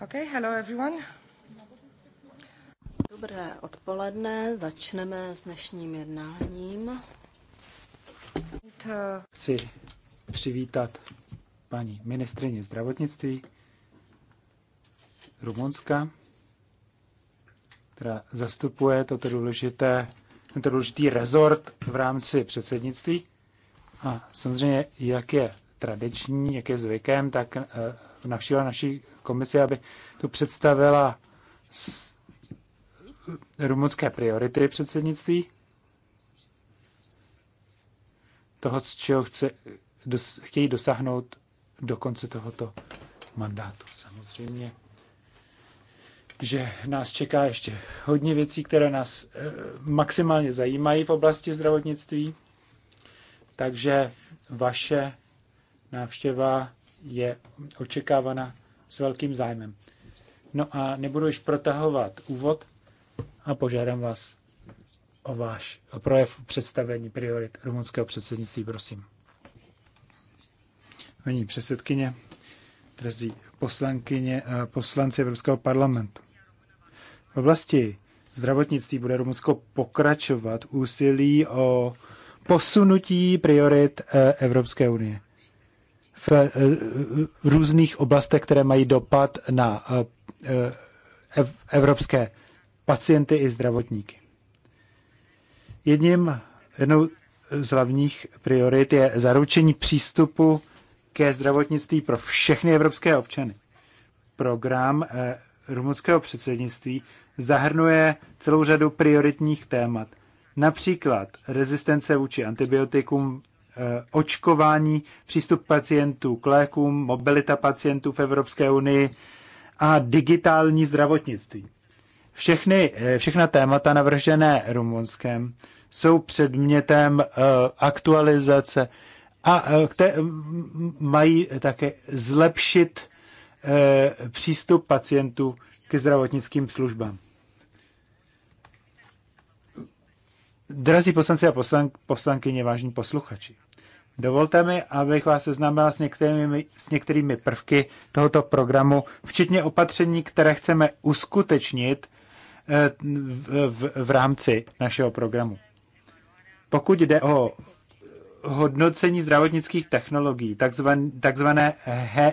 Okay, hello everyone. Dobré odpoledne, začneme s dnešním jednáním. Chci přivítat paní ministrině zdravotnictví Rumunska, která zastupuje toto důležité, tento důležitý rezort v rámci předsednictví. A samozřejmě, jak je tradiční, jak je zvykem, tak eh, navštívila naší komisi, aby tu představila rumunské priority předsednictví, toho, z čeho chce, dos, chtějí dosáhnout do konce tohoto mandátu. Samozřejmě, že nás čeká ještě hodně věcí, které nás eh, maximálně zajímají v oblasti zdravotnictví, takže vaše návštěva je očekávána s velkým zájmem. No a nebudu již protahovat úvod a požádám vás o váš o projev představení priorit rumunského předsednictví, prosím. Paní předsedkyně, drzí poslankyně a poslanci Evropského parlamentu. V oblasti zdravotnictví bude Rumunsko pokračovat úsilí o posunutí priorit eh, Evropské unie. Eh, v různých oblastech, které mají dopad na eh, eh, evropské pacienty i zdravotníky. Jedním, jednou z hlavních priorit je zaručení přístupu ke zdravotnictví pro všechny evropské občany. Program rumunského předsednictví zahrnuje celou řadu prioritních témat, například rezistence vůči antibiotikům Eh, očkování, přístup pacientů k lékům, mobilita pacientů v Evropské unii a digitální zdravotnictví. Všechny, eh, všechna témata navržené Rumunskem jsou předmětem eh, aktualizace a mají také zlepšit přístup pacientů ke zdravotnickým službám. Drazí poslanci a poslankyně, vážní posluchači. Dovolte mi, abych vás seznámila s některými, s některými prvky tohoto programu, včetně opatření, které chceme uskutečnit eh, v, v, v rámci našeho programu. Pokud jde o hodnocení zdravotnických technologií, takzvan, takzvané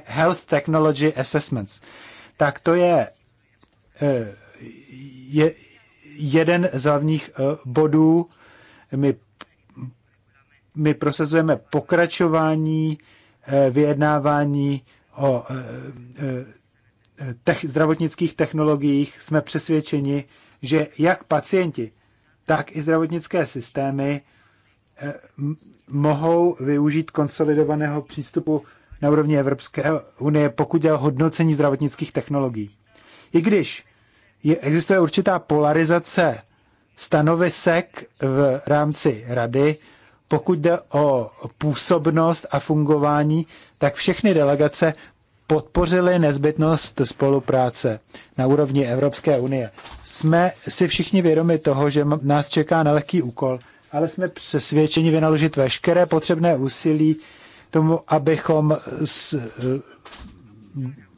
Health Technology Assessments, tak to je, eh, je jeden z hlavních eh, bodů. My my prosazujeme pokračování eh, vyjednávání o eh, eh, tech, zdravotnických technologiích. Jsme přesvědčeni, že jak pacienti, tak i zdravotnické systémy mohou využít konsolidovaného přístupu na úrovni Evropské unie, pokud je o hodnocení zdravotnických technologií. I když je, existuje určitá polarizace stanovisek v rámci rady, pokud jde o působnost a fungování, tak všechny delegace podpořili nezbytnost spolupráce na úrovni Evropské unie. Jsme si všichni vědomi toho, že nás čeká nelehký úkol, ale jsme přesvědčeni vynaložit veškeré potřebné úsilí tomu, abychom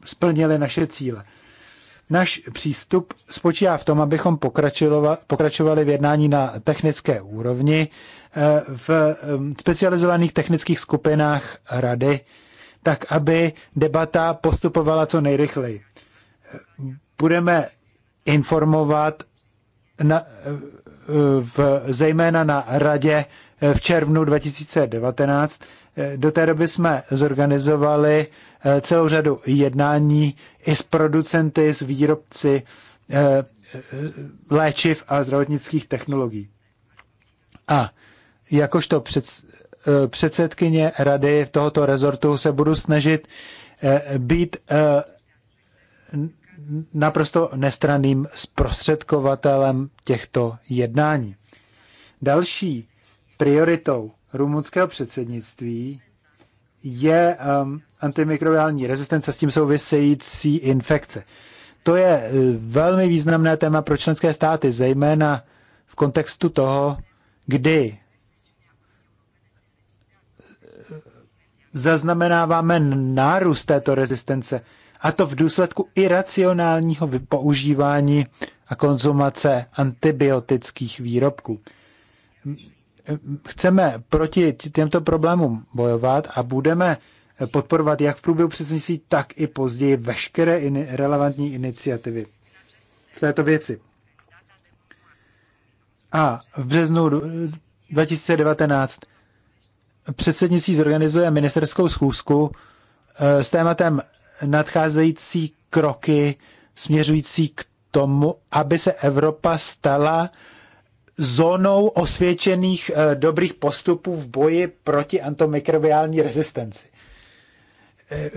splnili naše cíle. Náš přístup spočívá v tom, abychom pokračovali v jednání na technické úrovni eh, v specializovaných technických skupinách rady, tak aby debata postupovala co nejrychleji. Budeme informovat na, eh, v, zejména na radě eh, v červnu 2019 Eh, do té doby jsme zorganizovali eh, celou řadu jednání i s producenty, s výrobci eh, léčiv a zdravotnických technologií. A jakožto předsedkyně rady tohoto rezortu se budu snažit být naprosto nestraným zprostředkovatelem těchto jednání. Další prioritou rumunského předsednictví je um, antimikrobiální rezistence s tím související infekce. To je eh, velmi významné téma pro členské státy, zejména v kontextu toho, kdy eh, zaznamenáváme nárůst této rezistence, a to v důsledku iracionálního používání a konzumace antibiotických výrobků chceme proti těmto problémům bojovat a budeme podporovat jak v průběhu předsednictví, tak i později veškeré in, relevantní iniciativy v této věci. A v březnu 2019 předsednictví zorganizuje ministerskou schůzku eh, s tématem nadcházející kroky směřující k tomu, aby se Evropa stala zónou osvědčených eh, dobrých postupů v boji proti antimikrobiální rezistenci. Eh,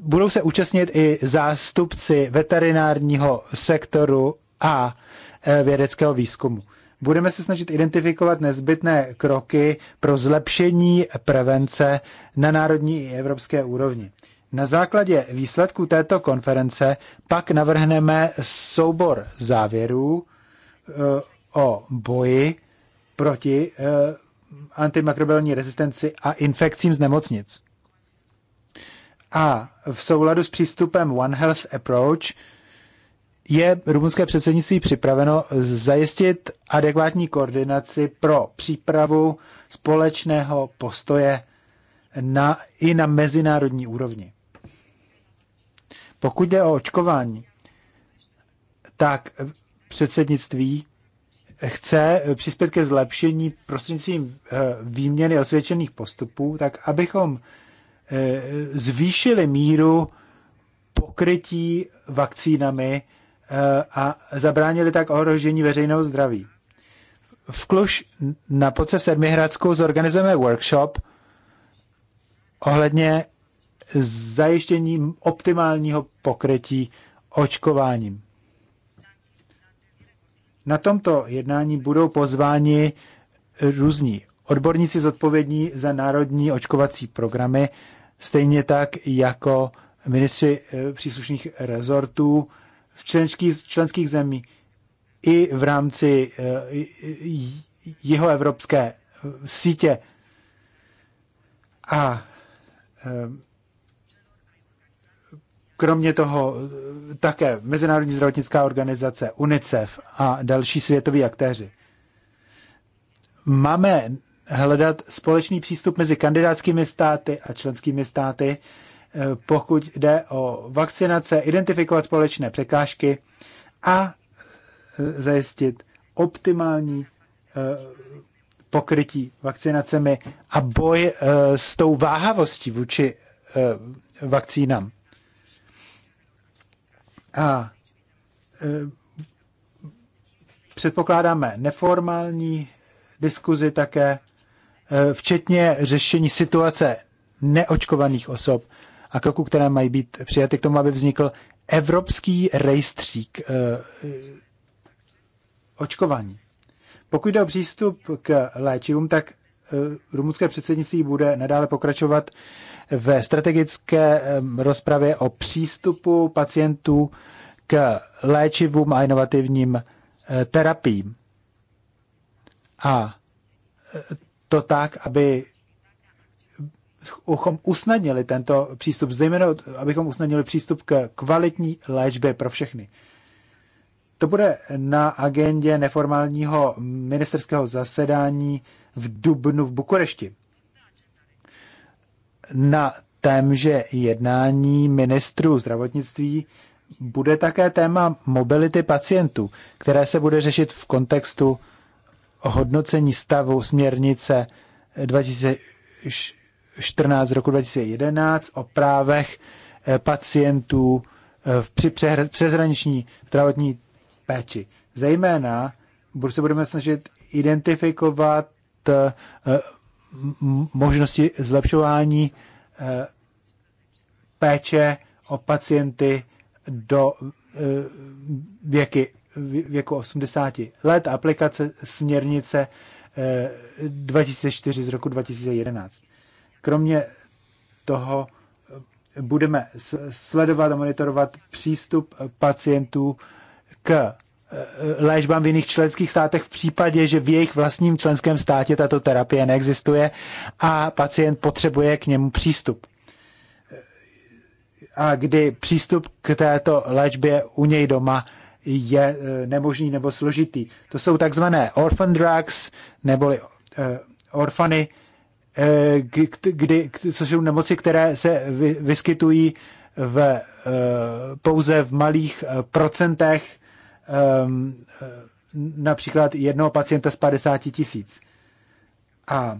budou se účastnit i zástupci veterinárního sektoru a eh, vědeckého výzkumu. Budeme se snažit identifikovat nezbytné kroky pro zlepšení prevence na národní i evropské úrovni. Na základě výsledků této konference pak navrhneme soubor závěrů o boji proti eh, antimikrobiální rezistenci a infekcím z nemocnic. A v souladu s přístupem One Health Approach je rumunské předsednictví připraveno zajistit adekvátní koordinaci pro přípravu společného postoje na, i na mezinárodní úrovni. Pokud jde o očkování, tak předsednictví chce eh, přispět ke zlepšení prostřednictvím eh, výměny osvědčených postupů, tak abychom eh, zvýšili míru pokrytí vakcínami a zabránili tak ohrožení veřejného zdraví. V Kluž na Poce v Sedmihradsku zorganizujeme workshop ohledně zajištění optimálního pokrytí očkováním. Na tomto jednání budou pozváni různí odborníci zodpovědní za národní očkovací programy, stejně tak jako ministři eh, příslušných rezortů v členských, členských zemí i v rámci eh, jeho evropské sítě. A eh, Kromě toho eh, také Mezinárodní zdravotnická organizace, UNICEF a další světoví aktéři. Máme hledat společný přístup mezi kandidátskými státy a členskými státy, eh, pokud jde o vakcinace, identifikovat společné překážky a eh, zajistit optimální pokrytí vakcinacemi a boj s tou váhavostí vůči vakcínám. A e, předpokládáme neformální diskuzi také, e, včetně řešení situace neočkovaných osob a kroků, které mají být přijaty k tomu, aby vznikl evropský rejstřík e, očkování. Pokud jde o přístup k léčivům, tak Eh, rumunské předsednictví bude nadále pokračovat ve strategické rozpravě o přístupu pacientů k léčivům a inovativním eh, terapiím. A eh, to tak, aby abychom usnadnili tento přístup, zejména abychom usnadnili přístup k kvalitní léčbě pro všechny. To bude na agendě neformálního ministerského zasedání v Dubnu v Bukurešti. Na témže jednání ministru zdravotnictví bude také téma mobility pacientů, které se bude řešit v kontextu hodnocení stavu směrnice 2014 roku 2011 o právech eh, pacientů eh, při přeshraniční zdravotní péči. Zejména se budeme snažit identifikovat Eh, možnosti zlepšování eh, péče o pacienty do eh, věky, věku 80 let, aplikace směrnice 2004 z roku 2011. Kromě toho budeme sledovat a monitorovat přístup pacientů k Eh, léčbám v jiných členských státech v případě, že v jejich vlastním členském státě tato terapie neexistuje a pacient potřebuje k němu přístup. Eh, a kdy přístup k této léčbě u něj doma je eh, nemožný nebo složitý. To jsou takzvané orphan drugs, neboli orfany, kdy, což jsou nemoci, které se vyskytují v, pouze v malých procentech um, například jednoho pacienta z 50 tisíc. A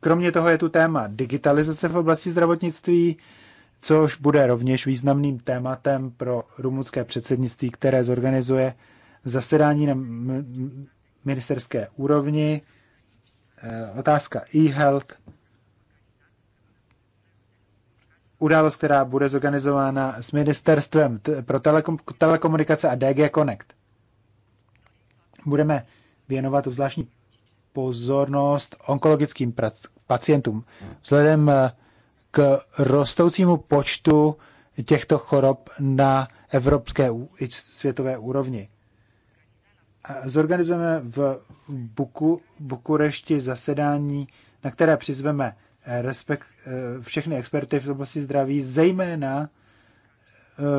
kromě toho je tu téma digitalizace v oblasti zdravotnictví, což bude rovněž významným tématem pro rumunské předsednictví, které zorganizuje zasedání na ministerské úrovni. Eh, otázka e-health událost, která bude zorganizována s Ministerstvem pro telekom, telekomunikace a DG Connect. Budeme věnovat zvláštní pozornost onkologickým pacientům. Vzhledem eh, k rostoucímu počtu těchto chorob na evropské i světové úrovni. Zorganizujeme v Buku, Bukurešti zasedání, na které přizveme respekt, eh, všechny experty v oblasti zdraví, zejména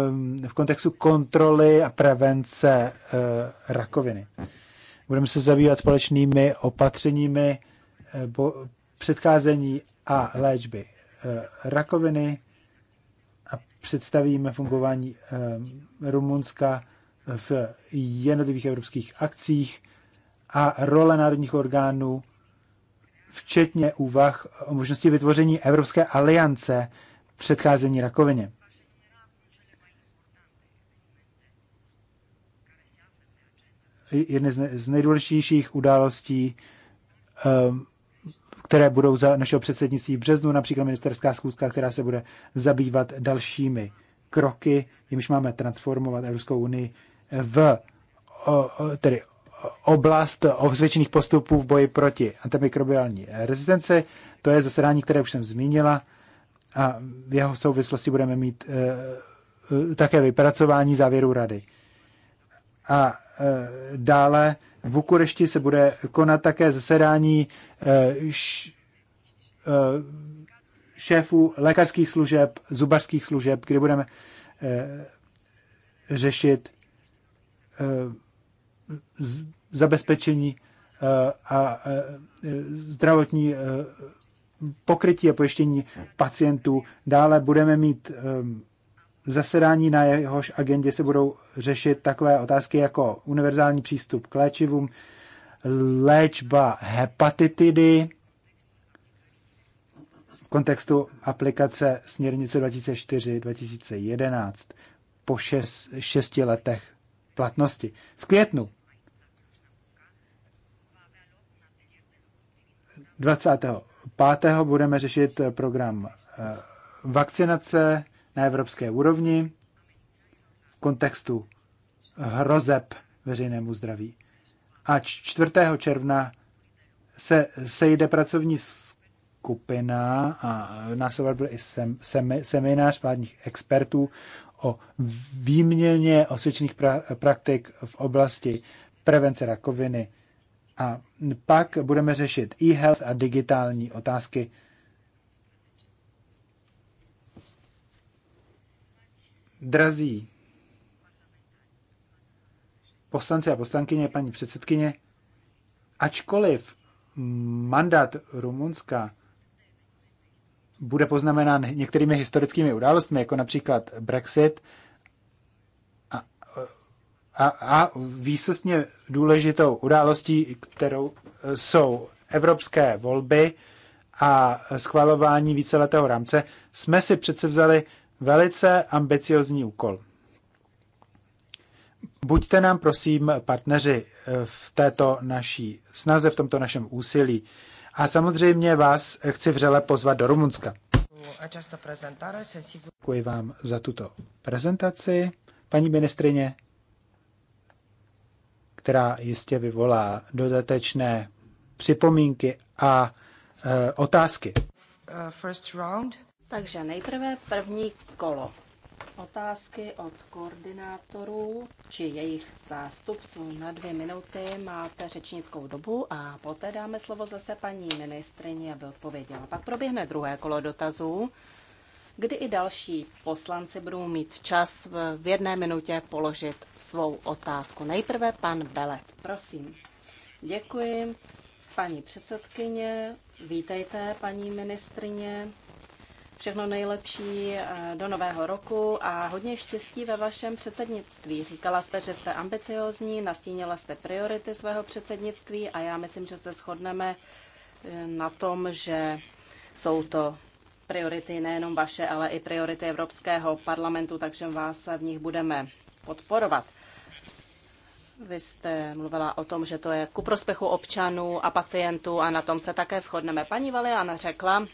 ehm, v kontextu kontroly a prevence eh, rakoviny. Budeme se zabývat společnými opatřeními eh, předcházení a léčby rakoviny a představíme fungování Rumunska v jednotlivých evropských akcích a role národních orgánů včetně úvah o možnosti vytvoření Evropské aliance předcházení rakovině. Jedny z nejdůležitějších událostí, ehm, které budou za našeho předsednictví v březnu, například ministerská schůzka, která se bude zabývat dalšími kroky, jimž máme transformovat Evropskou unii v tedy oblast osvědčených postupů v boji proti antimikrobiální rezistenci. To je zasedání, které už jsem zmínila a v jeho souvislosti budeme mít eh, eh, také vypracování závěru rady. A eh, dále v Bukurešti se bude konat také zasedání šéfů lékařských služeb, zubařských služeb, kdy budeme řešit zabezpečení eh, a eh, zdravotní eh, pokrytí a pojištění pacientů. Dále budeme mít zasedání, na jehož agendě se budou řešit takové otázky jako univerzální přístup k léčivům, léčba hepatitidy v kontextu aplikace směrnice 2004-2011 po šest, šesti letech platnosti. V květnu 25. budeme řešit program eh, vakcinace na evropské úrovni v kontextu hrozeb veřejnému zdraví. A 4. června se sejde pracovní skupina a následovat byl i sem, sem, seminář vládních expertů o výměně osvědčených pra, praktik v oblasti prevence rakoviny a pak budeme řešit e-health a digitální otázky. Drazí poslanci a poslankyně, paní předsedkyně, ačkoliv mandát Rumunska bude poznamenán některými historickými událostmi, jako například Brexit, a, a výsostně důležitou událostí, kterou e, jsou evropské volby a schvalování víceletého rámce, jsme si přece vzali velice ambiciozní úkol. Buďte nám prosím partneři e, v této naší snaze, v tomto našem úsilí. A samozřejmě vás chci vřele pozvat do Rumunska. Děkuji vám za tuto prezentaci. Paní ministrině, která jistě vyvolá dodatečné připomínky a e, otázky. Uh, first round. Takže nejprve první kolo. Otázky od koordinátorů či jejich zástupců na dvě minuty. Máte řečnickou dobu a poté dáme slovo zase paní ministrině, aby odpověděla. Pak proběhne druhé kolo dotazů kdy i další poslanci budou mít čas v jedné minutě položit svou otázku. Nejprve pan Belet, prosím. Děkuji, paní předsedkyně, vítejte, paní ministrině. Všechno nejlepší eh, do nového roku a hodně štěstí ve vašem předsednictví. Říkala jste, že jste ambiciozní, nastínila jste priority svého předsednictví a já myslím, že se shodneme eh, na tom, že jsou to priority nejenom vaše, ale i priority Evropského parlamentu, takže vás v nich budeme podporovat. Vy jste mluvila o tom, že to je ku prospěchu občanů a pacientů a na tom se také shodneme. Paní Valiana řekla,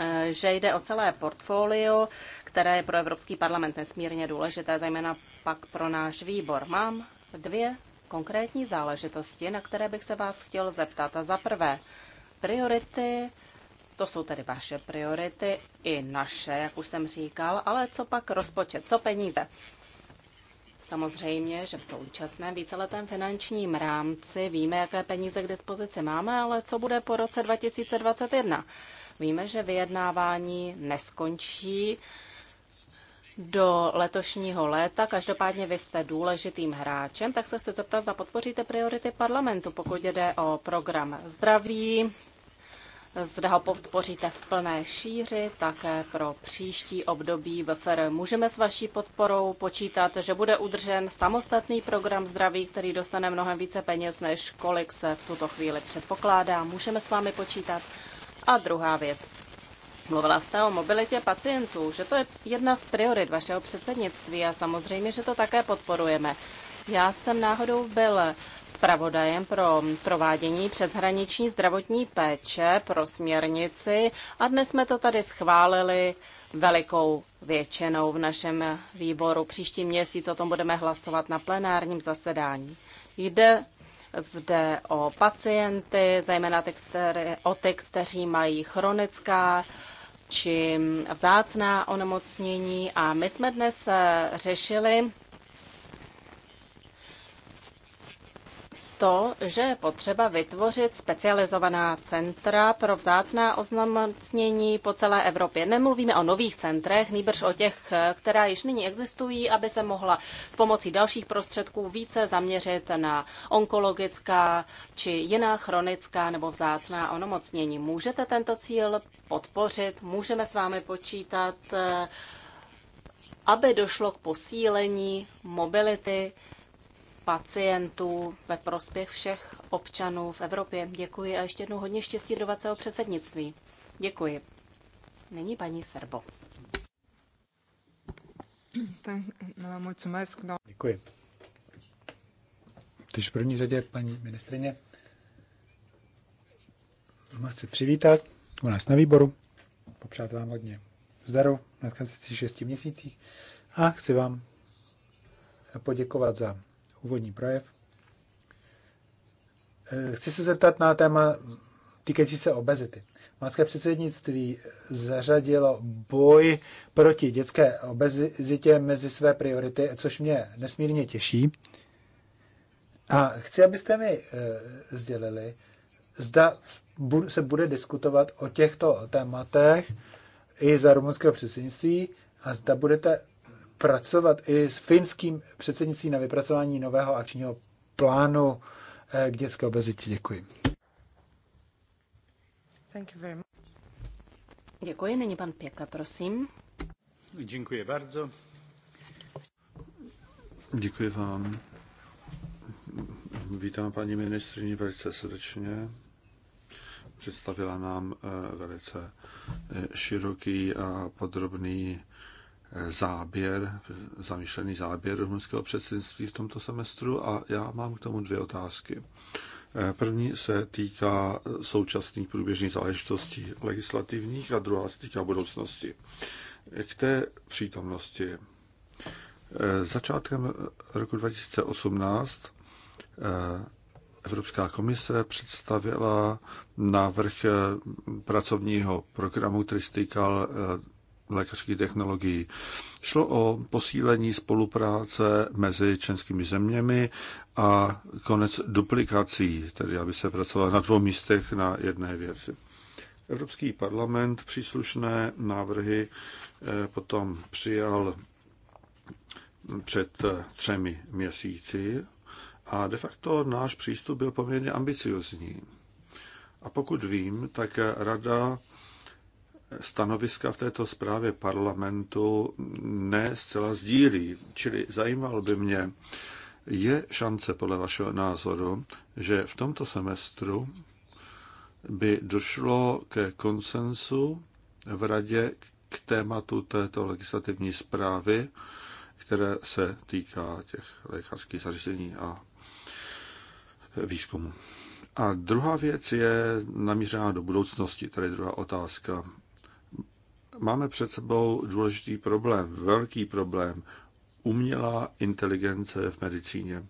eh, že jde o celé portfolio, které je pro Evropský parlament nesmírně důležité, zejména pak pro náš výbor. Mám dvě konkrétní záležitosti, na které bych se vás chtěl zeptat. A za prvé, priority to jsou tedy vaše priority i naše, jak už jsem říkal, ale co pak rozpočet, co peníze? Samozřejmě, že v současném víceletém finančním rámci víme, jaké peníze k dispozici máme, ale co bude po roce 2021? Víme, že vyjednávání neskončí do letošního léta. Každopádně vy jste důležitým hráčem, tak se chci zeptat, zda podpoříte priority parlamentu, pokud jde o program zdraví, zda ho podpoříte v plné šíři, také pro příští období VFR. Můžeme s vaší podporou počítat, že bude udržen samostatný program zdraví, který dostane mnohem více peněz, než kolik se v tuto chvíli předpokládá. Můžeme s vámi počítat. A druhá věc. Mluvila jste o mobilitě pacientů, že to je jedna z priorit vašeho předsednictví a samozřejmě, že to také podporujeme. Já jsem náhodou byl zpravodajem pro provádění přeshraniční zdravotní péče pro směrnici a dnes jsme to tady schválili velikou většinou v našem výboru. Příští měsíc o tom budeme hlasovat na plenárním zasedání. Jde zde o pacienty, zejména ty, které, o ty, kteří mají chronická či vzácná onemocnění. A my jsme dnes eh, řešili to, že je potřeba vytvořit specializovaná centra pro vzácná oznamocnění po celé Evropě. Nemluvíme o nových centrech, nýbrž o těch, která již nyní existují, aby se mohla s pomocí dalších prostředků více zaměřit na onkologická či jiná chronická nebo vzácná onomocnění. Můžete tento cíl podpořit, můžeme s vámi počítat, eh, aby došlo k posílení mobility pacientů ve prospěch všech občanů v Evropě. Děkuji a ještě jednou hodně štěstí do 20. předsednictví. Děkuji. Nyní paní Serbo. Děkuji. Takže v první řadě paní ministrině vás chci přivítat u nás na výboru. Popřát vám hodně zdaru na 6 šesti měsících a chci vám poděkovat za úvodní projev. Eh, chci se zeptat na téma týkající se obezity. Mácké předsednictví zařadilo boj proti dětské obezitě mezi své priority, což mě nesmírně těší. A chci, abyste mi eh, sdělili, zda se bude diskutovat o těchto tématech i za rumunského předsednictví a zda budete pracovat i s finským předsednictvím na vypracování nového akčního plánu eh, k dětské obezitě. Děkuji. Thank you very much. Děkuji. Nyní pan Pěka, prosím. Děkuji bardzo. Děkuji vám. Vítám paní ministrině velice srdečně. Představila nám eh, velice eh, široký a podrobný záběr, zamýšlený záběr rumunského předsednictví v tomto semestru a já mám k tomu dvě otázky. Eh, první se týká současných průběžných záležitostí legislativních a druhá se týká budoucnosti. K té přítomnosti. Eh, začátkem roku 2018 eh, Evropská komise představila návrh pracovního programu, který se týkal lékařských technologií. Šlo o posílení spolupráce mezi členskými zeměmi a konec duplikací, tedy aby se pracovalo na dvou místech na jedné věci. Evropský parlament příslušné návrhy eh, potom přijal před eh, třemi měsíci a de facto náš přístup byl poměrně ambiciozní. A pokud vím, tak rada stanoviska v této zprávě parlamentu ne zcela sdílí. Čili zajímal by mě, je šance podle vašeho názoru, že v tomto semestru by došlo ke konsensu v radě k tématu této legislativní zprávy, které se týká těch lékařských zařízení a výzkumu. A druhá věc je namířená do budoucnosti, tedy druhá otázka. Máme před sebou důležitý problém, velký problém. Umělá inteligence v medicíně.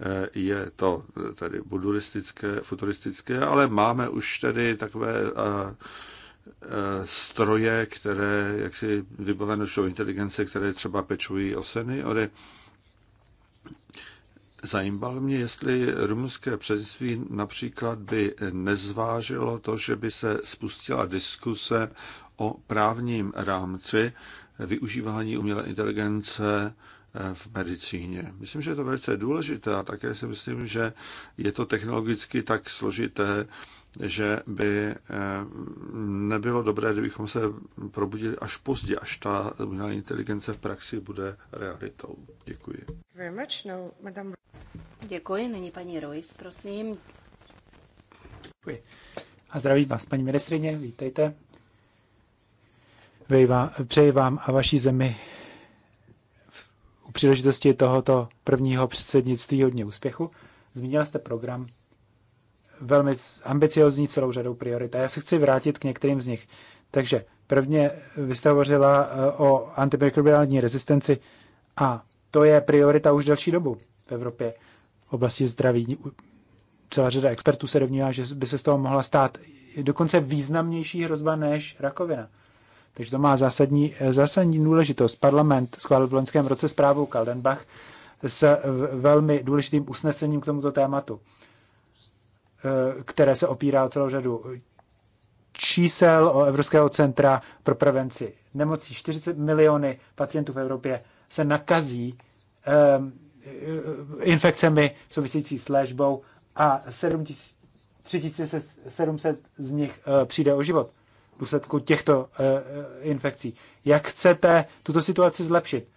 Eh, je to tedy buduristické, futuristické, ale máme už tedy takové eh, eh, stroje, které jaksi vybavené jsou inteligence, které třeba pečují o seniory. Zajímalo mě, jestli rumunské předsednictví například by nezvážilo to, že by se spustila diskuse o právním rámci využívání umělé inteligence v medicíně. Myslím, že je to velice důležité a také si myslím, že je to technologicky tak složité, že by eh, nebylo dobré, kdybychom se probudili až pozdě, až ta umělá inteligence v praxi bude realitou. Děkuji. Děkuji. Nyní paní Ruiz, prosím. Děkuji. A zdraví vás, paní ministrině, vítejte. Přeji vám a vaší zemi u příležitosti tohoto prvního předsednictví hodně úspěchu. Zmínila jste program velmi ambiciozní celou řadou priorit a já se chci vrátit k některým z nich. Takže prvně vy jste hovořila eh, o antimikrobiální rezistenci a to je priorita už delší dobu v Evropě v oblasti zdraví. Celá řada expertů se domnívá, že by se z toho mohla stát dokonce významnější hrozba než rakovina. Takže to má zásadní, eh, zásadní důležitost. Parlament schválil v loňském roce zprávu Kaldenbach s velmi důležitým usnesením k tomuto tématu, eh, které se opírá o celou řadu čísel o Evropského centra pro prevenci nemocí. 40 miliony pacientů v Evropě se nakazí eh, infekcemi související s léžbou a 7 z nich přijde o život v důsledku těchto eh, eh, infekcí. Jak chcete tuto situaci zlepšit?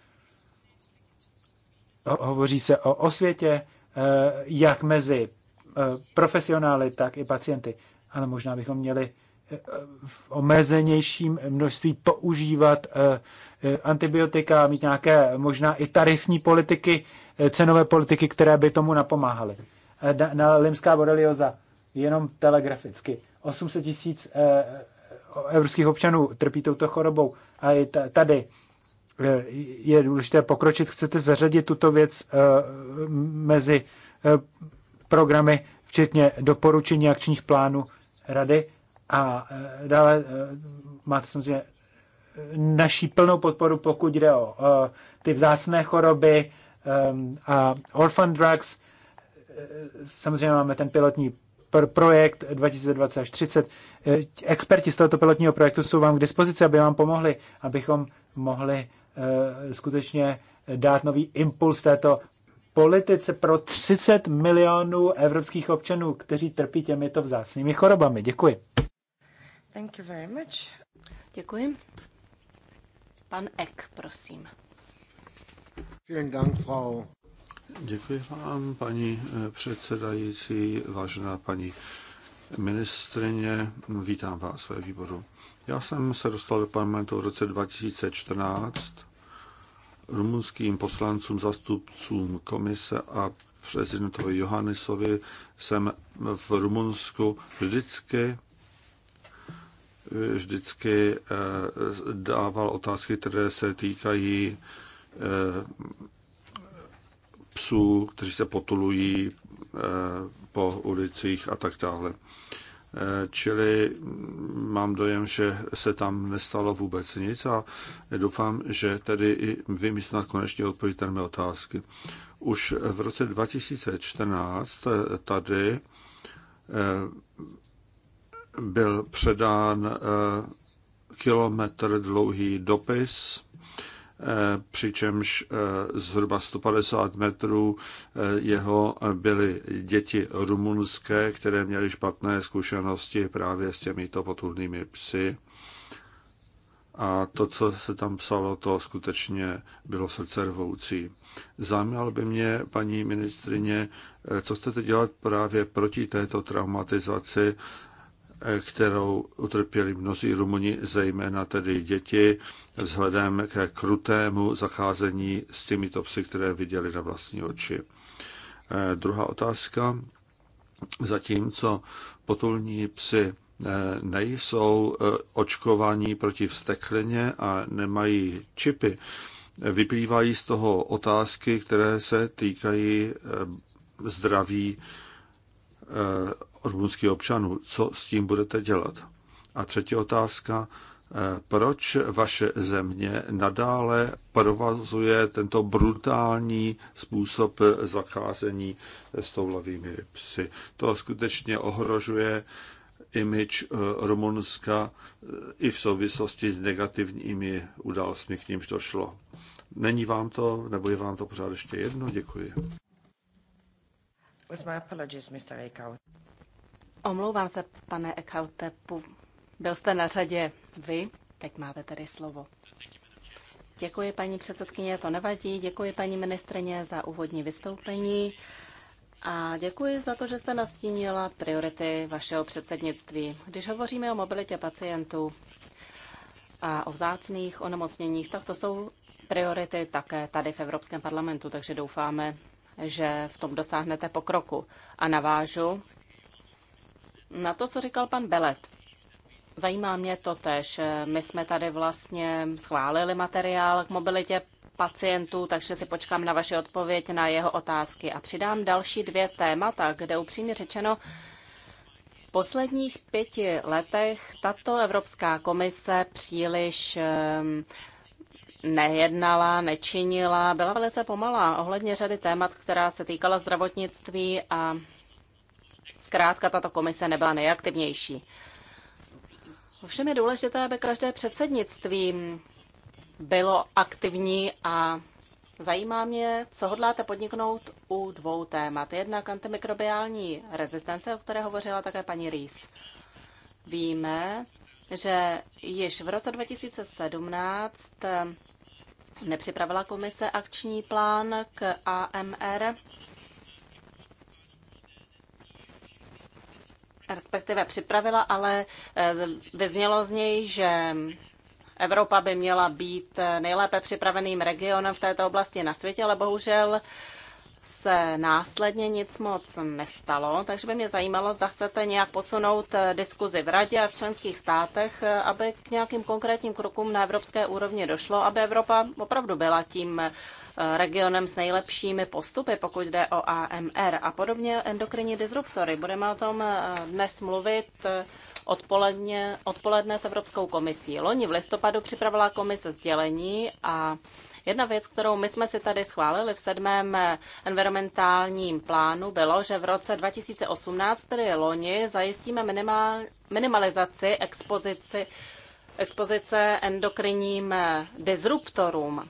Hovoří se o osvětě, eh, jak mezi profesionály, tak i pacienty. Ale možná bychom měli v omezenějším množství používat antibiotika, mít nějaké možná i tarifní politiky, cenové politiky, které by tomu napomáhaly. Na limská borelioza, jenom telegraficky, 800 tisíc evropských občanů trpí touto chorobou a i tady eh, je důležité pokročit. Chcete zařadit tuto věc eh, mezi eh, programy, včetně doporučení akčních plánů rady a dále máte samozřejmě naší plnou podporu, pokud jde o ty vzácné choroby a orphan drugs. Samozřejmě máme ten pilotní pro projekt 2020 30. Eh, experti z tohoto pilotního projektu jsou vám k dispozici, aby vám pomohli, abychom mohli eh, skutečně dát nový impuls této politice pro 30 milionů evropských občanů, kteří trpí těmito vzácnými chorobami. Děkuji. Thank you very much. Děkuji. Pan Ek, prosím. Vielen Dank, Frau Děkuji vám, paní eh, předsedající, vážená paní ministrině, vítám vás ve výboru. Já jsem se dostal do parlamentu v roce 2014 rumunským poslancům, zastupcům komise a prezidentovi Johannesovi jsem v Rumunsku vždycky vždycky eh, dával otázky, které se týkají eh, psů, kteří se potulují eh, po ulicích a tak dále. Eh, čili mám dojem, že se tam nestalo vůbec nic a doufám, že tedy i vy snad konečně odpovíte na mé otázky. Už v roce 2014 eh, tady byl předán kilometr dlouhý dopis Eh, přičemž eh, zhruba 150 metrů eh, jeho byly děti rumunské, které měly špatné zkušenosti právě s těmito potulnými psy. A to, co se tam psalo, to skutečně bylo srdcervoucí. Zajímalo by mě, paní ministrině, co chcete dělat právě proti této traumatizaci kterou utrpěli mnozí Rumuni, zejména tedy děti, vzhledem ke krutému zacházení s těmito psy, které viděli na vlastní oči. Eh, druhá otázka. Zatímco potulní psy eh, nejsou eh, očkovaní proti vsteklině a nemají čipy, vyplývají z toho otázky, které se týkají zdraví rumunských občanů. Co s tím budete dělat? A třetí otázka, eh, proč vaše země nadále provazuje tento brutální způsob zacházení s toulavými psy. To skutečně ohrožuje image eh, Rumunska eh, i v souvislosti s negativními událostmi, k nímž došlo. Není vám to, nebo je vám to pořád ještě jedno? Děkuji. Omlouvám se, pane Ekautepu. Byl jste na řadě vy, teď máte tedy slovo. Děkuji, paní předsedkyně, to nevadí. Děkuji, paní ministrině, za úvodní vystoupení. A děkuji za to, že jste nastínila priority vašeho předsednictví. Když hovoříme o mobilitě pacientů a o vzácných onemocněních, tak to jsou priority také tady v Evropském parlamentu, takže doufáme, že v tom dosáhnete pokroku. A navážu na to, co říkal pan Belet. Zajímá mě to tež. My jsme tady vlastně schválili materiál k mobilitě pacientů, takže si počkám na vaši odpověď na jeho otázky a přidám další dvě témata, kde upřímně řečeno v posledních pěti letech tato Evropská komise příliš nejednala, nečinila, byla velice pomalá ohledně řady témat, která se týkala zdravotnictví a Zkrátka tato komise nebyla nejaktivnější. Ovšem je důležité, aby každé předsednictví bylo aktivní a zajímá mě, co hodláte podniknout u dvou témat. Jednak antimikrobiální rezistence, o které hovořila také paní Rýs. Víme, že již v roce 2017 nepřipravila komise akční plán k AMR respektive připravila, ale eh, vyznělo z něj, že Evropa by měla být eh, nejlépe připraveným regionem v této oblasti na světě, ale bohužel se následně nic moc nestalo, takže by mě zajímalo, zda chcete nějak posunout eh, diskuzi v radě a v členských státech, aby k nějakým konkrétním krokům na evropské úrovni došlo, aby Evropa opravdu byla tím regionem s nejlepšími postupy, pokud jde o AMR a podobně endokrinní disruptory. Budeme o tom eh, dnes mluvit eh, odpoledne, odpoledne s Evropskou komisí. Loni v listopadu připravila komise sdělení a Jedna věc, kterou my jsme si tady schválili v sedmém eh, environmentálním plánu, bylo, že v roce 2018, tedy loni, zajistíme minimal, minimalizaci expozici, expozice endokrinním disruptorům.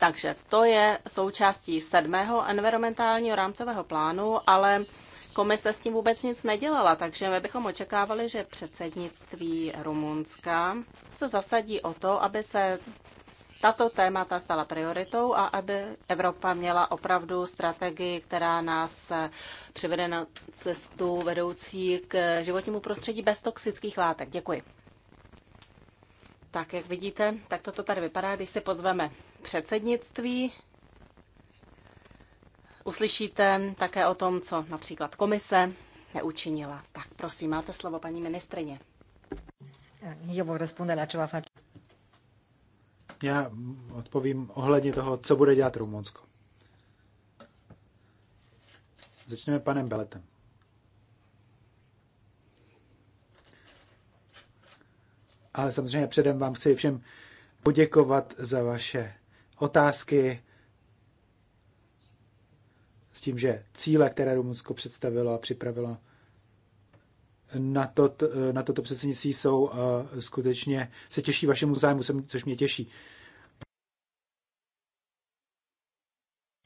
Takže to je součástí sedmého environmentálního rámcového plánu, ale komise s tím vůbec nic nedělala, takže my bychom očekávali, že předsednictví Rumunska se zasadí o to, aby se tato témata stala prioritou a aby Evropa měla opravdu strategii, která nás přivede na cestu vedoucí k životnímu prostředí bez toxických látek. Děkuji. Tak, jak vidíte, tak toto tady vypadá, když si pozveme předsednictví. Uslyšíte také o tom, co například komise neučinila. Tak prosím, máte slovo, paní ministrině. Já odpovím ohledně toho, co bude dělat Rumunsko. Začneme panem Beletem. ale samozřejmě předem vám chci všem poděkovat za vaše otázky s tím, že cíle, které Rumunsko představilo a připravilo na, to, na toto předsednictví jsou eh, skutečně, se těší vašemu zájmu, což mě těší.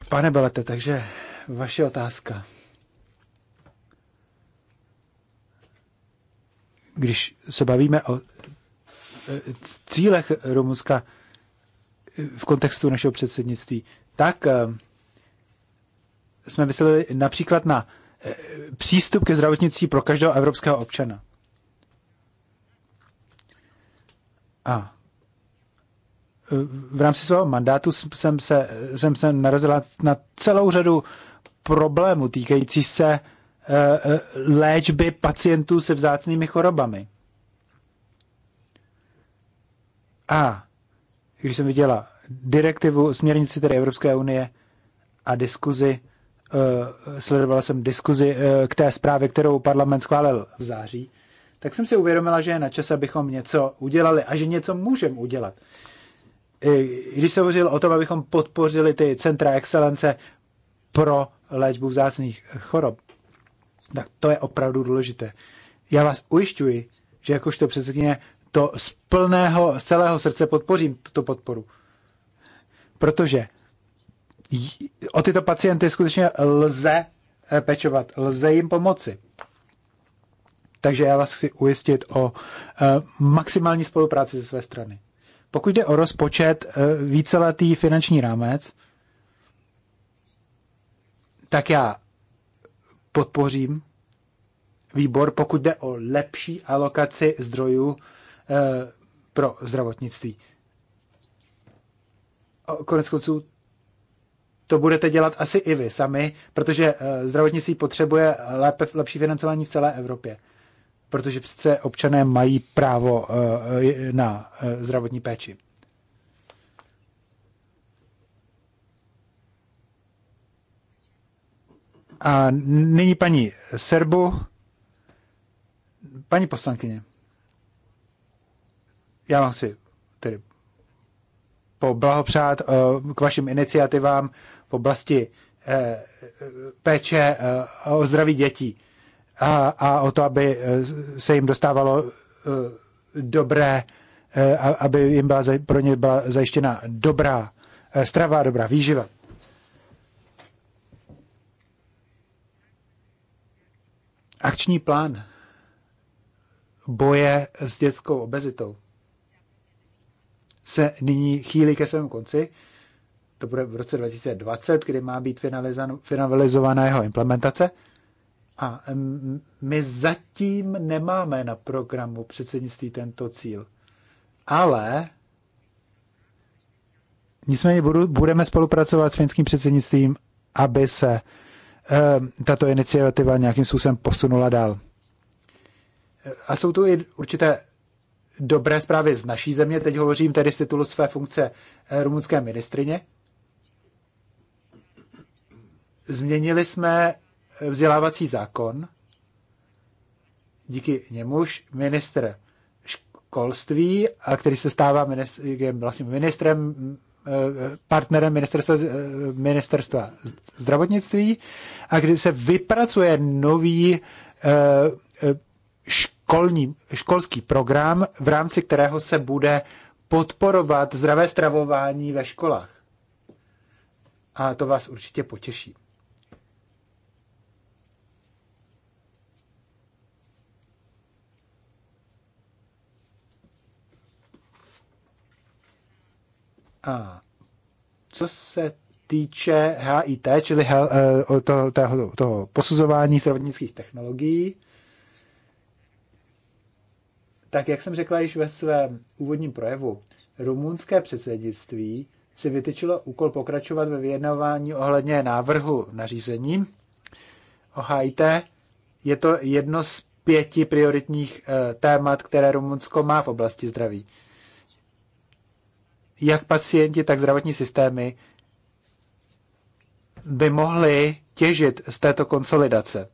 Pane Belete, takže vaše otázka. Když se bavíme o Eh, cílech Rumunska eh, v kontextu našeho předsednictví, tak eh, jsme mysleli například na přístup ke zdravotnictví pro každého evropského občana. A v rámci svého mandátu jsem se, jsem se narazila na celou řadu problémů týkající se léčby pacientů se vzácnými chorobami. A když jsem viděla direktivu, směrnici tedy Evropské unie a diskuzi, uh, sledovala jsem diskuzi uh, k té zprávě, kterou parlament schválil v září, tak jsem si uvědomila, že je na čase, abychom něco udělali a že něco můžeme udělat. Když se hovořil o tom, abychom podpořili ty centra excelence pro léčbu vzácných chorob, tak to je opravdu důležité. Já vás ujišťuji, že jakožto předsedkyně to z plného, z celého srdce podpořím, tuto podporu. Protože o tyto pacienty skutečně lze eh, pečovat, lze jim pomoci. Takže já vás chci ujistit o eh, maximální spolupráci ze své strany. Pokud jde o rozpočet, eh, víceletý finanční rámec, tak já podpořím výbor, pokud jde o lepší alokaci zdrojů Eh, pro zdravotnictví. Konec konců to budete dělat asi i vy sami, protože eh, zdravotnictví potřebuje lépe, lepší financování v celé Evropě. Protože přece občané mají právo eh, na zdravotní péči. A nyní paní Serbu, paní poslankyně já vám chci tedy poblahopřát eh, k vašim iniciativám v oblasti eh, péče eh, o zdraví dětí a, o to, aby se jim dostávalo dobré, aby jim byla, pro ně byla zajištěna dobrá strava, dobrá výživa. Akční plán boje s dětskou obezitou se nyní chýlí ke svému konci. To bude v roce 2020, kdy má být finalizovaná jeho implementace. A my zatím nemáme na programu předsednictví tento cíl. Ale nicméně budu, budeme spolupracovat s finským předsednictvím, aby se eh, tato iniciativa nějakým způsobem posunula dál. Eh, a jsou tu i určité dobré zprávy z naší země. Teď hovořím tedy z titulu své funkce eh, rumunské ministrině. Změnili jsme eh, vzdělávací zákon. Díky němuž ministr školství, a který se stává ministrem, vlastně ministrem, eh, partnerem ministerstva, ministerstva zdravotnictví, a kdy se vypracuje nový školství školní, školský program, v rámci kterého se bude podporovat zdravé stravování ve školách. A to vás určitě potěší. A co se týče HIT, čili e, toho, toho, toho posuzování zdravotnických technologií, tak jak jsem řekla již ve svém úvodním projevu, rumunské předsednictví si vytyčilo úkol pokračovat ve vyjednávání ohledně návrhu nařízení o HIT. Je to jedno z pěti prioritních eh, témat, které Rumunsko má v oblasti zdraví. Jak pacienti, tak zdravotní systémy by mohli těžit z této konsolidace.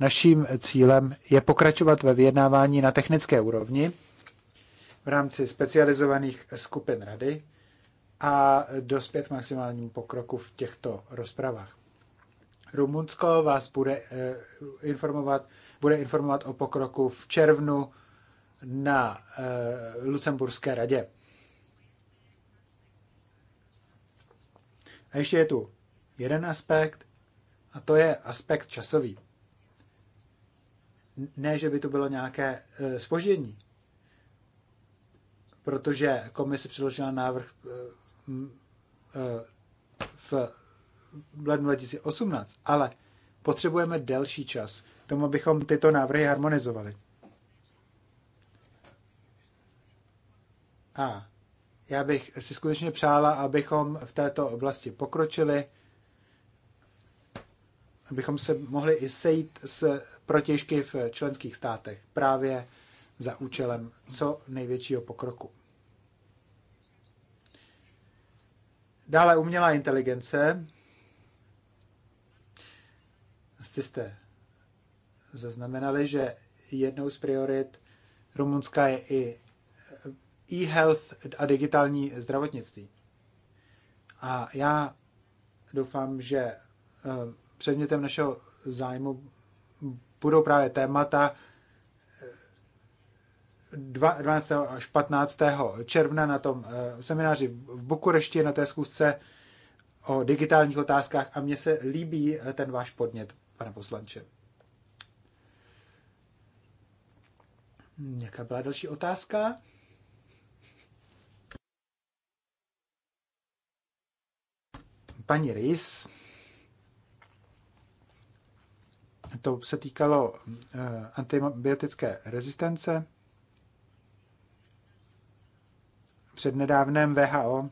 Naším cílem je pokračovat ve vyjednávání na technické úrovni v rámci specializovaných skupin rady a dospět maximálnímu pokroku v těchto rozpravách. Rumunsko vás bude eh, informovat, bude informovat o pokroku v červnu na eh, Lucemburské radě. A ještě je tu jeden aspekt, a to je aspekt časový ne, že by to bylo nějaké spoždění, e, protože komise předložila návrh e, e, v lednu 2018, ale potřebujeme delší čas tomu, abychom tyto návrhy harmonizovali. A já bych si skutečně přála, abychom v této oblasti pokročili, abychom se mohli i sejít s protěžky v členských státech právě za účelem co největšího pokroku. Dále umělá inteligence. Jste jste zaznamenali, že jednou z priorit Rumunska je i e-health a digitální zdravotnictví. A já doufám, že eh, předmětem našeho zájmu budou právě témata 12. až 15. června na tom eh, semináři v Bukurešti, na té zkusce o digitálních otázkách a mně se líbí eh, ten váš podnět, pane poslanče. Jaká byla další otázka? Paní Rys. To se týkalo eh, antibiotické rezistence. Přednedávném VHO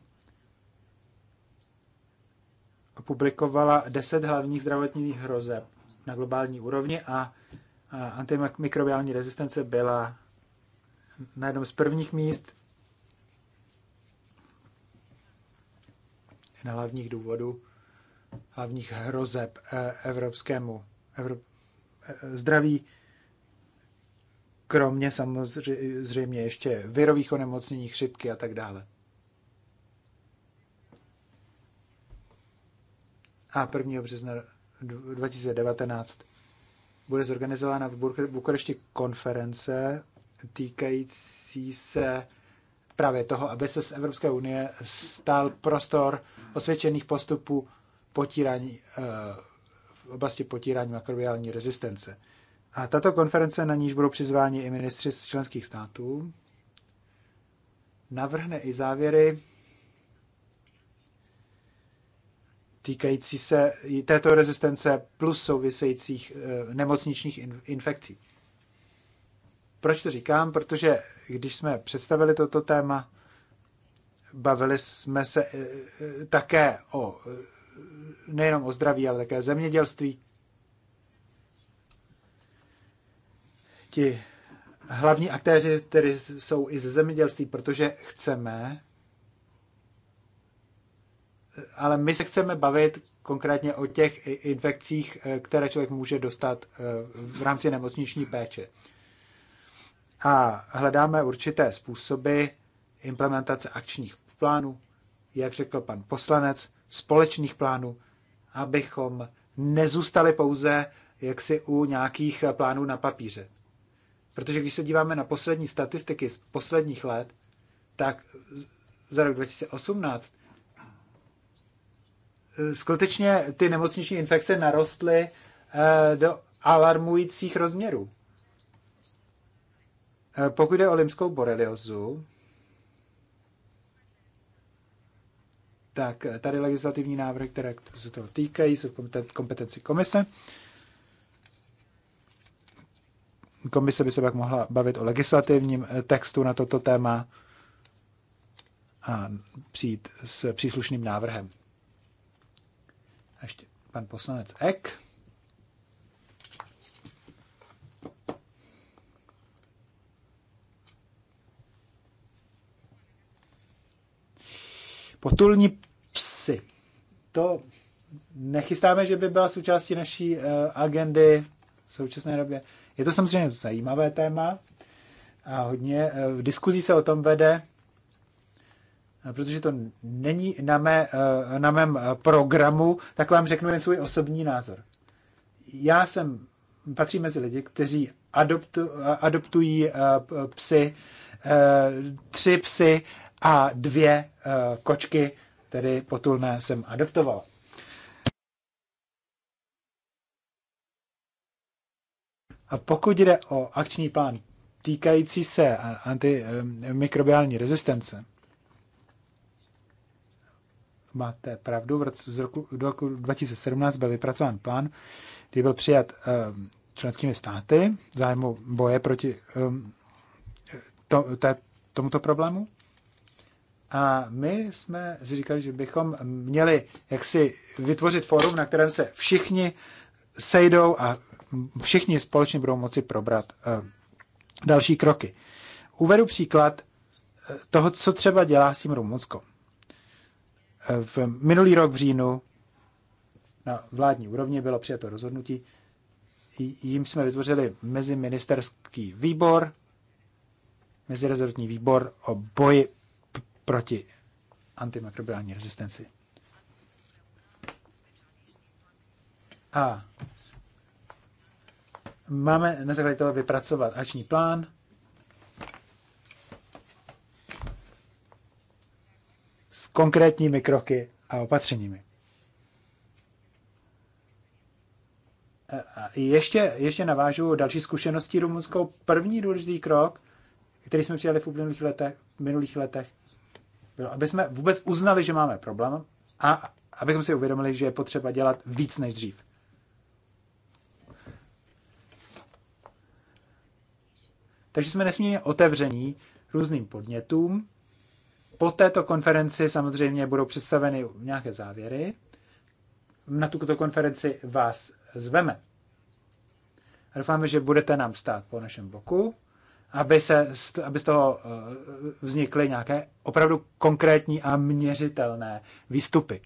publikovala 10 hlavních zdravotních hrozeb na globální úrovni a antimikrobiální rezistence byla na jednom z prvních míst na hlavních důvodů, hlavních hrozeb eh, evropskému, Evrop, Eh, zdraví, kromě samozřejmě ještě virových onemocnění, chřipky a tak dále. A 1. března 2019 bude zorganizována v Bukurešti konference týkající se právě toho, aby se z Evropské unie stal prostor osvědčených postupů potírání eh, v oblasti potírání makrobiální rezistence. A tato konference, na níž budou přizváni i ministři z členských států, navrhne i závěry týkající se této rezistence plus souvisejících eh, nemocničních infekcí. Proč to říkám? Protože když jsme představili toto téma, bavili jsme se eh, eh, také o nejenom o zdraví, ale také zemědělství. Ti hlavní aktéři tedy jsou i ze zemědělství, protože chceme, ale my se chceme bavit konkrétně o těch infekcích, které člověk může dostat eh, v rámci nemocniční péče. A hledáme určité způsoby implementace akčních plánů, jak řekl pan poslanec, společných plánů, abychom nezůstali pouze jaksi u nějakých plánů na papíře. Protože když se díváme na poslední statistiky z posledních let, tak za rok 2018 eh, skutečně ty nemocniční infekce narostly eh, do alarmujících rozměrů. Eh, pokud jde o limskou boreliozu, tak eh, tady legislativní návrhy, které se toho týkají, jsou kompetenci komise. Komise by se pak mohla bavit o legislativním eh, textu na toto téma a přijít s příslušným návrhem. ještě pan poslanec Ek. potulní psy. To nechystáme, že by byla součástí naší eh, agendy v současné době. Je to samozřejmě zajímavé téma a hodně eh, v diskuzí se o tom vede, eh, protože to není na, mé, na mém programu, tak vám řeknu jen svůj osobní názor. Já jsem, patří mezi lidi, kteří adoptu, adoptují psy, tři psy a dvě eh, kočky, tedy potulné, jsem adoptoval. A pokud jde o akční plán týkající se eh, antimikrobiální eh, rezistence, máte pravdu, z roku, do roku 2017 byl vypracován plán, který byl přijat um, členskými státy v zájmu boje proti um, to, te, tomuto problému. A my jsme si říkali, že bychom měli jaksi vytvořit fórum, na kterém se všichni sejdou a všichni společně budou moci probrat uh, další kroky. Uvedu příklad eh, toho, co třeba dělá s tím Rumunsko. Eh, v minulý rok v říjnu na vládní úrovni bylo přijato rozhodnutí, jim jsme vytvořili meziministerský výbor, mezirezortní výbor o boji proti antimikrobiální rezistenci. A máme na základě toho vypracovat akční plán. s konkrétními kroky a opatřeními. A ještě, ještě navážu další zkušenosti rumunskou. První důležitý krok, který jsme přijali v uplynulých letech, minulých letech, bylo, aby jsme vůbec uznali, že máme problém a abychom si uvědomili, že je potřeba dělat víc než dřív. Takže jsme nesmírně otevření různým podnětům. Po této konferenci samozřejmě budou představeny nějaké závěry. Na tuto konferenci vás zveme. Doufáme, že budete nám stát po našem boku aby, se, aby z toho eh, vznikly nějaké opravdu konkrétní a měřitelné výstupy.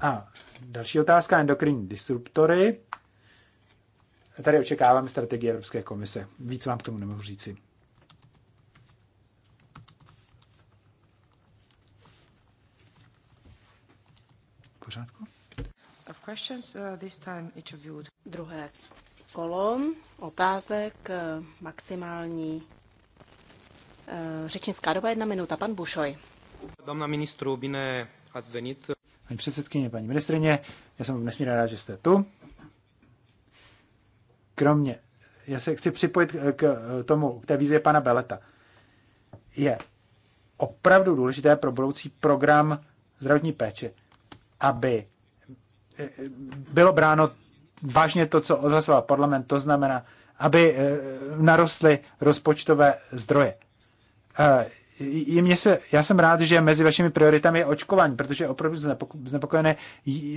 A další otázka, endokrinní disruptory. Tady očekávám strategii Evropské komise. Víc vám k tomu nemůžu říci. pořádku questions. Uh, this time each of you. Druhé kolo otázek eh, maximální eh, řečnická doba jedna minuta. Pan Bušoj. na ministru, bine a venit. Paní předsedkyně, paní ministrině, já jsem nesmírně rád, že jste tu. Kromě, já se chci připojit k eh, tomu, k té vizi pana Beleta. Je opravdu důležité pro budoucí program zdravotní péče, aby bylo bráno vážně to, co odhlasoval parlament, to znamená, aby eh, narostly rozpočtové zdroje. I eh, mě se, já jsem rád, že mezi vašimi prioritami je očkování, protože opravdu znepokojené,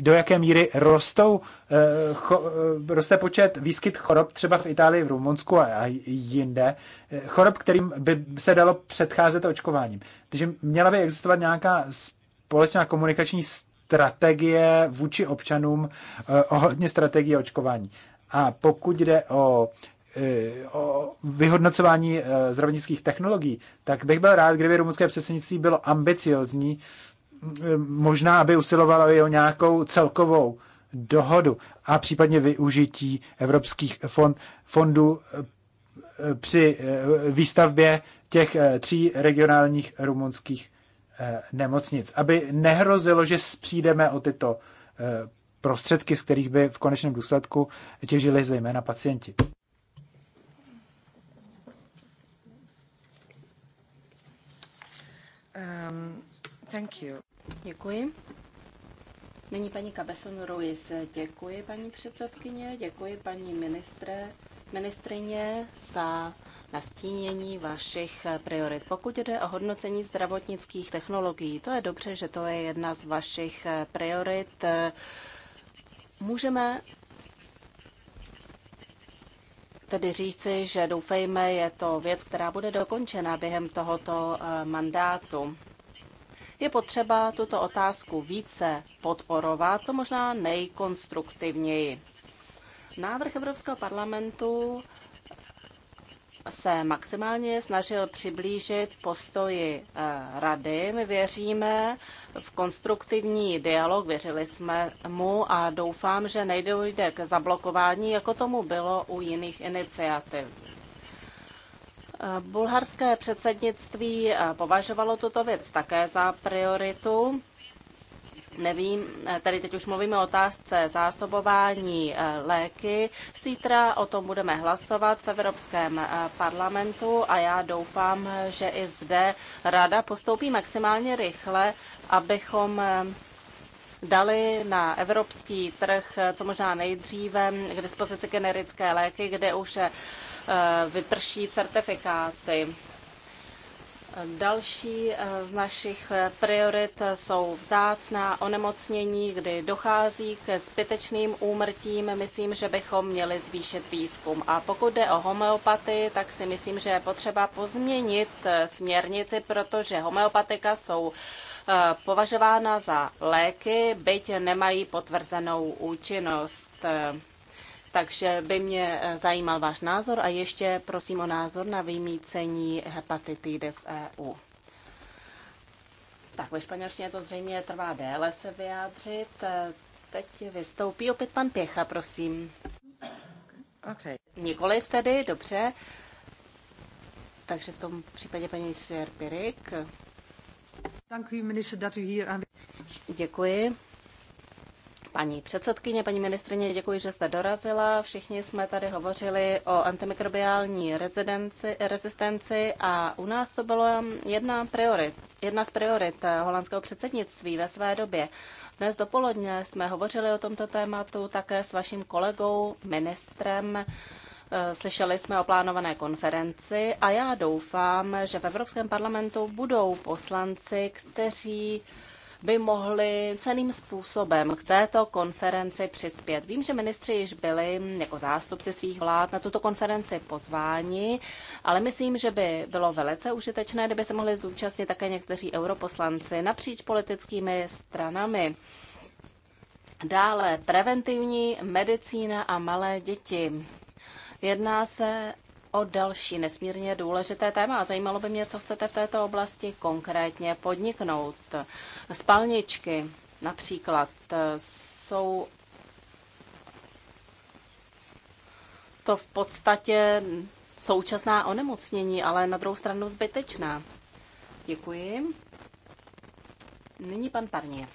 do jaké míry rostou, eh, cho, roste počet výskyt chorob třeba v Itálii, v Rumunsku a jinde, chorob, kterým by se dalo předcházet očkováním. Takže měla by existovat nějaká společná komunikační strategie vůči občanům eh, ohledně strategie očkování. A pokud jde o eh, o vyhodnocování eh, zdravotnických technologií, tak bych byl rád, kdyby rumunské předsednictví bylo ambiciozní, možná, aby usilovalo i o nějakou celkovou dohodu a případně využití evropských fond, fondů při výstavbě těch tří regionálních rumunských Eh, nemocnic, aby nehrozilo, že přijdeme o tyto eh, prostředky, z kterých by v konečném důsledku těžili zejména pacienti. Um, thank you. Děkuji. Nyní paní Kabeson Ruiz. Děkuji paní předsedkyně, děkuji paní ministre, ministrině za nastínění vašich priorit. Pokud jde o hodnocení zdravotnických technologií, to je dobře, že to je jedna z vašich priorit. Můžeme tedy říci, že doufejme, je to věc, která bude dokončena během tohoto eh, mandátu. Je potřeba tuto otázku více podporovat, co možná nejkonstruktivněji. Návrh Evropského parlamentu se maximálně snažil přiblížit postoji eh, rady. My věříme v konstruktivní dialog, věřili jsme mu a doufám, že nejde k zablokování, jako tomu bylo u jiných iniciativ. Eh, bulharské předsednictví eh, považovalo tuto věc také za prioritu Nevím, eh, tady teď už mluvíme o otázce zásobování eh, léky. Zítra o tom budeme hlasovat v Evropském eh, parlamentu a já doufám, že i zde rada postoupí maximálně rychle, abychom dali na evropský trh co možná nejdříve k dispozici generické léky, kde už vyprší certifikáty. Další eh, z našich eh, priorit eh, jsou vzácná onemocnění, kdy dochází ke zbytečným úmrtím. Myslím, že bychom měli zvýšit výzkum. A pokud jde o homeopatii, tak si myslím, že je potřeba pozměnit směrnici, protože homeopatika jsou považována za léky, byť nemají potvrzenou účinnost. Takže by mě eh, zajímal váš názor a ještě prosím o názor na vymícení hepatitidy v EU. Tak ve španělštině to zřejmě trvá déle se vyjádřit. Eh, teď vystoupí opět pan Pěcha, prosím. Okay. Nikoliv tedy, dobře. Takže v tom případě paní Sir Pirik. Děkuji. Paní předsedkyně, paní ministrině, děkuji, že jste dorazila. Všichni jsme tady hovořili o antimikrobiální rezistenci a u nás to byla jedna, priorit, jedna z priorit holandského předsednictví ve své době. Dnes dopoledne jsme hovořili o tomto tématu také s vaším kolegou, ministrem eh, Slyšeli jsme o plánované konferenci a já doufám, že v Evropském parlamentu budou poslanci, kteří by mohli ceným způsobem k této konferenci přispět. Vím, že ministři již byli jako zástupci svých vlád na tuto konferenci pozváni, ale myslím, že by bylo velice užitečné, kdyby se mohli zúčastnit také někteří europoslanci napříč politickými stranami. Dále preventivní medicína a malé děti. Jedná se o další nesmírně důležité téma a zajímalo by mě, co chcete v této oblasti konkrétně podniknout. Spalničky například eh, jsou to v podstatě současná onemocnění, ale na druhou stranu zbytečná. Děkuji. Nyní pan Parnie.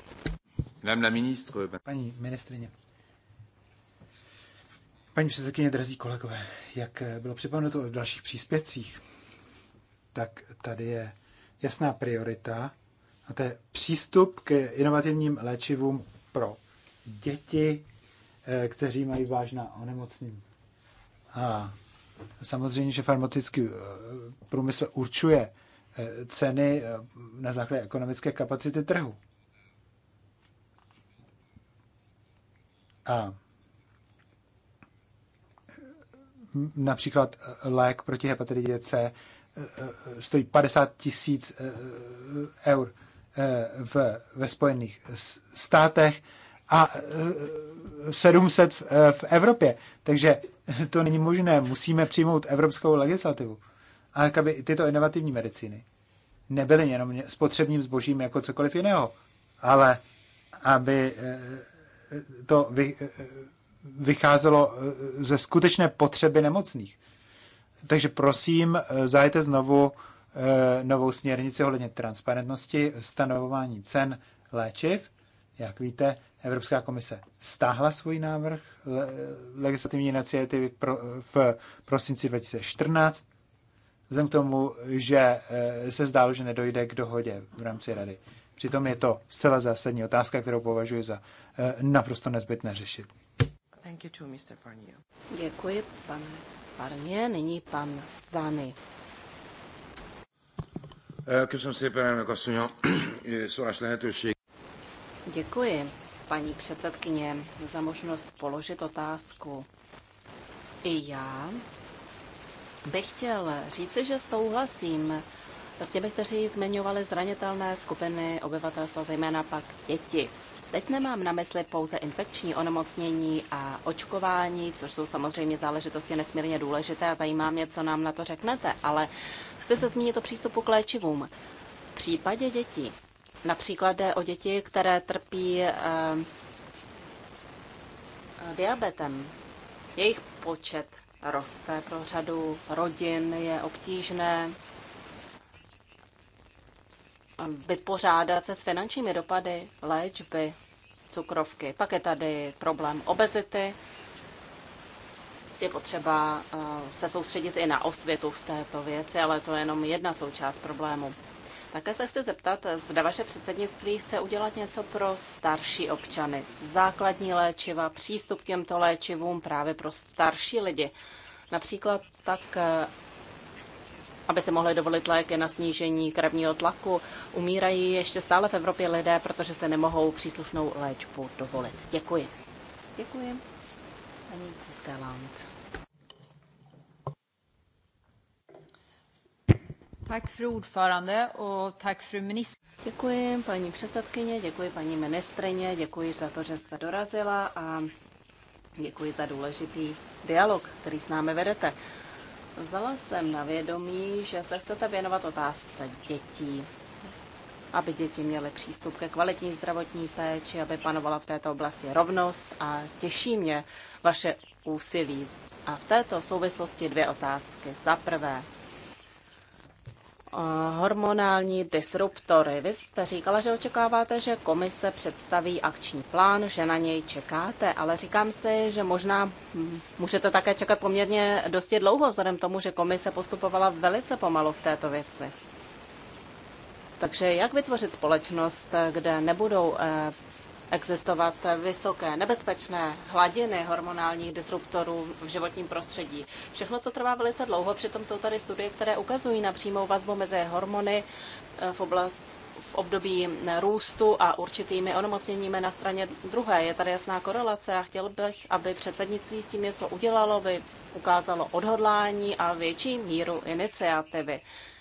Paní ministrině. Paní předsedkyně, drazí kolegové, jak eh, bylo připomenuto v dalších příspěvcích, tak tady je jasná priorita a to je přístup k inovativním léčivům pro děti, eh, kteří mají vážná onemocnění. A samozřejmě, že farmaceutický eh, průmysl určuje ceny na základě ekonomické kapacity trhu. A například eh, lék proti hepatitidě C eh, eh, stojí 50 tisíc eur v, ve Spojených státech a 700 v, v Evropě. Takže to není možné, musíme přijmout evropskou legislativu. A tak, aby tyto inovativní medicíny nebyly jenom spotřebním zbožím jako cokoliv jiného, ale aby to vy, vycházelo eh, ze skutečné potřeby nemocných. Takže prosím, eh, zajte znovu eh, novou směrnici ohledně transparentnosti stanovování cen léčiv. Jak víte, Evropská komise stáhla svůj návrh legislativní iniciativy v prosinci 2014, vzhledem k tomu, že se zdálo, že nedojde k dohodě v rámci rady. Přitom je to zcela zásadní otázka, kterou považuji za naprosto nezbytné řešit. Thank you too, Mr. Barnier. Děkuji, pane Barnier. Nyní pan Zany. Děkuji, paní předsedkyně, za možnost položit otázku. I já bych chtěl říci, že souhlasím s těmi, kteří zmiňovali zranitelné skupiny obyvatelstva, zejména pak děti. Teď nemám na mysli pouze infekční onemocnění a očkování, což jsou samozřejmě záležitosti nesmírně důležité a zajímá mě, co nám na to řeknete, ale chci se zmínit o přístupu k léčivům. V případě dětí, například jde o děti, které trpí eh, eh diabetem, jejich počet roste pro řadu rodin, je obtížné vypořádat se s finančními dopady léčby cukrovky. Pak je tady problém obezity. Je potřeba eh, se soustředit i na osvětu v této věci, ale to je jenom jedna součást problému. Také se chci zeptat, zda vaše předsednictví chce udělat něco pro starší občany. Základní léčiva, přístup k těmto léčivům právě pro starší lidi. Například tak, eh, aby si mohli dovolit léky na snížení krevního tlaku. Umírají ještě stále v Evropě lidé, protože se nemohou příslušnou léčbu dovolit. Děkuji. Děkuji. Paní Galant. Tak fru odfárande, o tak fru minister. Děkuji paní předsedkyně, děkuji paní ministrině, děkuji za to, že jste dorazila a děkuji za důležitý dialog, který s námi vedete. Vzala jsem na vědomí, že se chcete věnovat otázce dětí, aby děti měly přístup ke kvalitní zdravotní péči, aby panovala v této oblasti rovnost a těší mě vaše úsilí. A v této souvislosti dvě otázky. Za prvé, Eh, hormonální disruptory. Vy jste říkala, že očekáváte, že komise představí akční plán, že na něj čekáte, ale říkám si, že možná hm, můžete také čekat poměrně dosti dlouho, vzhledem tomu, že komise postupovala velice pomalu v této věci. Takže jak vytvořit společnost, kde nebudou eh, existovat vysoké nebezpečné hladiny hormonálních disruptorů v životním prostředí. Všechno to trvá velice dlouho, přitom jsou tady studie, které ukazují na přímou vazbu mezi hormony eh, v oblasti v období růstu a určitými onemocněními na straně druhé. Je tady jasná korelace a chtěl bych, aby předsednictví s tím něco udělalo, by ukázalo odhodlání a větší míru iniciativy.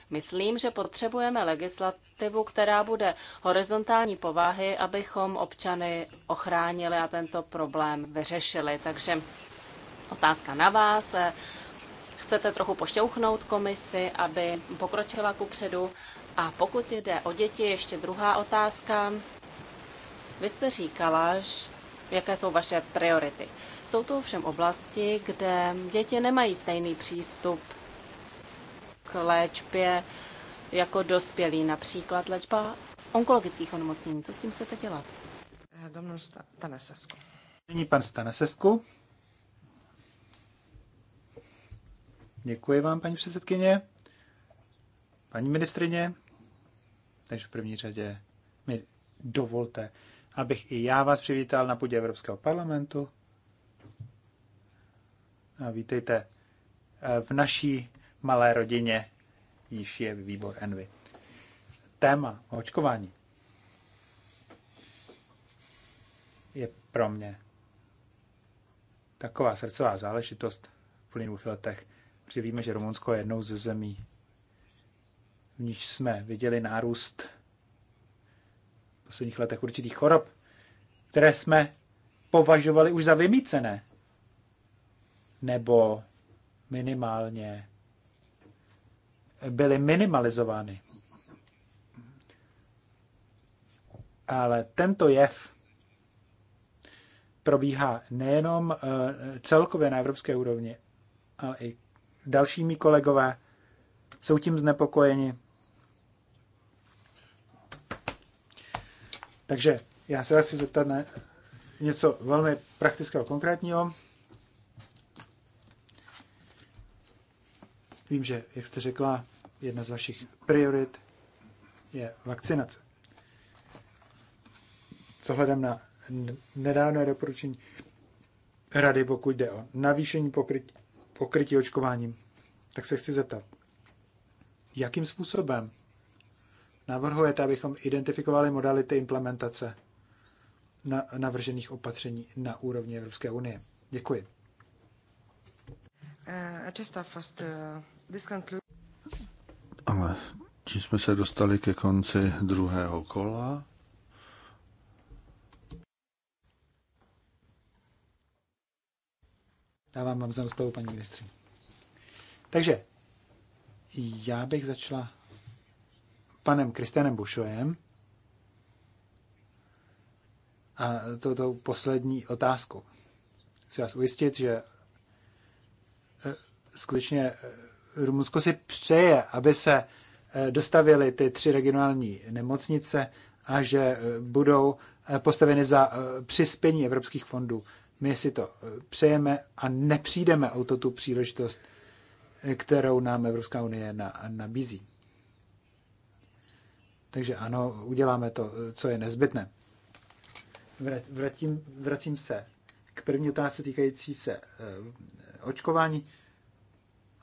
Myslím, že potřebujeme legislativu, která bude horizontální povahy, abychom občany ochránili a tento problém vyřešili. Takže otázka na vás. Chcete trochu pošťouchnout komisi, aby pokročila ku předu? A pokud jde o děti, ještě druhá otázka. Vy jste říkala, jaké jsou vaše priority. Jsou to ovšem oblasti, kde děti nemají stejný přístup léčbě jako dospělí, například léčba onkologických onemocnění. Co s tím chcete dělat? Eh, domnul Stanesesku. Nyní pan Stanesesku. Děkuji vám, paní předsedkyně. Paní ministrině, takže v první řadě mi dovolte, abych i já vás přivítal na půdě Evropského parlamentu. A vítejte eh, v naší malé rodině, již je výbor Envy. Téma očkování je pro mě taková srdcová záležitost v plynulých letech, protože víme, že Rumunsko je jednou ze zemí, v níž jsme viděli nárůst v posledních letech určitých chorob, které jsme považovali už za vymícené, nebo minimálně byly minimalizovány. Ale tento jev probíhá nejenom eh, celkově na evropské úrovni, ale i dalšími kolegové jsou tím znepokojeni. Takže já se vás chci zeptat na něco velmi praktického, konkrétního. Vím, že, jak jste řekla, jedna z vašich priorit je vakcinace. Co hledám na nedávné doporučení rady, pokud jde o navýšení pokrytí, pokrytí očkováním, tak se chci zeptat, jakým způsobem navrhujete, abychom identifikovali modality implementace na navržených opatření na úrovni Evropské unie? Děkuji. Acesta eh, a fost eh, ale tím jsme se dostali ke konci druhého kola. Dávám vám mám slovo, paní ministři. Takže já bych začala panem Kristianem Bušojem a to poslední otázku. Chci vás ujistit, že eh, skutečně eh, Rumunsko si přeje, aby se eh, dostavily ty tři regionální nemocnice a že eh, budou eh, postaveny za přispění evropských fondů. My si to přejeme a nepřijdeme o to tu příležitost, kterou nám Evropská unie nabízí. Takže ano, uděláme to, co je nezbytné. Vratím, vracím se k první otázce týkající se očkování.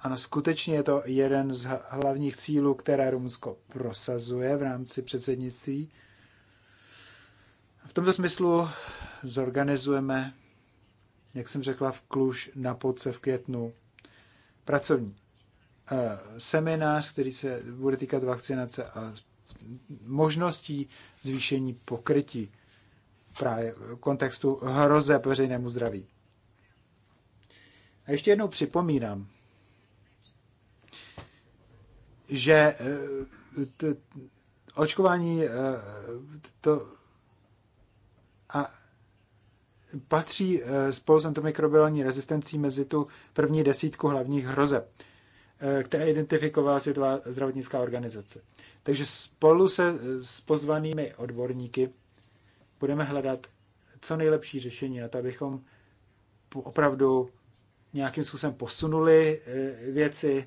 Ano, skutečně je to jeden z hlavních cílů, které Rumunsko prosazuje v rámci předsednictví. V tomto smyslu zorganizujeme, jak jsem řekla, v Kluž na Podce v květnu pracovní eh, seminář, který se bude týkat vakcinace a možností zvýšení pokrytí právě v kontextu hroze veřejnému zdraví. A ještě jednou připomínám, že eh, očkování eh, to a patří eh, spolu s antimikrobiální rezistencí mezi tu první desítku hlavních hrozeb, které identifikovala Světová zdravotnická organizace. Takže spolu se s pozvanými odborníky budeme hledat co nejlepší řešení na to, abychom opravdu nějakým způsobem posunuli věci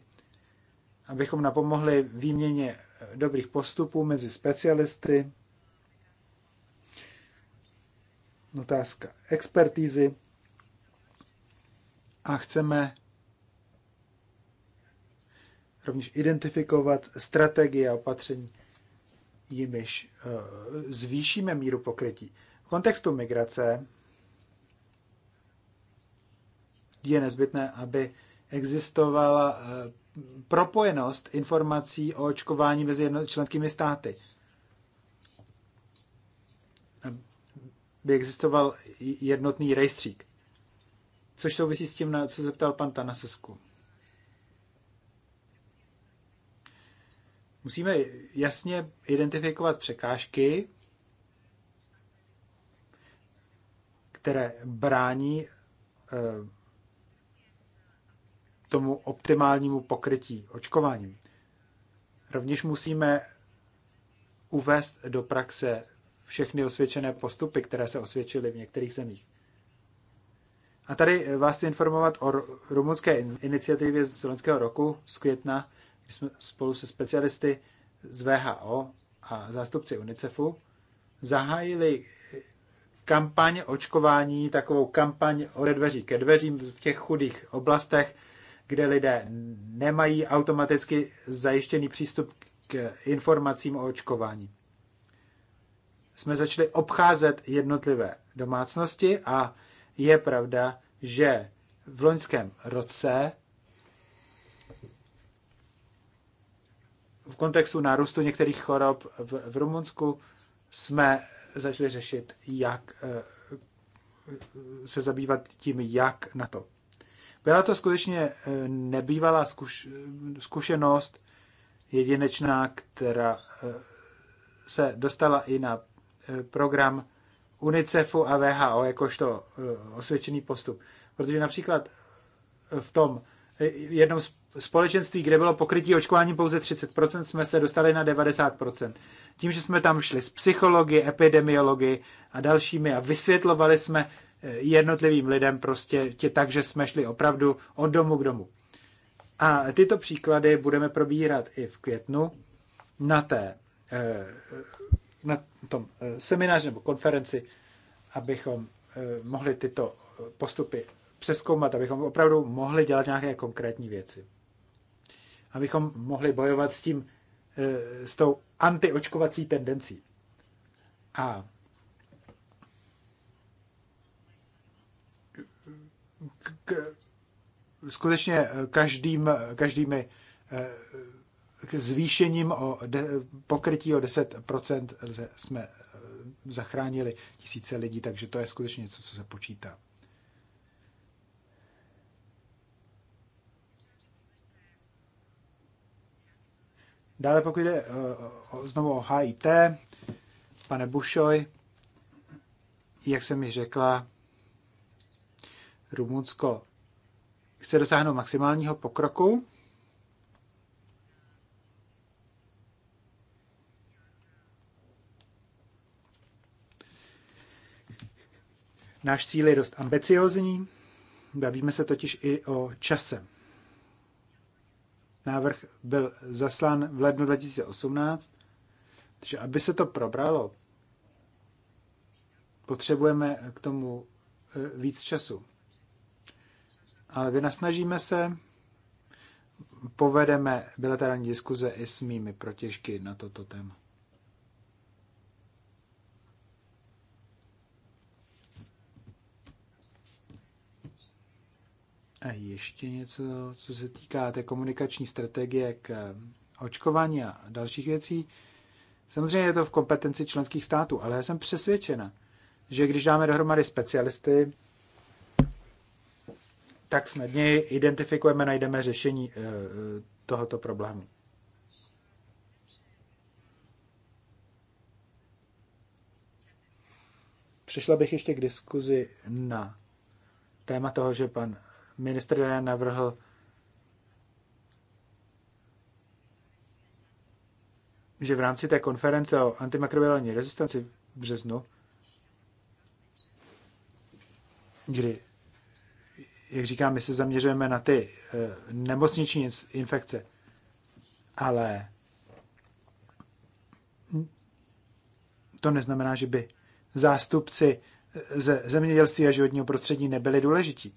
abychom napomohli výměně eh, dobrých postupů mezi specialisty. Otázka expertízy. A chceme rovněž identifikovat strategie a opatření, jimiž eh, zvýšíme míru pokrytí. V kontextu migrace je nezbytné, aby existovala eh, propojenost informací o očkování mezi členskými státy. By existoval jednotný rejstřík. Což souvisí s tím, na co zeptal pan Tanasesku. Musíme jasně identifikovat překážky, které brání eh, tomu optimálnímu pokrytí očkováním. Rovněž musíme uvést do praxe všechny osvědčené postupy, které se osvědčily v některých zemích. A tady vás chci informovat o rumunské iniciativě z loňského roku, z května, kdy jsme spolu se specialisty z VHO a zástupci UNICEFu zahájili kampaň očkování, takovou kampaň ode dveří ke dveřím v těch chudých oblastech, kde lidé nemají automaticky zajištěný přístup k informacím o očkování. Jsme začali obcházet jednotlivé domácnosti a je pravda, že v loňském roce v kontextu nárůstu některých chorob v, v Rumunsku jsme začali řešit, jak eh, se zabývat tím, jak na to byla to skutečně eh, nebývalá zkušenost, jedinečná, která eh, se dostala i na eh, program UNICEFu a VHO jakožto osvědčený postup. Protože například v tom jednom společenství, kde bylo pokrytí očkování pouze 30%, jsme se dostali na 90%. Tím, že jsme tam šli s psychologi, epidemiologi a dalšími a vysvětlovali jsme jednotlivým lidem prostě tě tak, že jsme šli opravdu od domu k domu. A tyto příklady budeme probírat i v květnu na té eh, na tom eh, semináři nebo konferenci, abychom eh, mohli tyto postupy přeskoumat, abychom opravdu mohli dělat nějaké konkrétní věci. Abychom mohli bojovat s tím, s tou antiočkovací tendencí. A k, skutečně každým, každými eh, zvýšením o de, pokrytí o 10% jsme eh, zachránili tisíce lidí, takže to je skutečně něco, co se počítá. Dále pokud jde eh, znovu o HIT, pane Bušoj, jak jsem mi řekla, Rumunsko chce dosáhnout maximálního pokroku. Náš cíl je dost ambiciozní, bavíme se totiž i o čase. Návrh byl zaslán v lednu 2018, takže aby se to probralo, potřebujeme k tomu eh, víc času ale vynasnažíme se, povedeme bilaterální diskuze i s mými protěžky na toto téma. A ještě něco, co se týká té komunikační strategie k očkování a dalších věcí. Samozřejmě je to v kompetenci členských států, ale já jsem přesvědčena, že když dáme dohromady specialisty, tak snadněji identifikujeme, najdeme řešení eh, eh, tohoto problému. Přišla bych ještě k diskuzi na téma toho, že pan ministr navrhl že v rámci té konference o antimakrobiální rezistenci v březnu, kdy jak říkám, my se zaměřujeme na ty eh, nemocniční infekce, ale to neznamená, že by zástupci eh, ze zemědělství a životního prostředí nebyli důležití.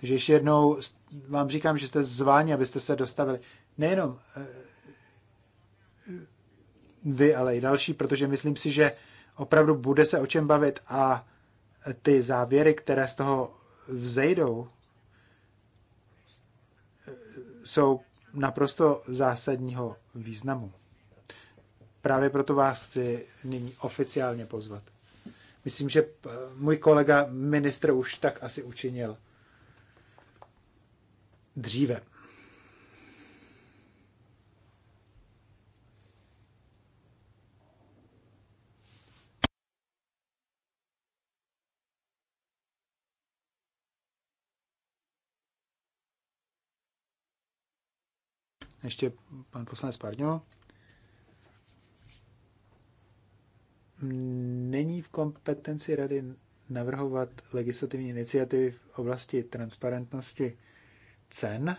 Takže ještě jednou vám říkám, že jste zváni, abyste se dostavili. Nejenom eh, vy, ale i další, protože myslím si, že opravdu bude se o čem bavit a ty závěry, které z toho vzejdou, jsou naprosto zásadního významu. Právě proto vás chci nyní oficiálně pozvat. Myslím, že můj kolega ministr už tak asi učinil dříve. Ještě pan poslanec Parňo. Není v kompetenci rady navrhovat legislativní iniciativy v oblasti transparentnosti cen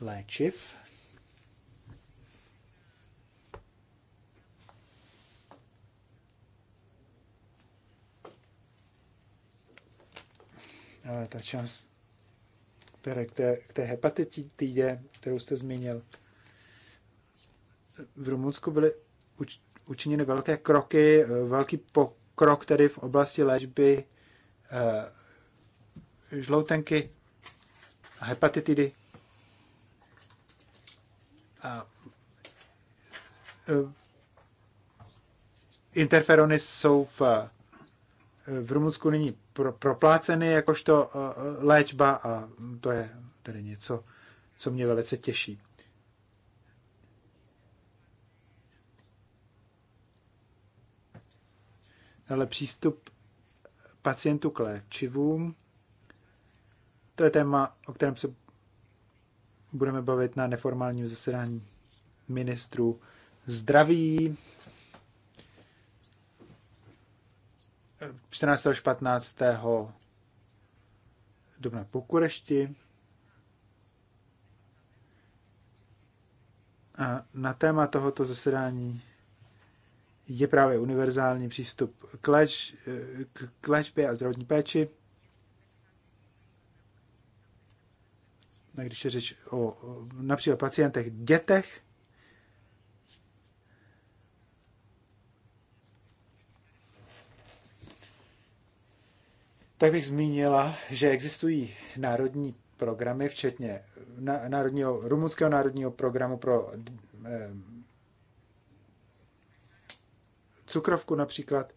léčiv. Ale ta část které, k, té, k té hepatitidě, kterou jste zmínil. V Rumunsku byly uč, učiněny velké kroky, velký pokrok tedy v oblasti léčby eh, žloutenky a hepatitidy. A eh, interferony jsou v, v Rumunsku nyní pro, propláceny jakožto eh, léčba a to je tedy něco, co mě velice těší. Ale přístup pacientů k léčivům, to je téma, o kterém se budeme bavit na neformálním zasedání ministrů zdraví. 14. až 15. dubna v Bukurešti. A na téma tohoto zasedání je právě univerzální přístup k, léč, k léčbě a zdravotní péči. Když je řeč o například pacientech dětech, tak bych zmínila, že existují národní programy, včetně národního, rumunského národního programu pro eh, cukrovku například,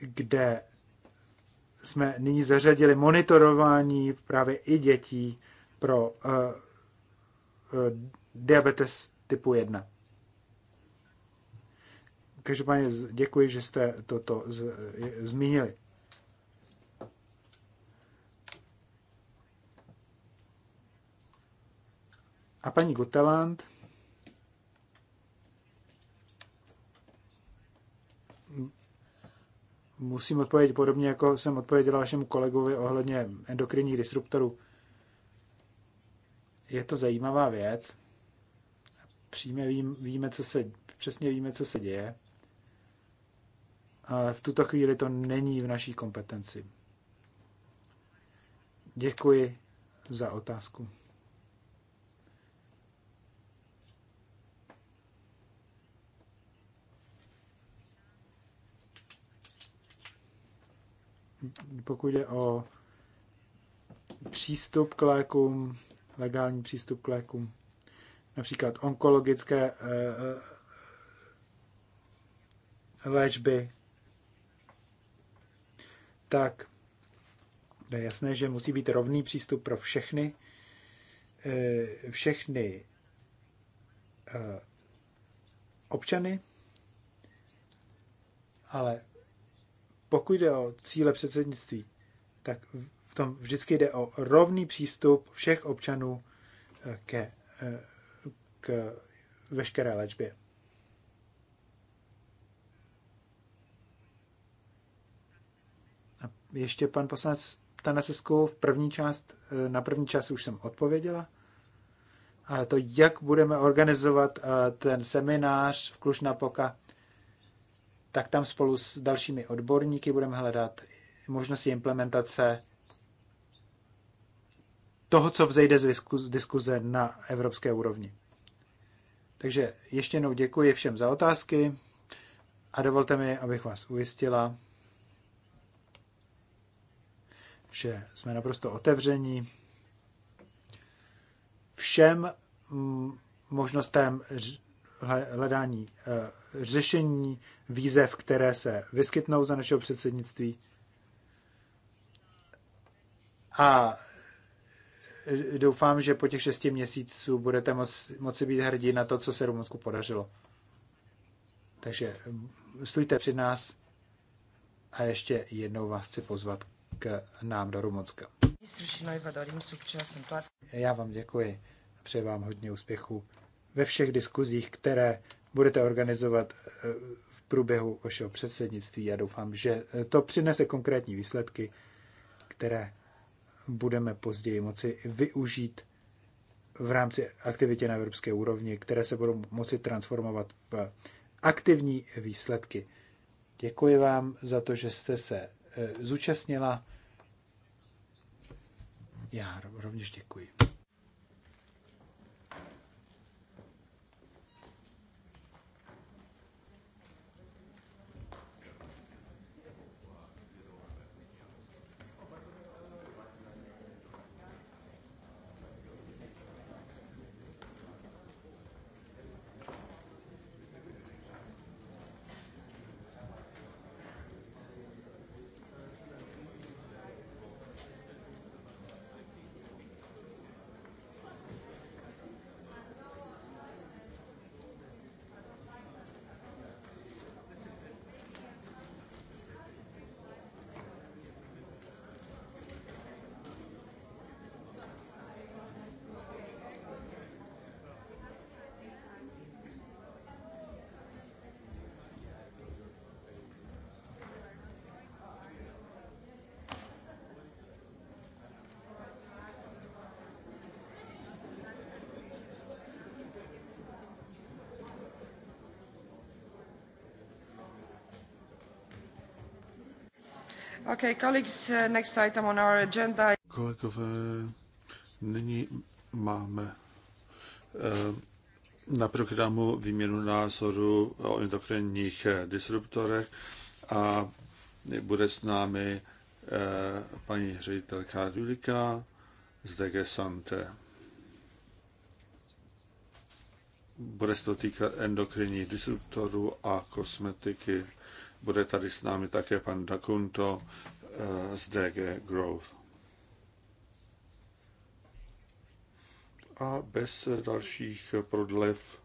kde jsme nyní zařadili monitorování právě i dětí pro eh, eh, diabetes typu 1. Každopádně děkuji, že jste toto z, je, zmínili. A paní Guteland musím odpovědět podobně, jako jsem odpověděla vašemu kolegovi ohledně endokrinních disruptorů. Je to zajímavá věc. Přímě vím, víme, co se, přesně víme, co se děje ale v tuto chvíli to není v naší kompetenci. Děkuji za otázku. Pokud je o přístup k lékům, legální přístup k lékům, například onkologické eh, eh, léčby, tak je jasné, že musí být rovný přístup pro všechny, eh, všechny eh, občany, ale pokud jde o cíle předsednictví, tak v tom vždycky jde o rovný přístup všech občanů eh, ke, k veškeré léčbě. ještě pan poslanec Tanasesku v první část, eh, na první část už jsem odpověděla, ale to, jak budeme organizovat eh, ten seminář v Klužnapoka, tak tam spolu s dalšími odborníky budeme hledat možnosti implementace toho, co vzejde z diskuze na evropské úrovni. Takže ještě jednou děkuji všem za otázky a dovolte mi, abych vás ujistila, že jsme naprosto otevření všem mm, možnostem hledání eh, řešení výzev, které se vyskytnou za našeho předsednictví. A eh, doufám, že po těch šesti měsíců budete moci, být hrdí na to, co se Rumunsku podařilo. Takže mm, stůjte před nás a ještě jednou vás chci pozvat k nám do Rumunska. Já vám děkuji a přeji vám hodně úspěchů ve všech diskuzích, které budete organizovat eh, v průběhu vašeho předsednictví. Já doufám, že eh, to přinese konkrétní výsledky, které budeme později moci využít v rámci aktivitě na evropské úrovni, které se budou moci transformovat v aktivní výsledky. Děkuji vám za to, že jste se eh, zúčastnila já rovněž děkuji. Okay, colleagues, uh, next item on our agenda. Kolegové, nyní máme eh, na programu výměnu názoru o endokrinních eh, disruptorech a bude s námi eh, paní ředitelka Julika z DG Sante. Bude se to týkat endokrinních disruptorů a kosmetiky. Bude tady s námi také pan Dakunto eh, z DG Growth. A bez dalších prodlev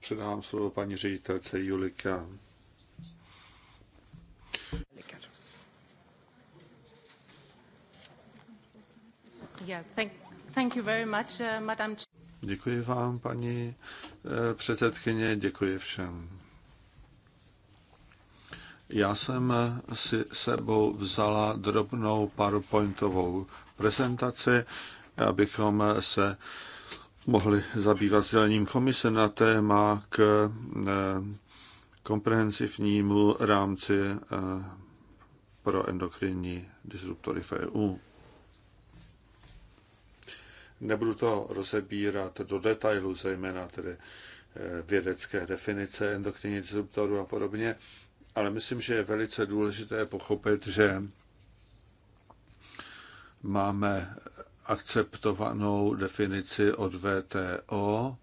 předám slovo paní ředitelce Julika. Yeah, thank, thank you very much, uh, Madam Děkuji vám, paní eh, předsedkyně, děkuji všem. Já jsem eh, si sebou vzala drobnou PowerPointovou prezentaci, abychom eh, se mohli zabývat sdělením komise na téma k komprehensivnímu rámci pro endokrinní disruptory v EU. Nebudu to rozebírat do detailu, zejména tedy eh, vědecké definice endokrinní disruptorů a podobně, ale myslím, že je velice důležité pochopit, že máme akceptovanou definici od VTO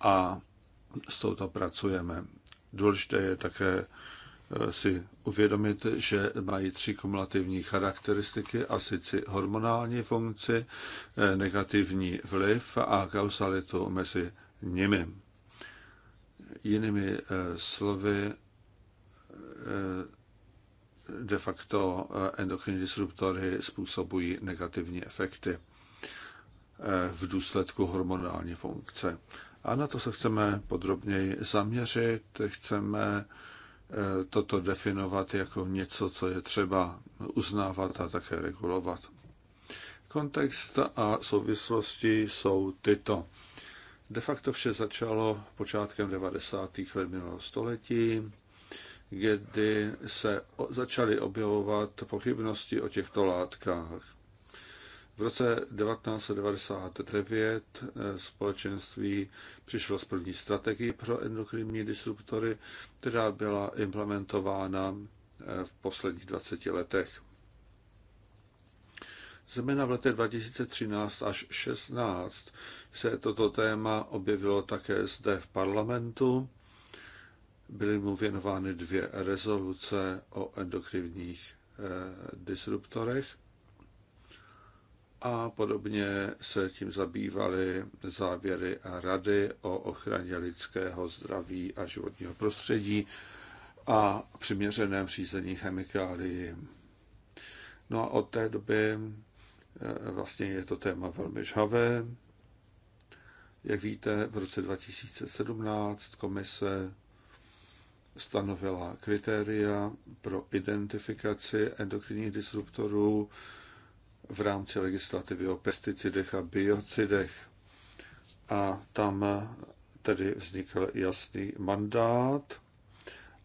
a s touto pracujeme. Důležité je také Eh, si uvědomit, že mají tři kumulativní charakteristiky, a sice hormonální funkci, eh, negativní vliv a kausalitu mezi nimi. Jinými eh, slovy, de facto endokrinní disruptory způsobují negativní efekty v důsledku hormonální funkce. A na to se chceme podrobněji zaměřit, chceme Eh, toto definovat jako něco, co je třeba uznávat a také regulovat. Kontext a souvislosti jsou tyto. De facto vše začalo počátkem 90. let minulého století, kdy se začaly objevovat pochybnosti o těchto látkách. V roce 1999 eh, společenství přišlo s první strategií pro endokrinní disruptory, která byla implementována eh, v posledních 20 letech. Zejména v letech 2013 až 2016 se toto téma objevilo také zde v parlamentu. Byly mu věnovány dvě rezoluce o endokrinních eh, disruptorech a podobně se tím zabývaly závěry a rady o ochraně lidského zdraví a životního prostředí a přiměřeném řízení chemikálií. No a od té doby eh, vlastně je to téma velmi žhavé. Jak víte, v roce 2017 komise stanovila kritéria pro identifikaci endokrinních disruptorů, v rámci legislativy o pesticidech a biocidech. A tam tedy vznikl jasný mandát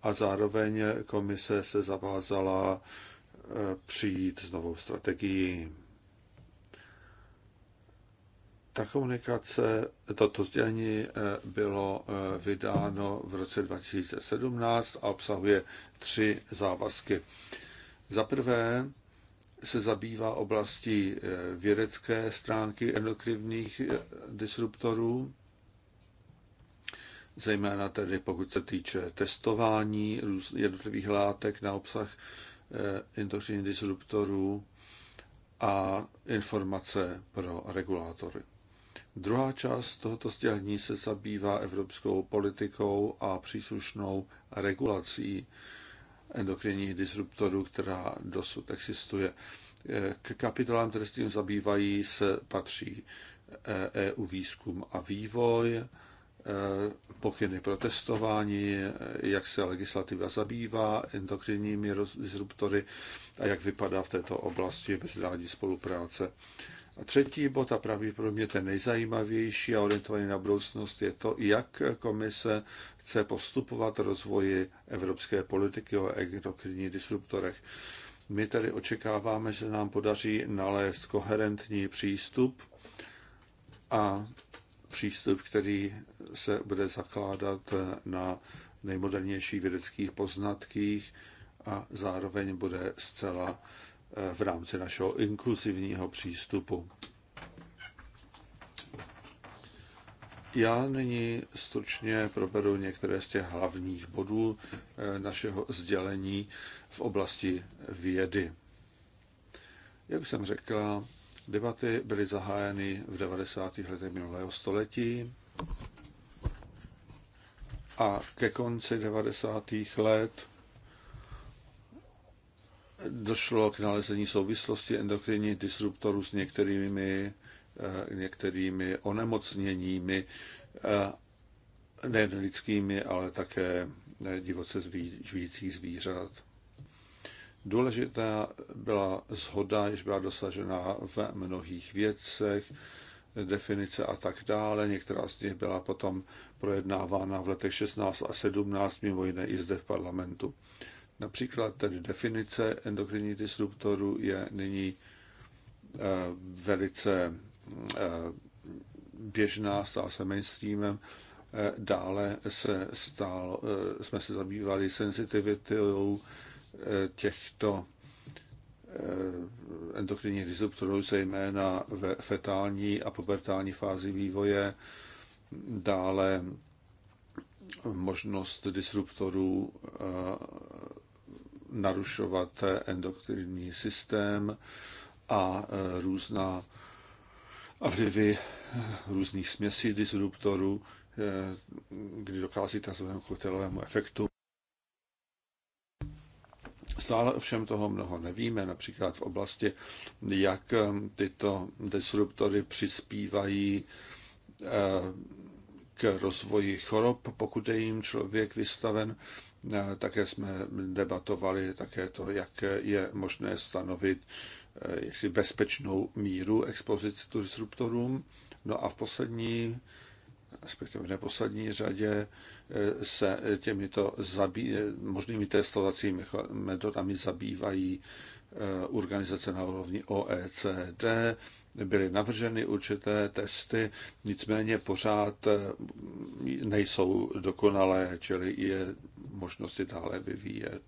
a zároveň komise se zavázala eh, přijít s novou strategií. Ta komunikace, toto sdělení eh, bylo eh, vydáno v roce 2017 a obsahuje tři závazky. Za prvé, se zabývá oblastí eh, vědecké stránky endokrinních eh, disruptorů, zejména tedy pokud se týče testování jednotlivých látek na obsah eh, endokrinních disruptorů a informace pro regulátory. Druhá část tohoto stěhní se zabývá evropskou politikou a příslušnou regulací endokrinních disruptorů, která dosud existuje. K kapitolám, které s tím zabývají, se patří EU eh, e výzkum a vývoj, eh, pokyny pro testování, eh, jak se legislativa zabývá endokrinními disruptory a jak vypadá v této oblasti mezinárodní spolupráce. A třetí bod, a pravděpodobně ten nejzajímavější a orientovaný na budoucnost, je to, jak komise chce postupovat rozvoji evropské politiky o endokrinních disruptorech. My tedy očekáváme, že nám podaří nalézt koherentní přístup a přístup, který se bude zakládat na nejmodernějších vědeckých poznatkých a zároveň bude zcela v rámci našeho inkluzivního přístupu. Já nyní stručně proberu některé z těch hlavních bodů eh, našeho sdělení v oblasti vědy. Jak jsem řekla, debaty byly zahájeny v 90. letech minulého století a ke konci 90. let došlo k nalezení souvislosti endokrinních disruptorů s některými, eh, některými onemocněními, eh, nejen lidskými, ale také eh, divoce žijících zvířat. Důležitá byla zhoda, jež byla dosažena v mnohých věcech, definice a tak dále. Některá z nich byla potom projednávána v letech 16 a 17, mimo jiné i zde v parlamentu. Například tedy definice endokrinních disruptorů je nyní eh, velice eh, běžná, stala se mainstreamem. Eh, dále se stál, jsme se zabývali senzitivitou těchto endokrinních disruptorů, zejména ve fetální a pubertální fázi vývoje. Dále možnost disruptorů narušovat endokrinní systém a e, různá a vlivy e, různých směsí disruptorů, e, kdy dochází k takzvanému koktejlovému efektu. Stále ovšem toho mnoho nevíme, například v oblasti, jak tyto disruptory přispívají k rozvoji chorob, pokud je jim člověk vystaven, také jsme debatovali také to, jak je možné stanovit eh, jaksi bezpečnou míru expozice disruptorům. No a v poslední, respektive v neposlední řadě, eh, se těmito zabí, eh, možnými testovacími metodami zabývají organizace na úrovni OECD, byly navrženy určité testy, nicméně pořád eh, nejsou dokonalé, čili je možnosti dále vyvíjet.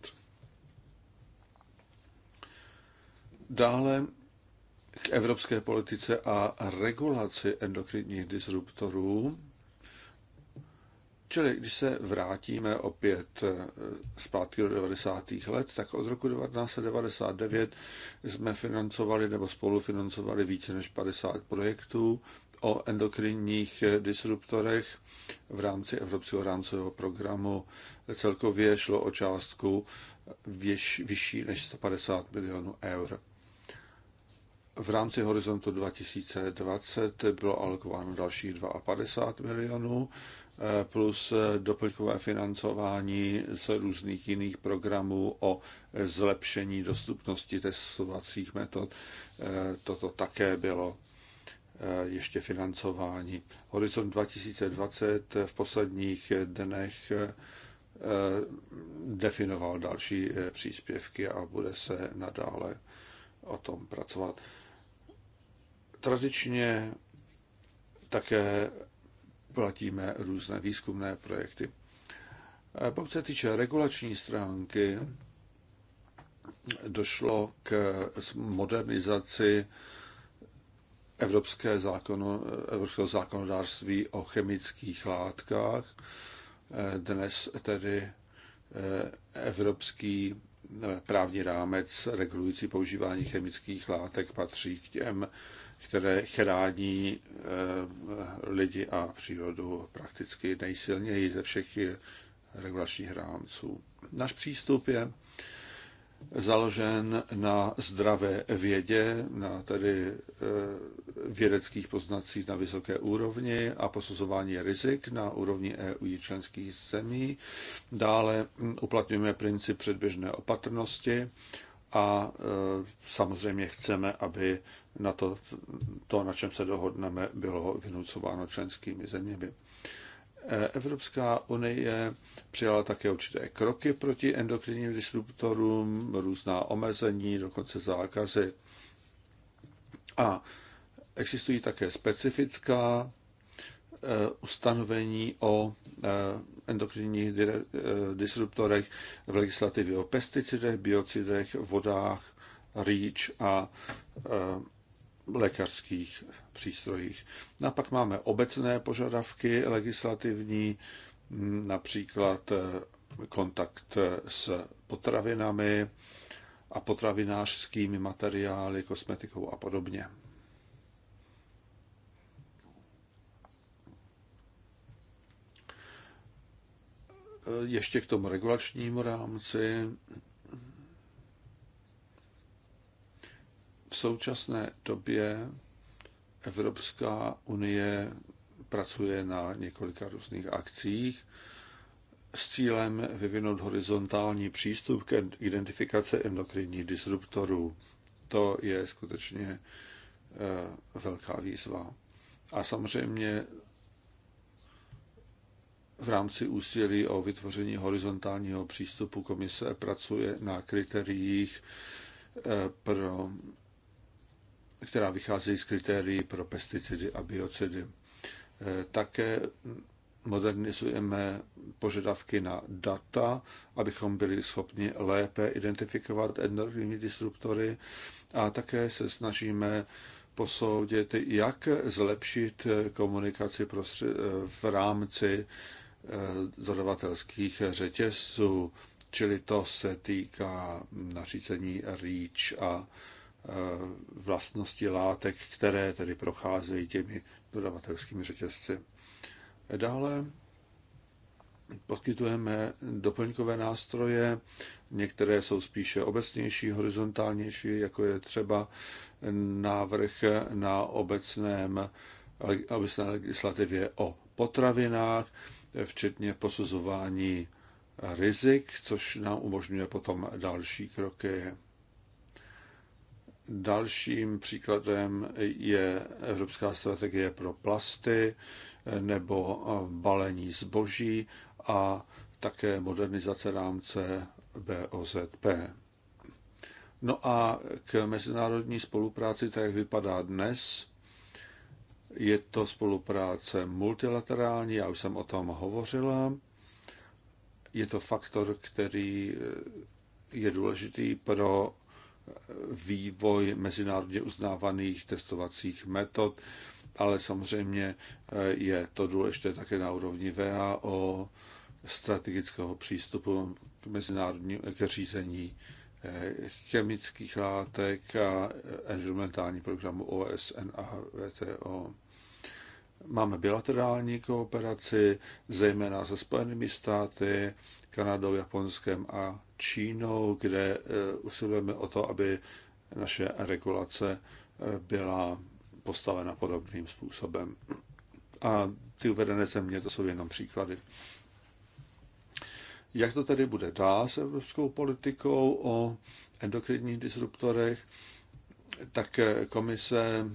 Dále k evropské politice a regulaci endokrinních disruptorů. Čili když se vrátíme opět eh, zpátky do 90. let, tak od roku 1999 jsme financovali nebo spolufinancovali více než 50 projektů o endokrinních eh, disruptorech v rámci Evropského rámcového programu. Celkově šlo o částku věž, vyšší než 150 milionů eur. V rámci Horizontu 2020 bylo alokováno dalších 52 milionů plus doplňkové financování z různých jiných programů o zlepšení dostupnosti testovacích metod. Toto také bylo eh, ještě financování. Horizont 2020 v posledních dnech eh, definoval další eh, příspěvky a bude se nadále o tom pracovat. Tradičně také platíme různé výzkumné projekty. Pokud se týče regulační stránky, došlo k modernizaci evropské zákonu, evropského zákonodárství o chemických látkách. Dnes tedy e, evropský e, právní rámec regulující používání chemických látek patří k těm které chrání eh, lidi a přírodu prakticky nejsilněji ze všech regulačních rámců. Náš přístup je založen na zdravé vědě, na tedy eh, vědeckých poznacích na vysoké úrovni a posuzování rizik na úrovni EU i členských zemí. Dále hm, uplatňujeme princip předběžné opatrnosti a eh, samozřejmě chceme, aby na to, to, na čem se dohodneme, bylo vynucováno členskými zeměmi. Evropská unie přijala také určité kroky proti endokrinním disruptorům, různá omezení, dokonce zákazy. A existují také specifická eh, ustanovení o eh, endokrinních eh, disruptorech v legislativě o pesticidech, biocidech, vodách, REACH a lékařských přístrojích. No a pak máme obecné požadavky legislativní, například eh, kontakt eh, s potravinami a potravinářskými materiály, kosmetikou a podobně. Eh, ještě k tomu regulačnímu rámci V současné době Evropská unie pracuje na několika různých akcích s cílem vyvinout horizontální přístup k identifikaci endokrinních disruptorů. To je skutečně eh, velká výzva. A samozřejmě v rámci úsilí o vytvoření horizontálního přístupu komise pracuje na kritériích eh, pro která vycházejí z kritérií pro pesticidy a biocidy. E, také modernizujeme požadavky na data, abychom byli schopni lépe identifikovat endokrinní disruptory a také se snažíme posoudit, jak zlepšit komunikaci v rámci e, dodavatelských řetězců, čili to se týká nařízení REACH a Eh, vlastnosti látek, které tedy procházejí těmi dodavatelskými řetězci. Dále poskytujeme doplňkové nástroje, některé jsou spíše obecnější, horizontálnější, jako je třeba návrh na obecném, obecné legislativě o potravinách, včetně posuzování rizik, což nám umožňuje potom další kroky. Dalším příkladem je Evropská strategie pro plasty nebo balení zboží a také modernizace rámce BOZP. No a k mezinárodní spolupráci, tak jak vypadá dnes, je to spolupráce multilaterální, já už jsem o tom hovořila. Je to faktor, který je důležitý pro vývoj mezinárodně uznávaných testovacích metod, ale samozřejmě eh, je to důležité také na úrovni VAO, strategického přístupu k mezinárodní, k řízení eh, chemických látek a environmentální programu OSN a VTO. Máme bilaterální kooperaci, zejména se Spojenými státy, Kanadou, Japonskem a Čínou, kde eh, usilujeme o to, aby naše regulace eh, byla postavena podobným způsobem. A ty uvedené země, to jsou jenom příklady. Jak to tedy bude dál s evropskou politikou o endokrinních disruptorech? Tak eh, komise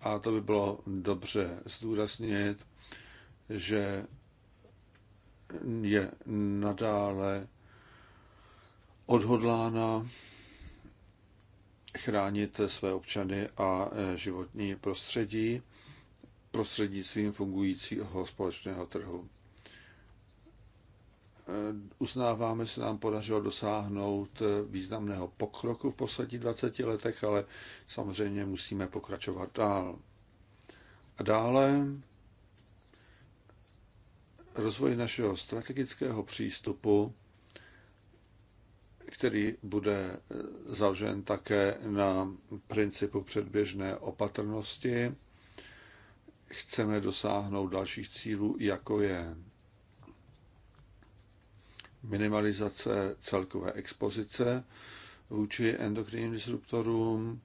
a to by bylo dobře zdůraznit, že je nadále odhodlána chránit své občany a e, životní prostředí prostřednictvím fungujícího společného trhu. Eh, uznáváme, že se nám podařilo dosáhnout eh, významného pokroku v posledních 20 letech, ale samozřejmě musíme pokračovat dál. A dále rozvoj našeho strategického přístupu, který bude eh, založen také na principu předběžné opatrnosti. Chceme dosáhnout dalších cílů, jako je minimalizace celkové expozice vůči endokrinním disruptorům,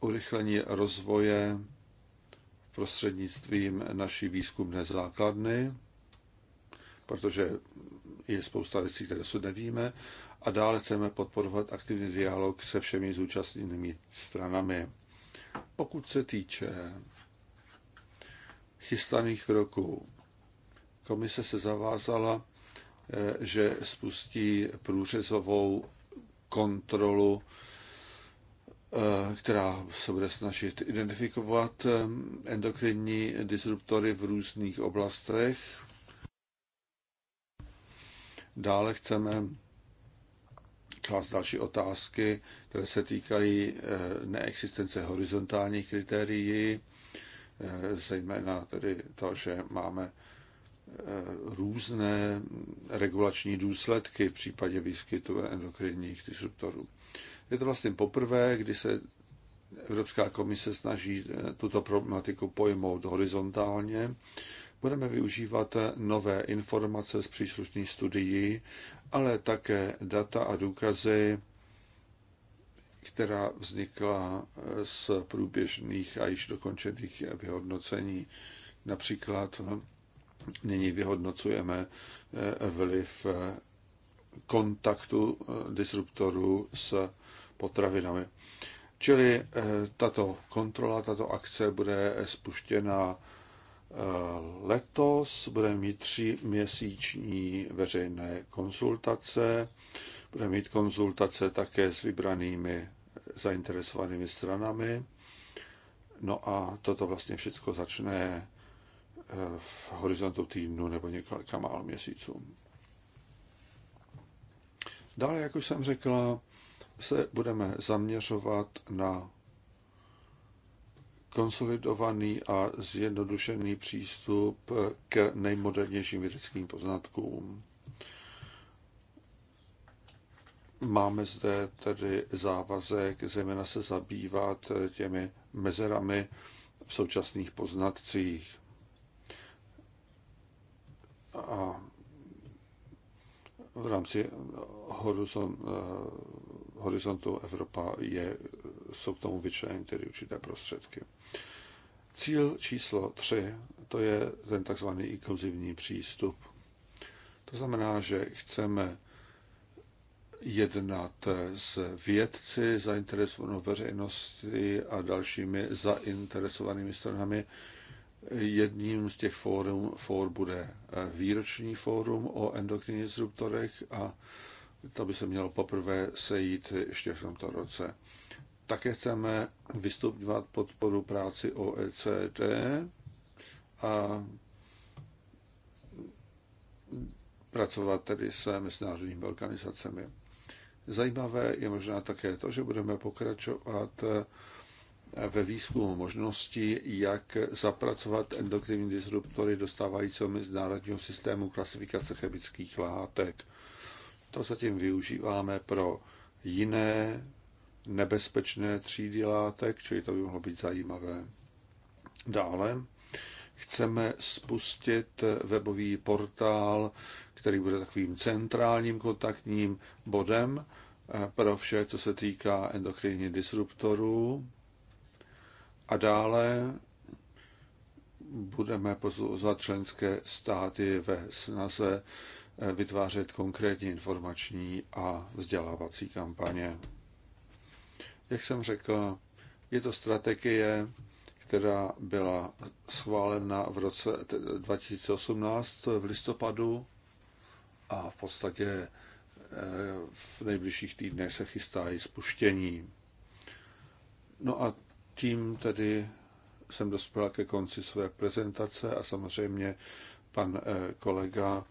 urychlení rozvoje prostřednictvím naší výzkumné základny, protože je spousta věcí, které dosud nevíme, a dále chceme podporovat aktivní dialog se všemi zúčastněnými stranami. Pokud se týče chystaných kroků, komise se zavázala Eh, že spustí průřezovou kontrolu, eh, která se bude snažit identifikovat eh, endokrinní disruptory v různých oblastech. Dále chceme klást další otázky, které se týkají neexistence horizontálních kritérií, zejména tedy to, že máme různé regulační důsledky v případě výskytu endokrinních disruptorů. Je to vlastně poprvé, kdy se Evropská komise snaží eh, tuto problematiku pojmout horizontálně. Budeme využívat nové informace z příslušných studií, ale také data a důkazy, která vznikla eh, z průběžných a již dokončených vyhodnocení. Například no, Nyní vyhodnocujeme eh, vliv eh, kontaktu eh, disruptorů s potravinami. Čili tato kontrola, tato akce bude spuštěna letos, bude mít tři měsíční veřejné konzultace, bude mít konzultace také s vybranými zainteresovanými stranami. No a toto vlastně všechno začne v horizontu týdnu nebo několika málo měsíců. Dále, jak už jsem řekla, se budeme zaměřovat na konsolidovaný a zjednodušený přístup k nejmodernějším vědeckým poznatkům. Máme zde tedy závazek zejména se zabývat těmi mezerami v současných poznatcích a v rámci horizontu Evropa je, jsou k tomu vyčleněny tedy určité prostředky. Cíl číslo 3, to je ten takzvaný inkluzivní přístup. To znamená, že chceme jednat s vědci, zainteresovanou veřejností a dalšími zainteresovanými stranami Jedním z těch fórum, fór bude eh, výroční fórum o endokrinních disruptorech a to by se mělo poprvé sejít ještě v tomto roce. Také chceme vystupňovat podporu práci OECD a pracovat tedy se mezinárodními organizacemi. Zajímavé je možná také to, že budeme pokračovat eh, ve výzkumu možností, jak zapracovat endokrinní disruptory dostávajícího mezinárodního systému klasifikace chemických látek. To zatím využíváme pro jiné nebezpečné třídy látek, čili to by mohlo být zajímavé. Dále chceme spustit webový portál, který bude takovým centrálním kontaktním bodem eh, pro vše, co se týká endokrinní disruptorů, a dále budeme pozvat členské státy ve snaze eh, vytvářet konkrétní informační a vzdělávací kampaně. Jak jsem řekl, je to strategie, která byla schválena v roce 2018 v listopadu a v podstatě eh, v nejbližších týdnech se chystá i spuštění. No a tím tedy jsem dospěl ke konci své prezentace a samozřejmě pan eh, kolega,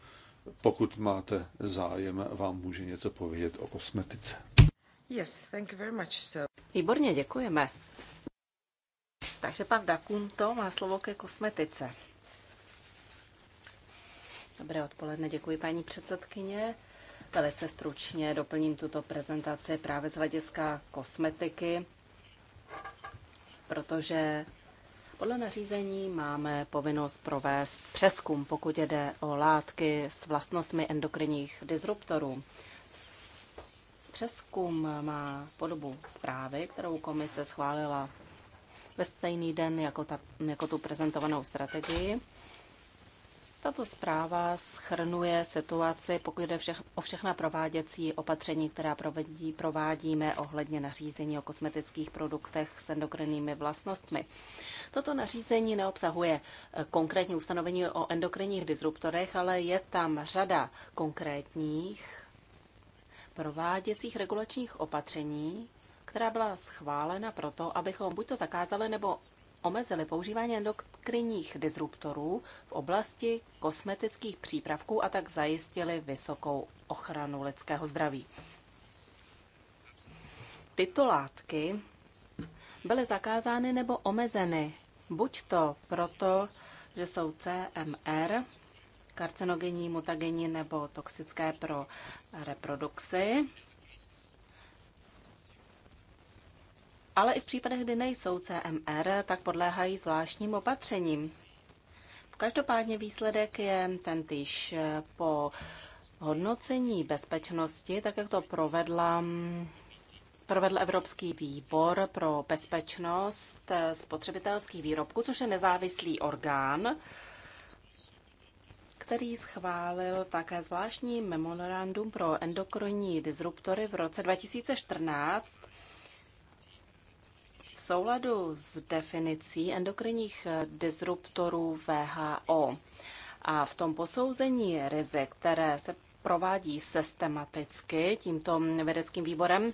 pokud máte zájem, vám může něco povědět o kosmetice. Yes, thank you very much. sir. Výborně, děkujeme. Takže pan Dakunto má slovo ke kosmetice. Dobré odpoledne, děkuji paní předsedkyně. Velice stručně doplním tuto prezentaci právě z hlediska kosmetiky protože podle nařízení máme povinnost provést přeskum, pokud jde o látky s vlastnostmi endokrinních disruptorů. Přeskum má podobu zprávy, kterou komise schválila ve stejný den jako, ta, jako tu prezentovanou strategii. Tato zpráva schrnuje situaci, pokud jde všech, o všechna prováděcí opatření, která provedí, provádíme ohledně nařízení o kosmetických produktech s endokrinními vlastnostmi. Toto nařízení neobsahuje eh, konkrétní ustanovení o endokrinních disruptorech, ale je tam řada konkrétních prováděcích regulačních opatření, která byla schválena proto, abychom buď to zakázali nebo omezili používání endokrinních disruptorů v oblasti kosmetických přípravků a tak zajistili vysokou ochranu lidského zdraví. Tyto látky byly zakázány nebo omezeny, buď to proto, že jsou CMR, karcinogenní, mutagenní nebo toxické pro reprodukci, ale i v případech, kdy nejsou CMR, tak podléhají zvláštním opatřením. Každopádně výsledek je ten týž po hodnocení bezpečnosti, tak jak to provedla provedl Evropský výbor pro bezpečnost spotřebitelských výrobků, což je nezávislý orgán, který schválil také zvláštní memorandum pro endokrinní disruptory v roce 2014 souladu s definicí endokrinních disruptorů VHO a v tom posouzení rizik, které se provádí systematicky tímto vědeckým výborem,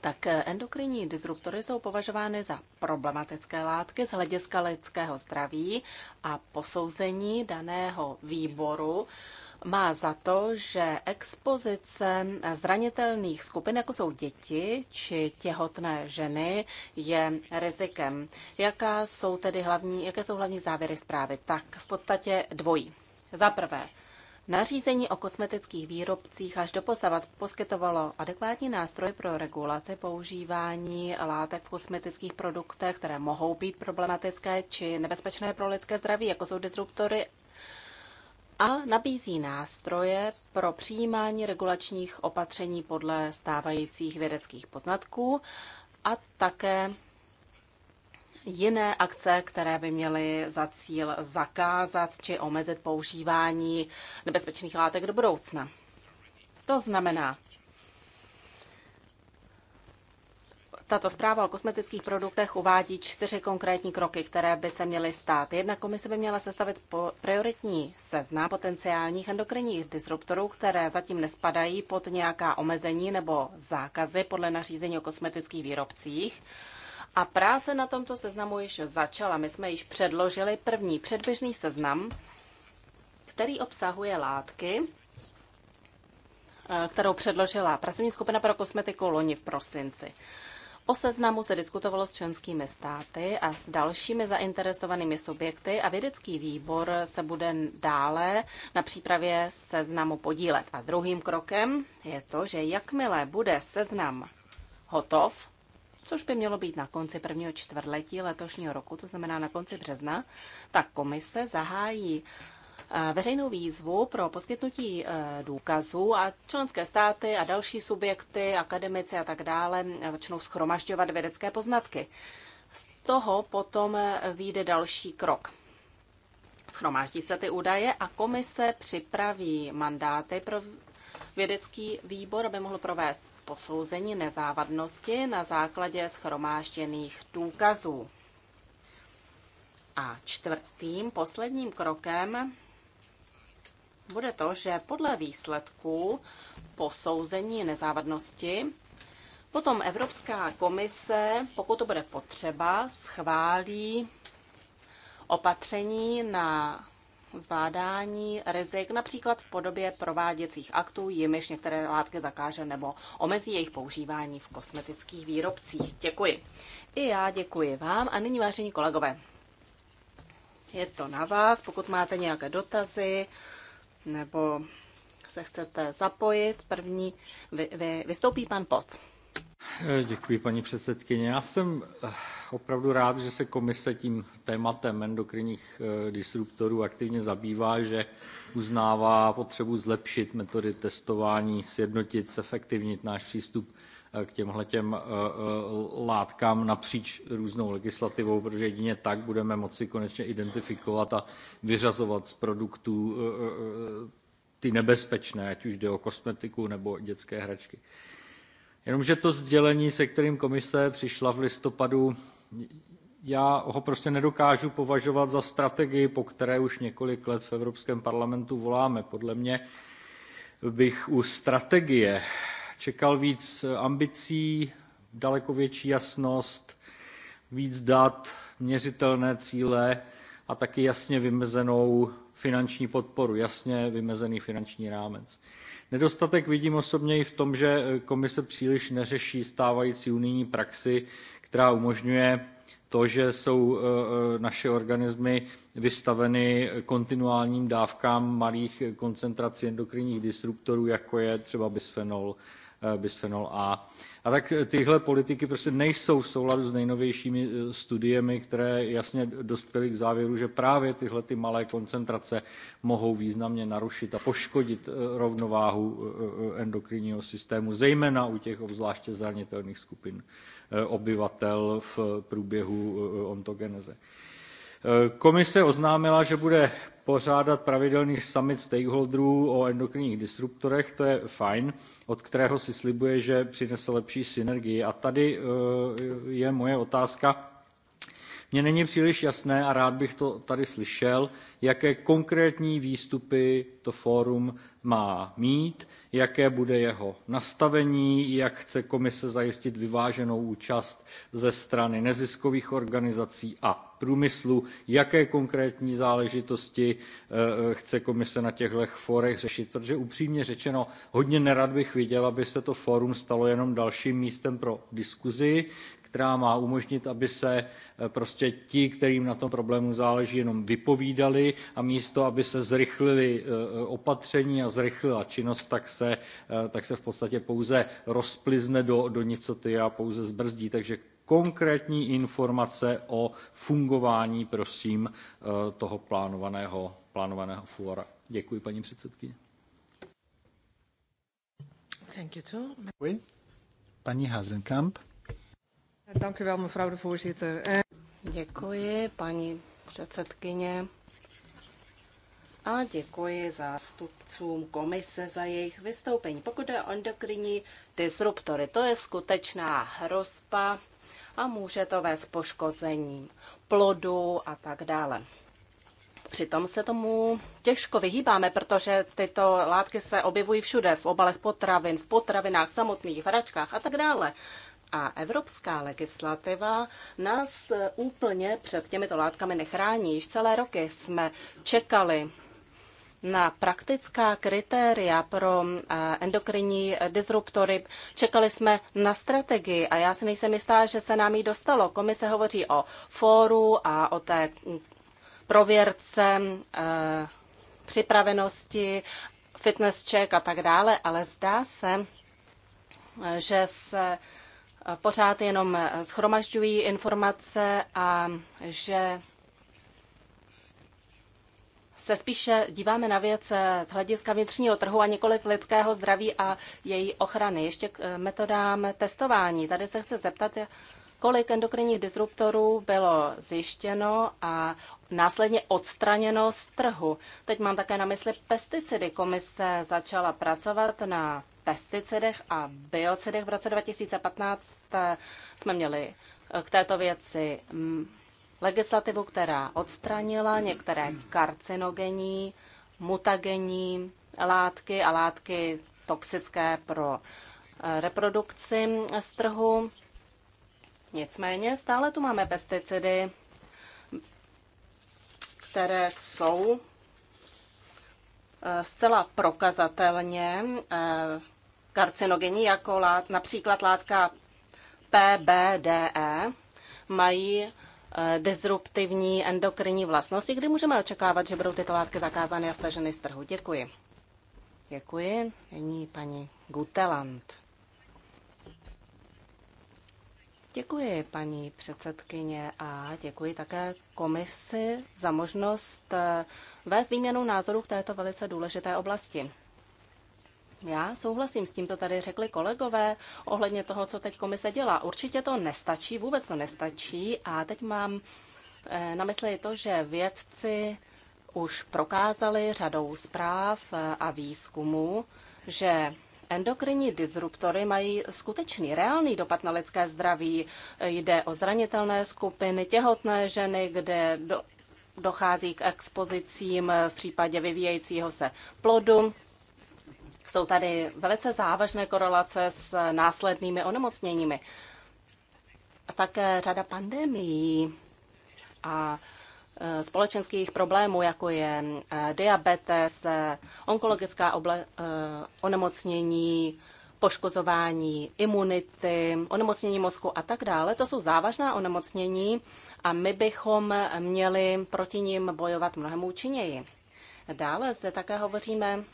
tak endokrinní disruptory jsou považovány za problematické látky z hlediska lidského zdraví a posouzení daného výboru má za to, že expozice zranitelných skupin, jako jsou děti či těhotné ženy, je rizikem. Jaká jsou tedy hlavní, jaké jsou hlavní závěry zprávy? Tak v podstatě dvojí. Za prvé, Nařízení o kosmetických výrobcích až posavat poskytovalo adekvátní nástroj pro regulaci používání látek v kosmetických produktech, které mohou být problematické či nebezpečné pro lidské zdraví, jako jsou disruptory a nabízí nástroje pro přijímání regulačních opatření podle stávajících vědeckých poznatků a také jiné akce, které by měly za cíl zakázat či omezit používání nebezpečných látek do budoucna. To znamená, tato zpráva o kosmetických produktech uvádí čtyři konkrétní kroky, které by se měly stát. Jedna komise by měla sestavit prioritní seznam potenciálních endokrinních disruptorů, které zatím nespadají pod nějaká omezení nebo zákazy podle nařízení o kosmetických výrobcích. A práce na tomto seznamu již začala. My jsme již předložili první předběžný seznam, který obsahuje látky, eh, kterou předložila pracovní skupina pro kosmetiku loni v prosinci. O seznamu se diskutovalo s členskými státy a s dalšími zainteresovanými subjekty a vědecký výbor se bude dále na přípravě seznamu podílet. A druhým krokem je to, že jakmile bude seznam hotov, což by mělo být na konci prvního čtvrtletí letošního roku, to znamená na konci března, tak komise zahájí veřejnou výzvu pro poskytnutí e, důkazů a členské státy a další subjekty, akademici a tak dále e, začnou schromažďovat vědecké poznatky. Z toho potom e, vyjde další krok. Schromáždí se ty údaje a komise připraví mandáty pro vědecký výbor, aby mohl provést posouzení nezávadnosti na základě schromážděných důkazů. A čtvrtým, posledním krokem bude to, že podle výsledků posouzení nezávadnosti potom Evropská komise, pokud to bude potřeba, schválí opatření na zvládání rizik, například v podobě prováděcích aktů, jimiž některé látky zakáže nebo omezí jejich používání v kosmetických výrobcích. Děkuji. I já děkuji vám a nyní vážení kolegové. Je to na vás, pokud máte nějaké dotazy, nebo se chcete zapojit. První vy, vy, vystoupí pan Poc. Děkuji, paní předsedkyně. Já jsem eh, opravdu rád, že se komise tím tématem endokrinních eh, disruptorů aktivně zabývá, že uznává potřebu zlepšit metody testování, sjednotit, zefektivnit náš přístup Eh, k těmhle těm eh, eh, látkám napříč různou legislativou, protože jedině tak budeme moci konečně identifikovat a vyřazovat z produktů ty nebezpečné, ať už jde o kosmetiku nebo dětské hračky. Jenomže to sdělení, se kterým komise přišla v listopadu, já ho prostě nedokážu považovat za strategii, po které už několik let v Evropském parlamentu voláme. Podle mě bych u strategie čekal víc ambicí, daleko větší jasnost, víc dat, měřitelné cíle a taky jasně vymezenou finanční podporu, jasně vymezený finanční rámec. Nedostatek vidím osobně i v tom, že komise příliš neřeší stávající unijní praxi, která umožňuje to, že jsou eh, eh, naše organismy vystaveny kontinuálním dávkám malých koncentrací endokrinních disruptorů, jako je třeba bisfenol Eh, bisfenol A. A tak eh, tyhle politiky prostě nejsou v souladu s nejnovějšími eh, studiemi, které jasně dospěly k závěru, že právě tyhle ty malé koncentrace mohou významně narušit a poškodit rovnováhu endokrinního systému, zejména u těch obzvláště zranitelných skupin obyvatel v průběhu ontogeneze. Komise oznámila, že bude pořádat pravidelný summit stakeholderů o endokrinních disruptorech, to je fajn, od kterého si slibuje, že přinese lepší synergii. A tady eh, je moje otázka, mně není příliš jasné a rád bych to tady slyšel, jaké konkrétní výstupy to fórum má mít, jaké bude jeho nastavení, jak chce komise zajistit vyváženou účast ze strany neziskových organizací a průmyslu, jaké konkrétní záležitosti eh, chce komise na těchto fórech řešit, protože upřímně řečeno hodně nerad bych viděl, aby se to fórum stalo jenom dalším místem pro diskuzi, která má umožnit, aby se eh, prostě ti, kterým na tom problému záleží, jenom vypovídali a místo, aby se zrychlili eh, eh, opatření a zrychlila činnost, tak se, tak se v podstatě pouze rozplizne do, do nicoty a pouze zbrzdí. Takže konkrétní informace o fungování, prosím, toho plánovaného, plánovaného fóra. Děkuji, paní předsedkyně. too. Paní Hazenkamp. Eh, děkuji, paní předsedkyně. A děkuji zástupcům komise za jejich vystoupení. Pokud je o endokrinní disruptory, to je skutečná hrozba a může to vést poškození plodu a tak dále. Přitom se tomu těžko vyhýbáme, protože tyto látky se objevují všude, v obalech potravin, v potravinách samotných, v hračkách a tak dále. A evropská legislativa nás úplně před těmito látkami nechrání. Již celé roky jsme čekali na praktická kritéria pro eh, endokrinní disruptory. Čekali jsme na strategii a já si nejsem jistá, že se nám ji dostalo. Komise hovoří o fóru a o té prověrce eh, připravenosti, fitness check a tak dále, ale zdá se, eh, že se pořád jenom eh, schromažďují informace a že se spíše díváme na věc eh, z hlediska vnitřního trhu a nikoliv lidského zdraví a její ochrany. Ještě k eh, metodám testování. Tady se chce zeptat, kolik endokrinních disruptorů bylo zjištěno a následně odstraněno z trhu. Teď mám také na mysli pesticidy. Komise začala pracovat na pesticidech a biocidech. V roce 2015 eh, jsme měli eh, k této věci mm, legislativu, která odstranila některé karcinogenní, mutagenní látky a látky toxické pro eh, reprodukci z trhu. Nicméně stále tu máme pesticidy, které jsou zcela prokazatelně karcinogenní, jako lát, například látka PBDE, mají eh, disruptivní endokrinní vlastnosti, kdy můžeme očekávat, že budou tyto látky zakázány a staženy z trhu. Děkuji. Děkuji. Nyní paní Guteland. Děkuji, paní předsedkyně, a děkuji také komisi za možnost eh, vést výměnu názorů k této velice důležité oblasti. Já souhlasím s tím, to tady řekli kolegové ohledně toho, co teď komise dělá. Určitě to nestačí, vůbec to nestačí a teď mám eh, na mysli to, že vědci už prokázali řadou zpráv eh, a výzkumů, že Endokrinní disruptory mají skutečný, reálný dopad na lidské zdraví. Jde o zranitelné skupiny, těhotné ženy, kde do, dochází k expozicím v případě vyvíjejícího se plodu, jsou tady velice závažné korelace s následnými onemocněními. A také řada pandemií a e, společenských problémů, jako je e, diabetes, e, onkologická oble- onemocnění, poškozování imunity, onemocnění mozku a tak dále. To jsou závažná onemocnění a my bychom měli proti nim bojovat mnohem účinněji. Dále zde také hovoříme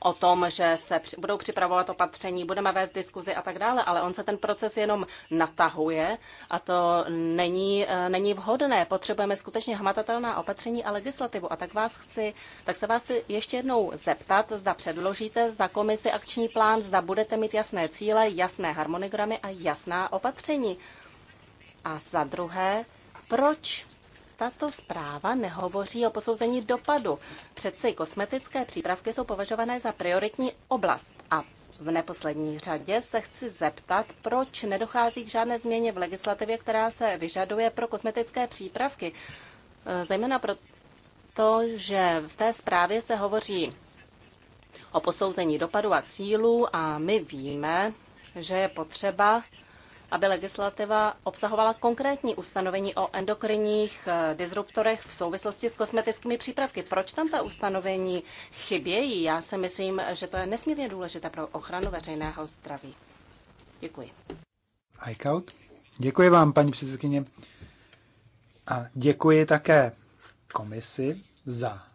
o tom, že se budou připravovat opatření, budeme vést diskuzi a tak dále, ale on se ten proces jenom natahuje a to není, e, není vhodné. Potřebujeme skutečně hmatatelná opatření a legislativu. A tak vás chci, tak se vás ještě jednou zeptat, zda předložíte za komisi akční plán, zda budete mít jasné cíle, jasné harmonogramy a jasná opatření. A za druhé, proč tato zpráva nehovoří o posouzení dopadu. Přece kosmetické přípravky jsou považované za prioritní oblast. A v neposlední řadě se chci zeptat, proč nedochází k žádné změně v legislativě, která se vyžaduje pro kosmetické přípravky. E, zejména proto, že v té zprávě se hovoří o posouzení dopadu a cílů a my víme, že je potřeba aby legislativa obsahovala konkrétní ustanovení o endokrinních eh, disruptorech v souvislosti s kosmetickými přípravky. Proč tam ta ustanovení chybějí? Já si myslím, že to je nesmírně důležité pro ochranu veřejného zdraví. Děkuji. Highcout. Děkuji vám, paní předsedkyně. A děkuji také komisi za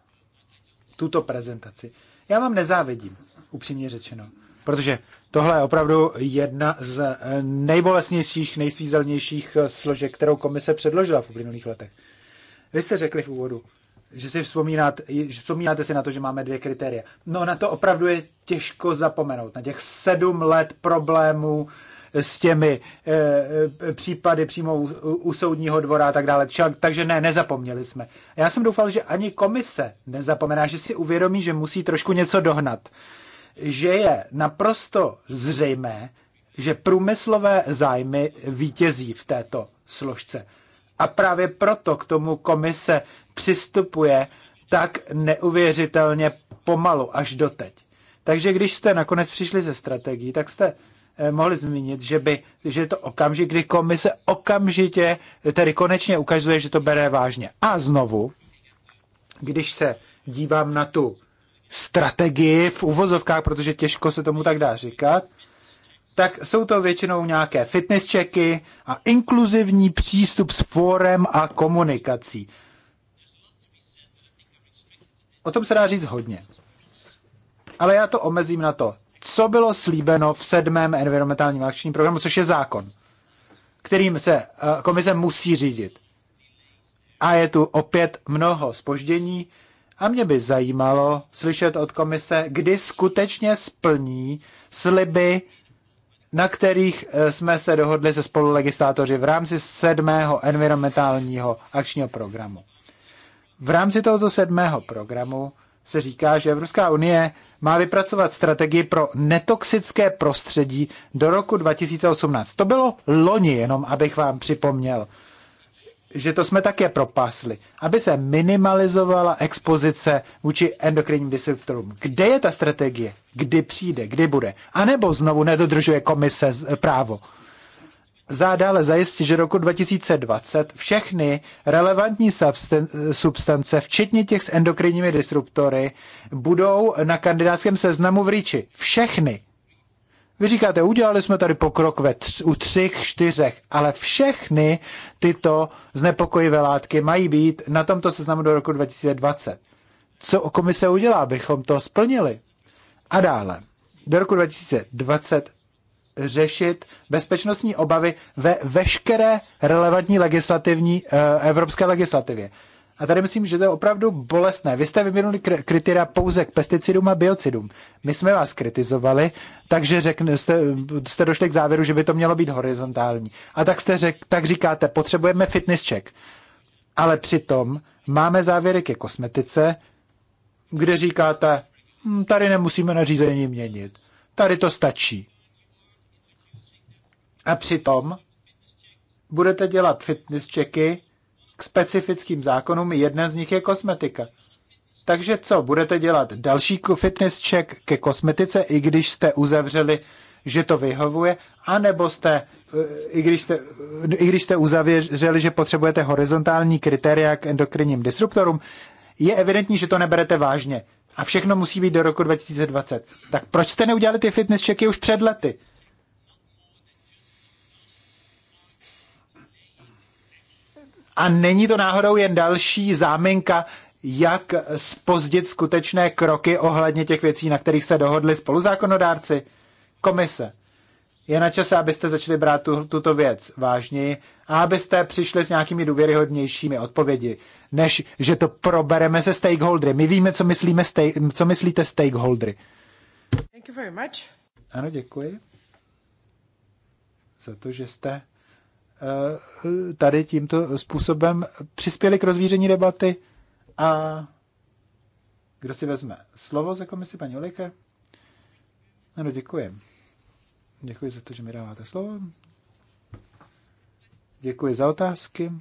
tuto prezentaci. Já vám nezávidím, upřímně řečeno protože tohle je opravdu jedna z nejbolesnějších, nejsvízelnějších složek, kterou komise předložila v uplynulých letech. Vy jste řekli v úvodu, že si vzpomínat, že vzpomínáte si na to, že máme dvě kritéria. No na to opravdu je těžko zapomenout. Na těch sedm let problémů s těmi e, případy přímo u, u soudního dvora a tak dále. Čak, takže ne, nezapomněli jsme. Já jsem doufal, že ani komise nezapomená, že si uvědomí, že musí trošku něco dohnat že je naprosto zřejmé, že průmyslové zájmy vítězí v této složce. A právě proto k tomu komise přistupuje tak neuvěřitelně pomalu až doteď. Takže když jste nakonec přišli ze strategií, tak jste eh, mohli zmínit, že, by, že je to okamžik, kdy komise okamžitě, tedy konečně ukazuje, že to bere vážně. A znovu, když se dívám na tu strategii v uvozovkách, protože těžko se tomu tak dá říkat, tak jsou to většinou nějaké fitness checky a inkluzivní přístup s fórem a komunikací. O tom se dá říct hodně. Ale já to omezím na to, co bylo slíbeno v sedmém environmentálním akčním programu, což je zákon, kterým se eh, komise musí řídit. A je tu opět mnoho spoždění, a mě by zajímalo slyšet od komise, kdy skutečně splní sliby, na kterých eh, jsme se dohodli se spolulegislátoři v rámci sedmého environmentálního akčního programu. V rámci tohoto sedmého programu se říká, že Evropská unie má vypracovat strategii pro netoxické prostředí do roku 2018. To bylo loni, jenom abych vám připomněl že to jsme také propásli, aby se minimalizovala expozice vůči endokrinním disruptorům. Kde je ta strategie? Kdy přijde? Kdy bude? A nebo znovu nedodržuje komise právo? Zádále zajistit, že roku 2020 všechny relevantní substance, včetně těch s endokrinními disruptory, budou na kandidátském seznamu v REACHi. Všechny. Vy říkáte, udělali jsme tady pokrok ve tř, u třech, čtyřech, ale všechny tyto znepokojivé látky mají být na tomto seznamu do roku 2020. Co komise udělá, abychom to splnili? A dále, do roku 2020 řešit bezpečnostní obavy ve veškeré relevantní legislativní, eh, evropské legislativě. A tady myslím, že to je opravdu bolestné. Vy jste vyměnili kritéria pouze k pesticidům a biocidům. My jsme vás kritizovali, takže řekne, jste, jste došli k závěru, že by to mělo být horizontální. A tak, jste řek, tak říkáte, potřebujeme fitness check. Ale přitom máme závěry ke kosmetice, kde říkáte, hm, tady nemusíme nařízení měnit, tady to stačí. A přitom budete dělat fitness checky k specifickým zákonům, jedna z nich je kosmetika. Takže co, budete dělat další fitness check ke kosmetice, i když jste uzavřeli, že to vyhovuje, anebo jste, eh, i když jste, eh, i když jste uzavřeli, že potřebujete horizontální kritéria k endokrinním disruptorům, je evidentní, že to neberete vážně. A všechno musí být do roku 2020. Tak proč jste neudělali ty fitness checky už před lety? A není to náhodou jen další záminka, jak spozdit skutečné kroky ohledně těch věcí, na kterých se dohodli spoluzákonodárci? Komise. Je na čase, abyste začali brát tu, tuto věc vážněji a abyste přišli s nějakými důvěryhodnějšími odpovědi, než že to probereme se stakeholdery. My víme, co, myslíme co myslíte stakeholdery. Thank you very much. Ano, děkuji za to, že jste Eh, tady tímto způsobem přispěli k rozvíření debaty a kdo si vezme slovo za komisi, paní Olejka? Ano, děkuji. Děkuji za to, že mi dáváte slovo. Děkuji za otázky.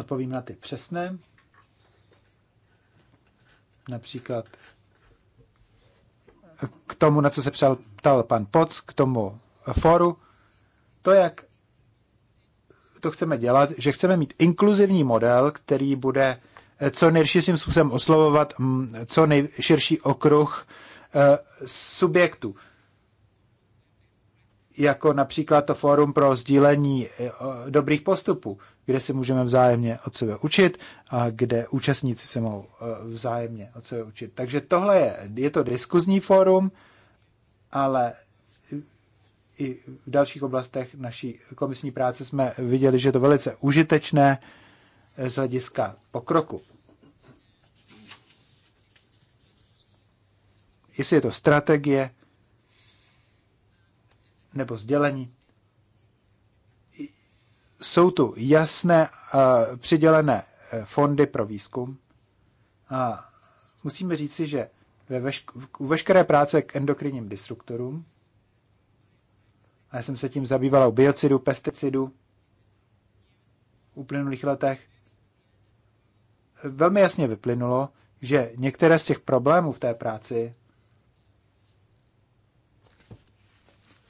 Odpovím na ty přesné. Například k tomu, na co se přál, ptal pan Poc, k tomu foru, to, jak to chceme dělat, že chceme mít inkluzivní model, který bude co nejširším způsobem oslovovat co nejširší okruh eh, subjektů jako například to fórum pro sdílení eh, dobrých postupů, kde si můžeme vzájemně od sebe učit a kde účastníci se mohou eh, vzájemně od sebe učit. Takže tohle je, je to diskuzní fórum, ale i v dalších oblastech naší komisní práce jsme viděli, že je to velice užitečné eh, z hlediska pokroku. Jestli je to strategie, nebo sdělení. Jsou tu jasné uh, přidělené eh, fondy pro výzkum. A musíme říci, že ve vešk- u veškeré práce k endokrinním disruptorům, a já jsem se tím zabývala u biocidu, pesticidu v uplynulých letech, velmi jasně vyplynulo, že některé z těch problémů v té práci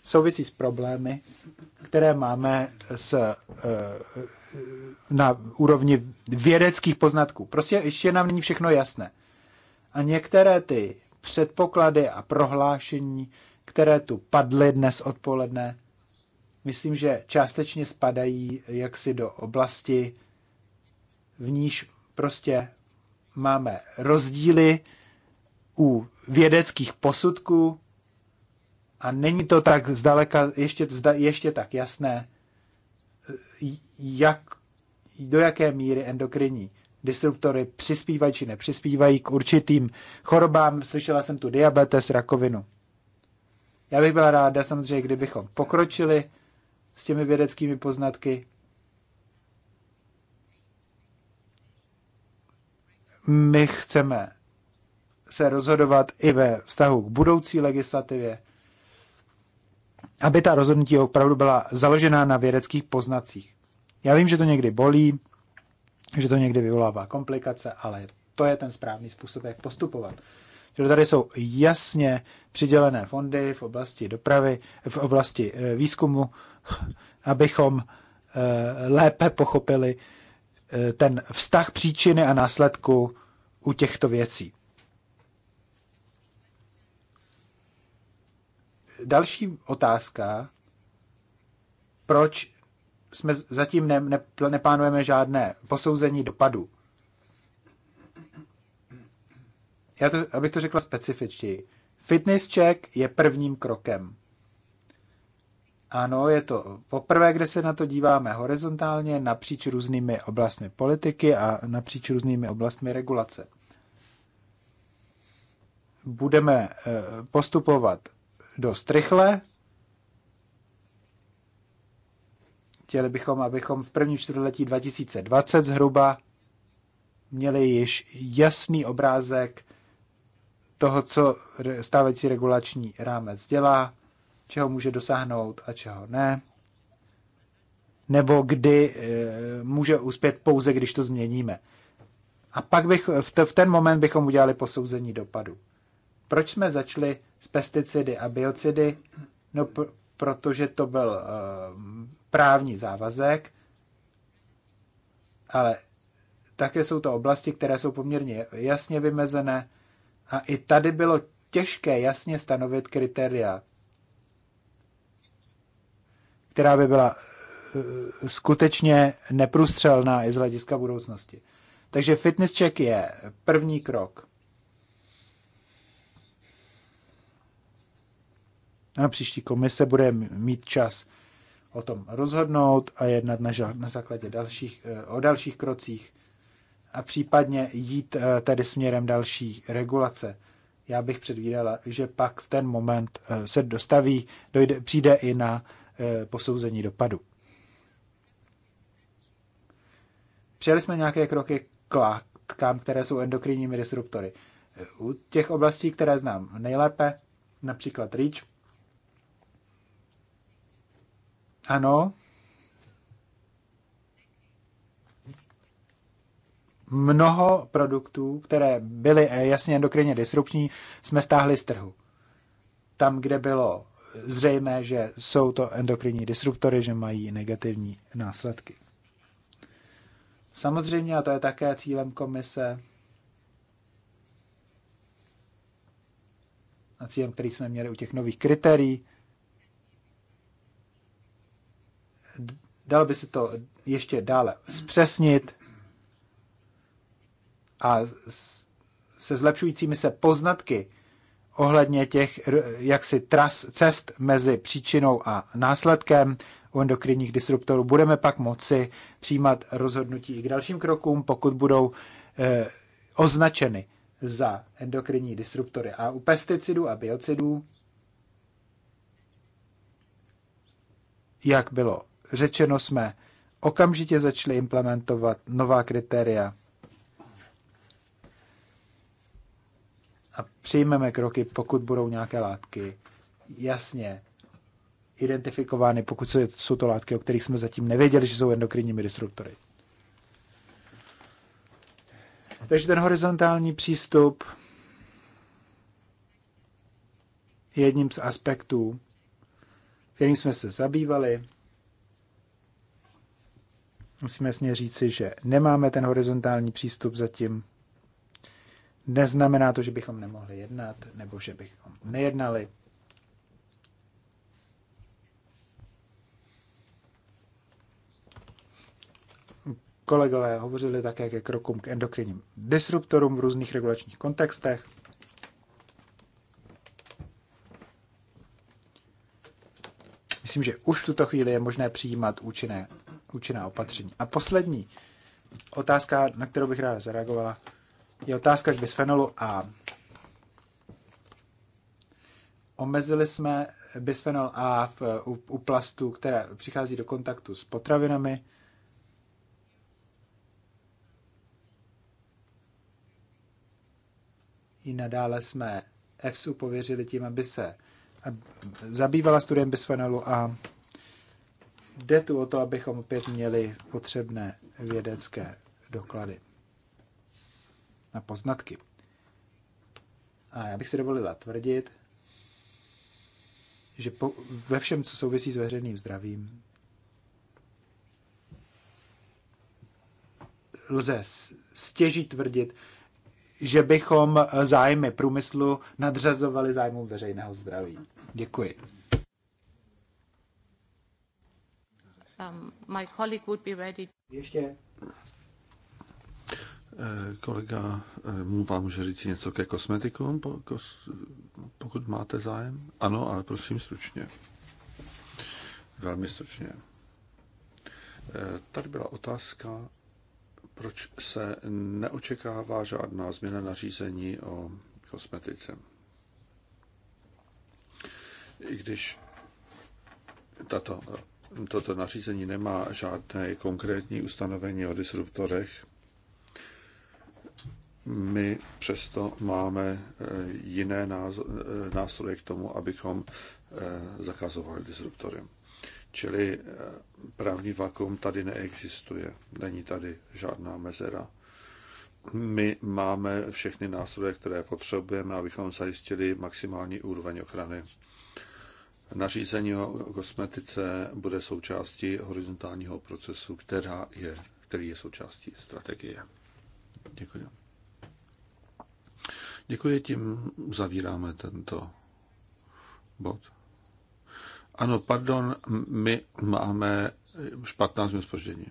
souvisí s problémy, které máme s, eh, na úrovni vědeckých poznatků. Prostě ještě nám není všechno jasné. A některé ty předpoklady a prohlášení, které tu padly dnes odpoledne, myslím, že částečně spadají jaksi do oblasti, v níž prostě máme rozdíly u vědeckých posudků a není to tak zdaleka, ještě, ještě tak jasné, jak, do jaké míry endokrinní disruptory přispívají či nepřispívají k určitým chorobám. Slyšela jsem tu diabetes, rakovinu. Já bych byla ráda samozřejmě, kdybychom pokročili s těmi vědeckými poznatky. My chceme se rozhodovat i ve vztahu k budoucí legislativě aby ta rozhodnutí opravdu byla založena na vědeckých poznacích. Já vím, že to někdy bolí, že to někdy vyvolává komplikace, ale to je ten správný způsob, jak postupovat. Že tady jsou jasně přidělené fondy v oblasti dopravy, v oblasti eh, výzkumu, abychom eh, lépe pochopili eh, ten vztah příčiny a následku u těchto věcí. další otázka, proč jsme zatím ne, ne, nepánujeme žádné posouzení dopadu. Já to, abych to řekla specifičtěji. Fitness check je prvním krokem. Ano, je to poprvé, kde se na to díváme horizontálně, napříč různými oblastmi politiky a napříč různými oblastmi regulace. Budeme eh, postupovat dost rychle. Chtěli bychom, abychom v první čtvrtletí 2020 zhruba měli již jasný obrázek toho, co stávající regulační rámec dělá, čeho může dosáhnout a čeho ne, nebo kdy eh, může uspět pouze, když to změníme. A pak bych, v, v ten moment bychom udělali posouzení dopadu. Proč jsme začali s pesticidy a biocidy? No, pr- protože to byl uh, právní závazek, ale také jsou to oblasti, které jsou poměrně jasně vymezené a i tady bylo těžké jasně stanovit kritéria, která by byla eh, skutečně neprůstřelná i z hlediska budoucnosti. Takže fitness check je první krok. na příští komise bude mít čas o tom rozhodnout a jednat na, na základě dalších, e, o dalších krocích a případně jít e, tedy směrem další regulace. Já bych předvídala, že pak v ten moment e, se dostaví, dojde, přijde i na posouzení dopadu. Přijeli jsme nějaké kroky k látkám, které jsou endokrinními disruptory. U těch oblastí, které znám nejlépe, například REACH, Ano. Mnoho produktů, které byly eh, jasně endokrinně disrupční, jsme stáhli z trhu. Tam, kde bylo zřejmé, že jsou to endokrinní disruptory, že mají negativní následky. Samozřejmě, a to je také cílem komise, a cílem, který jsme měli u těch nových kritérií, Dalo by se to ještě dále zpřesnit a se zlepšujícími se poznatky ohledně těch jaksi tras, cest mezi příčinou a následkem u endokrinních disruptorů budeme pak moci přijímat rozhodnutí i k dalším krokům, pokud budou eh, označeny za endokrinní disruptory. A u pesticidů a biocidů, jak bylo řečeno jsme, okamžitě začali implementovat nová kritéria a přijmeme kroky, pokud budou nějaké látky jasně identifikovány, pokud jsou to látky, o kterých jsme zatím nevěděli, že jsou endokrinními disruptory. Takže ten horizontální přístup je jedním z aspektů, kterým jsme se zabývali musíme jasně říci, že nemáme ten horizontální přístup zatím. Neznamená to, že bychom nemohli jednat, nebo že bychom nejednali. Kolegové hovořili také ke krokům k endokrinním disruptorům v různých regulačních kontextech. Myslím, že už v tuto chvíli je možné přijímat účinné účinná opatření. A poslední otázka, na kterou bych ráda zareagovala, je otázka k bisfenolu A. Omezili jsme bisfenol A v, u, u plastů, které přichází do kontaktu s potravinami. I nadále jsme EFSU pověřili tím, aby se zabývala studiem bisfenolu A jde tu o to, abychom opět měli potřebné vědecké doklady na poznatky. A já bych si dovolila tvrdit, že po, ve všem, co souvisí s veřejným zdravím, lze stěží tvrdit, že bychom zájmy průmyslu nadřazovali zájmu veřejného zdraví. Děkuji. um, my colleague would be ready. Ještě eh, kolega eh, vám může říct něco ke kosmetikům, pokud máte zájem? Ano, ale prosím stručně. Velmi stručně. Eh, tady byla otázka, proč se neočekává žádná změna nařízení o kosmetice. I když tato toto nařízení nemá žádné konkrétní ustanovení o disruptorech. My přesto máme eh, jiné eh, nástroje k tomu, abychom eh, zakazovali disruptory. Čili právní vakuum tady neexistuje, není tady žádná mezera. My máme všechny nástroje, které potřebujeme, abychom zajistili maximální úroveň ochrany Nařízení o kosmetice bude součástí horizontálního procesu, která je, který je součástí strategie. Děkuji. Děkuji, tím zavíráme tento bod. Ano, pardon, my máme 15 minut spoždění.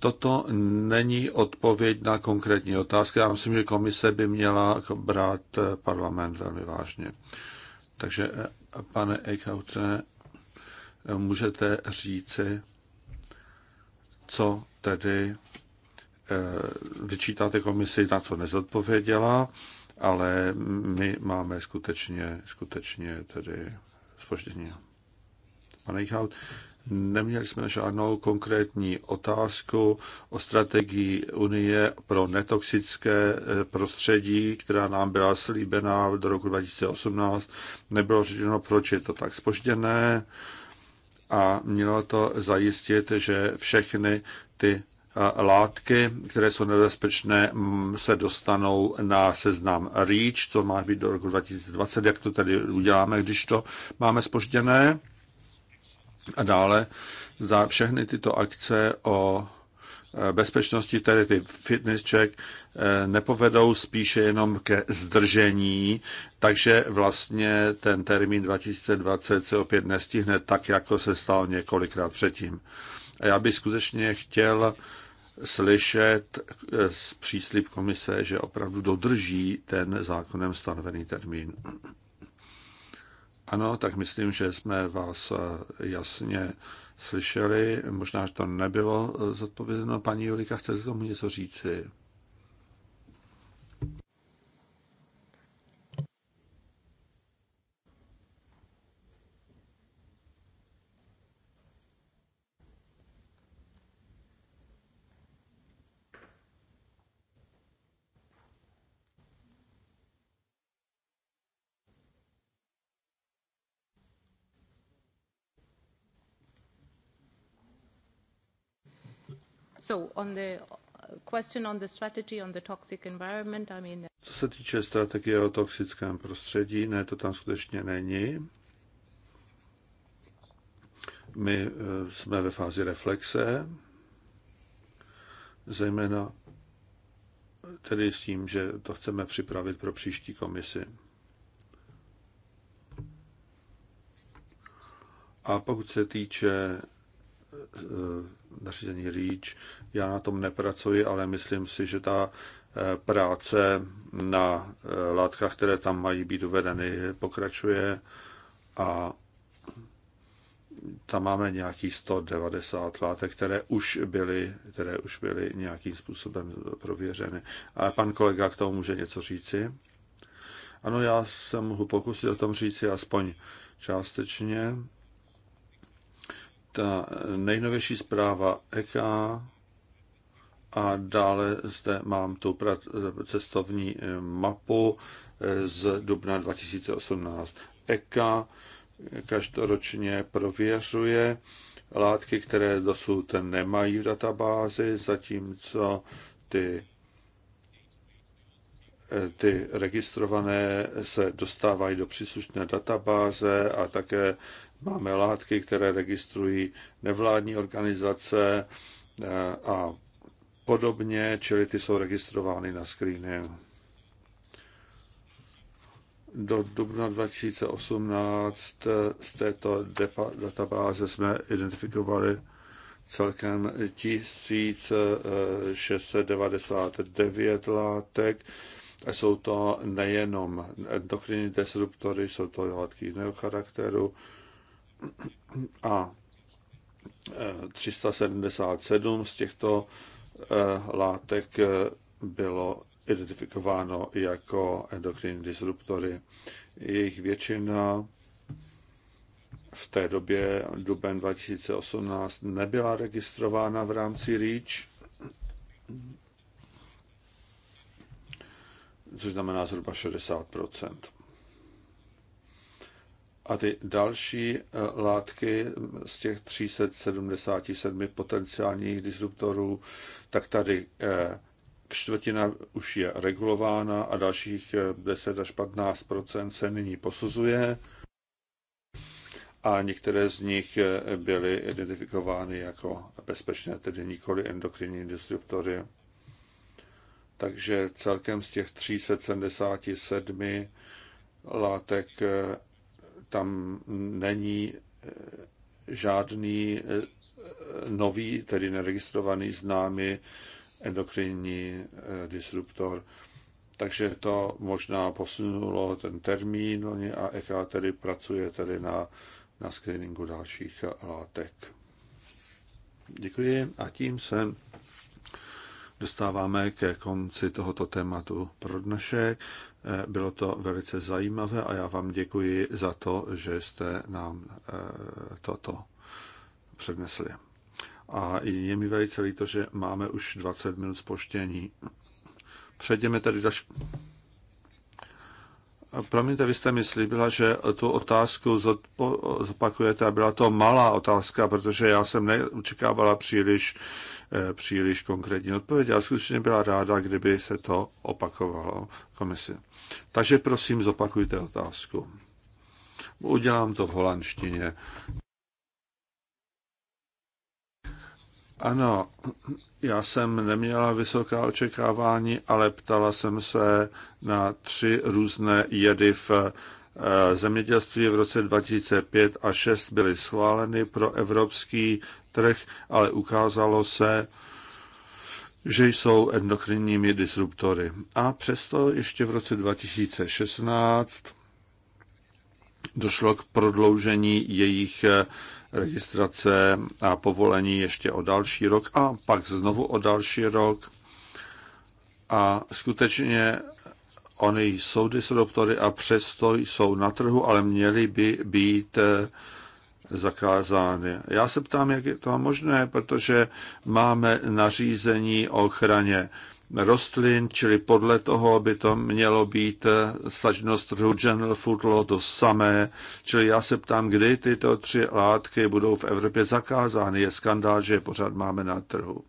Toto není odpověď na konkrétní otázky. Já myslím, že komise by měla brát parlament velmi vážně. Takže pane Eichhautre, můžete říci, co tedy eh, vyčítáte komisi, na co nezodpověděla, ale my máme skutečně, skutečně tedy spoždění. Pane Eichhaut, Neměli jsme žádnou konkrétní otázku o strategii Unie pro netoxické eh, prostředí, která nám byla slíbená do roku 2018. Nebylo řečeno, proč je to tak spožděné a mělo to zajistit, že všechny ty eh, látky, které jsou nebezpečné, mm, se dostanou na seznam REACH, co má být do roku 2020. Jak to tedy uděláme, když to máme spožděné? A dále za všechny tyto akce o eh, bezpečnosti, tedy ty fitness check, eh, nepovedou spíše jenom ke zdržení, takže vlastně ten termín 2020 se opět nestihne tak, jako se stalo několikrát předtím. A já bych skutečně chtěl slyšet eh, z příslip komise, že opravdu dodrží ten zákonem stanovený termín. Ano, tak myslím, že jsme vás eh, jasně slyšeli. Možná, že to nebylo eh, zodpovězeno. Paní Julika, chcete k tomu něco říci? So on the uh, question on the strategy on the toxic environment, I mean... Co se týče strategie o toxickém prostředí, ne, to tam skutečně není. My eh, jsme ve fázi reflexe, zejména eh, tedy s tím, že to chceme připravit pro příští komisi. A pokud se týče Eh, nařízení REACH. Já na tom nepracuji, ale myslím si, že ta eh, práce na eh, látkách, které tam mají být uvedeny, pokračuje a tam máme nějakých 190 látek, které už byly, které už byly nějakým způsobem prověřeny. A pan kolega k tomu může něco říci? Ano, já se mohu pokusit o tom říci aspoň částečně ta nejnovější zpráva EKA a dále zde mám tu cestovní eh, mapu eh, z dubna 2018. EKA každoročně prověřuje látky, které dosud nemají v databázi, zatímco ty, eh, ty registrované se dostávají do příslušné databáze a také Máme látky, které registrují nevládní organizace eh, a podobně, čili ty jsou registrovány na screeny. Do dubna 2018 eh, z této databáze jsme identifikovali celkem 1699 látek. A jsou to nejenom endokrinní disruptory, jsou to látky jiného charakteru, a 377 eh, z těchto eh, látek eh, bylo identifikováno jako endokrinní disruptory. Jejich většina v té době, duben 2018, nebyla registrována v rámci REACH, což znamená zhruba 60 a ty další eh, látky z těch 377 potenciálních disruptorů, tak tady eh, čtvrtina už je regulována a dalších 10 eh, až 15 se nyní posuzuje. A některé z nich byly identifikovány jako bezpečné, tedy nikoli endokrinní disruptory. Takže celkem z těch 377 látek tam není eh, žádný eh, nový, tedy neregistrovaný známý endokrinní eh, disruptor. Takže to možná posunulo ten termín a EKA tedy pracuje tedy na, na screeningu dalších látek. Děkuji a tím se dostáváme ke konci tohoto tématu pro dnešek. Eh, bylo to velice zajímavé a já vám děkuji za to, že jste nám eh, toto přednesli. A je mi velice líto, že máme už 20 minut spoštění. Přejdeme tedy další. Promiňte, vy jste mi slíbila, že tu otázku zopakujete a byla to malá otázka, protože já jsem neočekávala příliš Eh, příliš konkrétní odpověď. Já skutečně byla ráda, kdyby se to opakovalo komisi. Takže prosím, zopakujte otázku. Udělám to v holandštině. Ano, já jsem neměla vysoká očekávání, ale ptala jsem se na tři různé jedy v eh, zemědělství v roce 2005 a 6 byly schváleny pro Evropský parametrech, ale ukázalo se, že jsou endokrinními disruptory. A přesto ještě v roce 2016 došlo k prodloužení jejich eh, registrace a povolení ještě o další rok a pak znovu o další rok. A skutečně oni jsou disruptory a přesto jsou na trhu, ale měli by být eh, zakázány. Já se ptám, jak je to možné, protože máme nařízení o ochraně rostlin, čili podle toho by to mělo být slažnost trhu General Food Law to samé. Čili já se ptám, kdy tyto tři látky budou v Evropě zakázány. Je skandál, že je pořád máme na trhu.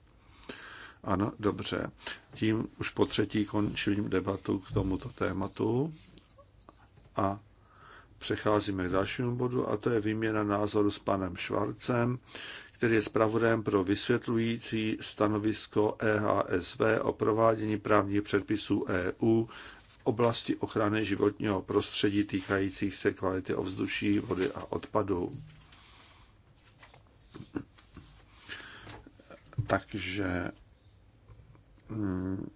Ano, dobře. Tím už po třetí končím debatu k tomuto tématu a přecházíme k dalšímu bodu a to je výměna názoru s panem Švarcem, který je zpravodajem pro vysvětlující stanovisko EHSV o provádění právních předpisů EU v oblasti ochrany životního prostředí týkajících se kvality ovzduší, vody a odpadů. Takže hmm,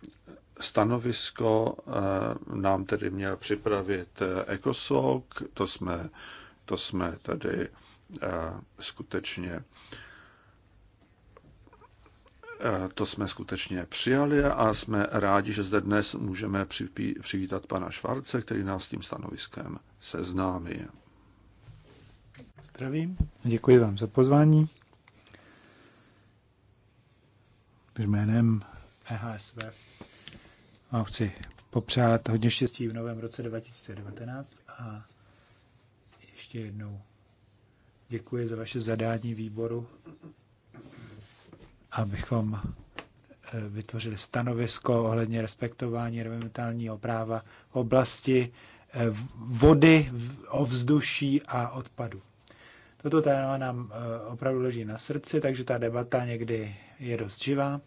Stanovisko eh, nám tedy měl připravit ECOSOC, eh, to jsme, to jsme tady eh, skutečně to jsme skutečně přijali a jsme rádi, že zde dnes můžeme přivítat pana Švarce, který nás s tím stanoviskem seznámí. Zdravím, děkuji vám za pozvání. Jménem EHSV vám chci popřát hodně štěstí v novém roce 2019 a ještě jednou děkuji za vaše zadání výboru, abychom eh, vytvořili stanovisko ohledně respektování environmentálního práva oblasti eh, vody, ovzduší a odpadu. Toto téma nám eh, opravdu leží na srdci, takže ta debata někdy je dost živá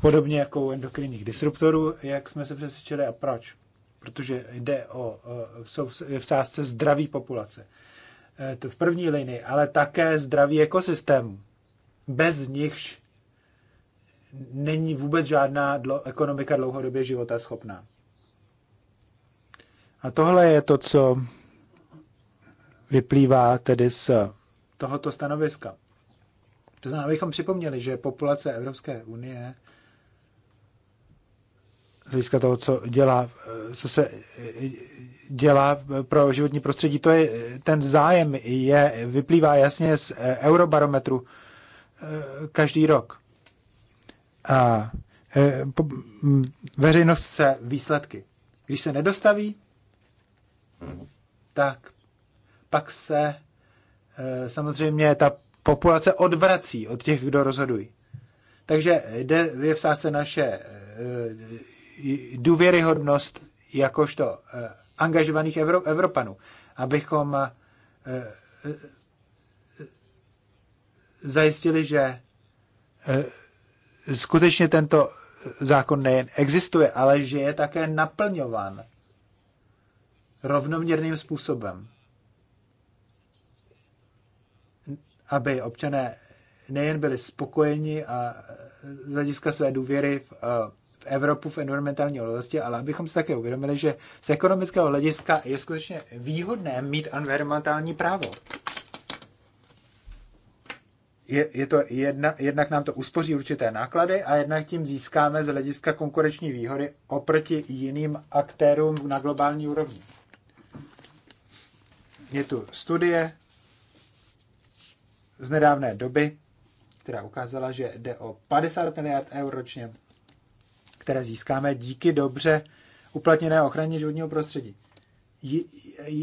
podobně jako u endokrinních disruptorů, jak jsme se přesvědčili a proč. Protože jde o, jsou v sázce zdraví populace. E, to v první linii, ale také zdraví ekosystém. Bez nichž není vůbec žádná dlo, ekonomika dlouhodobě života schopná. A tohle je to, co vyplývá tedy z tohoto stanoviska. To znamená, abychom připomněli, že populace Evropské unie z hlediska toho, co dělá, eh, co se eh, dělá pro životní prostředí, to je ten zájem je, vyplývá jasně z eh, eurobarometru každý rok. A mm, veřejnost chce výsledky. Když se nedostaví, tak pak se samozřejmě ta populace odvrací od těch, kdo rozhodují. Takže jde, je v sásce naše eh, důvěryhodnost jakožto eh, angažovaných Evro, Evropanů, abychom eh, zajistili, že skutečně tento zákon nejen existuje, ale že je také naplňován rovnoměrným způsobem. aby občané nejen byli spokojeni a e, z hlediska své důvěry v, e, v Evropu v environmentální oblasti, ale abychom si také uvědomili, že z ekonomického hlediska je skutečně výhodné mít environmentální právo. Je, je to jedna, jednak nám to uspoří určité náklady a jednak tím získáme z hlediska konkurenční výhody oproti jiným aktérům na globální úrovni. Je tu studie, z nedávné doby, která ukázala, že jde o 50 miliard eur ročně, které získáme díky dobře uplatněné ochraně životního prostředí.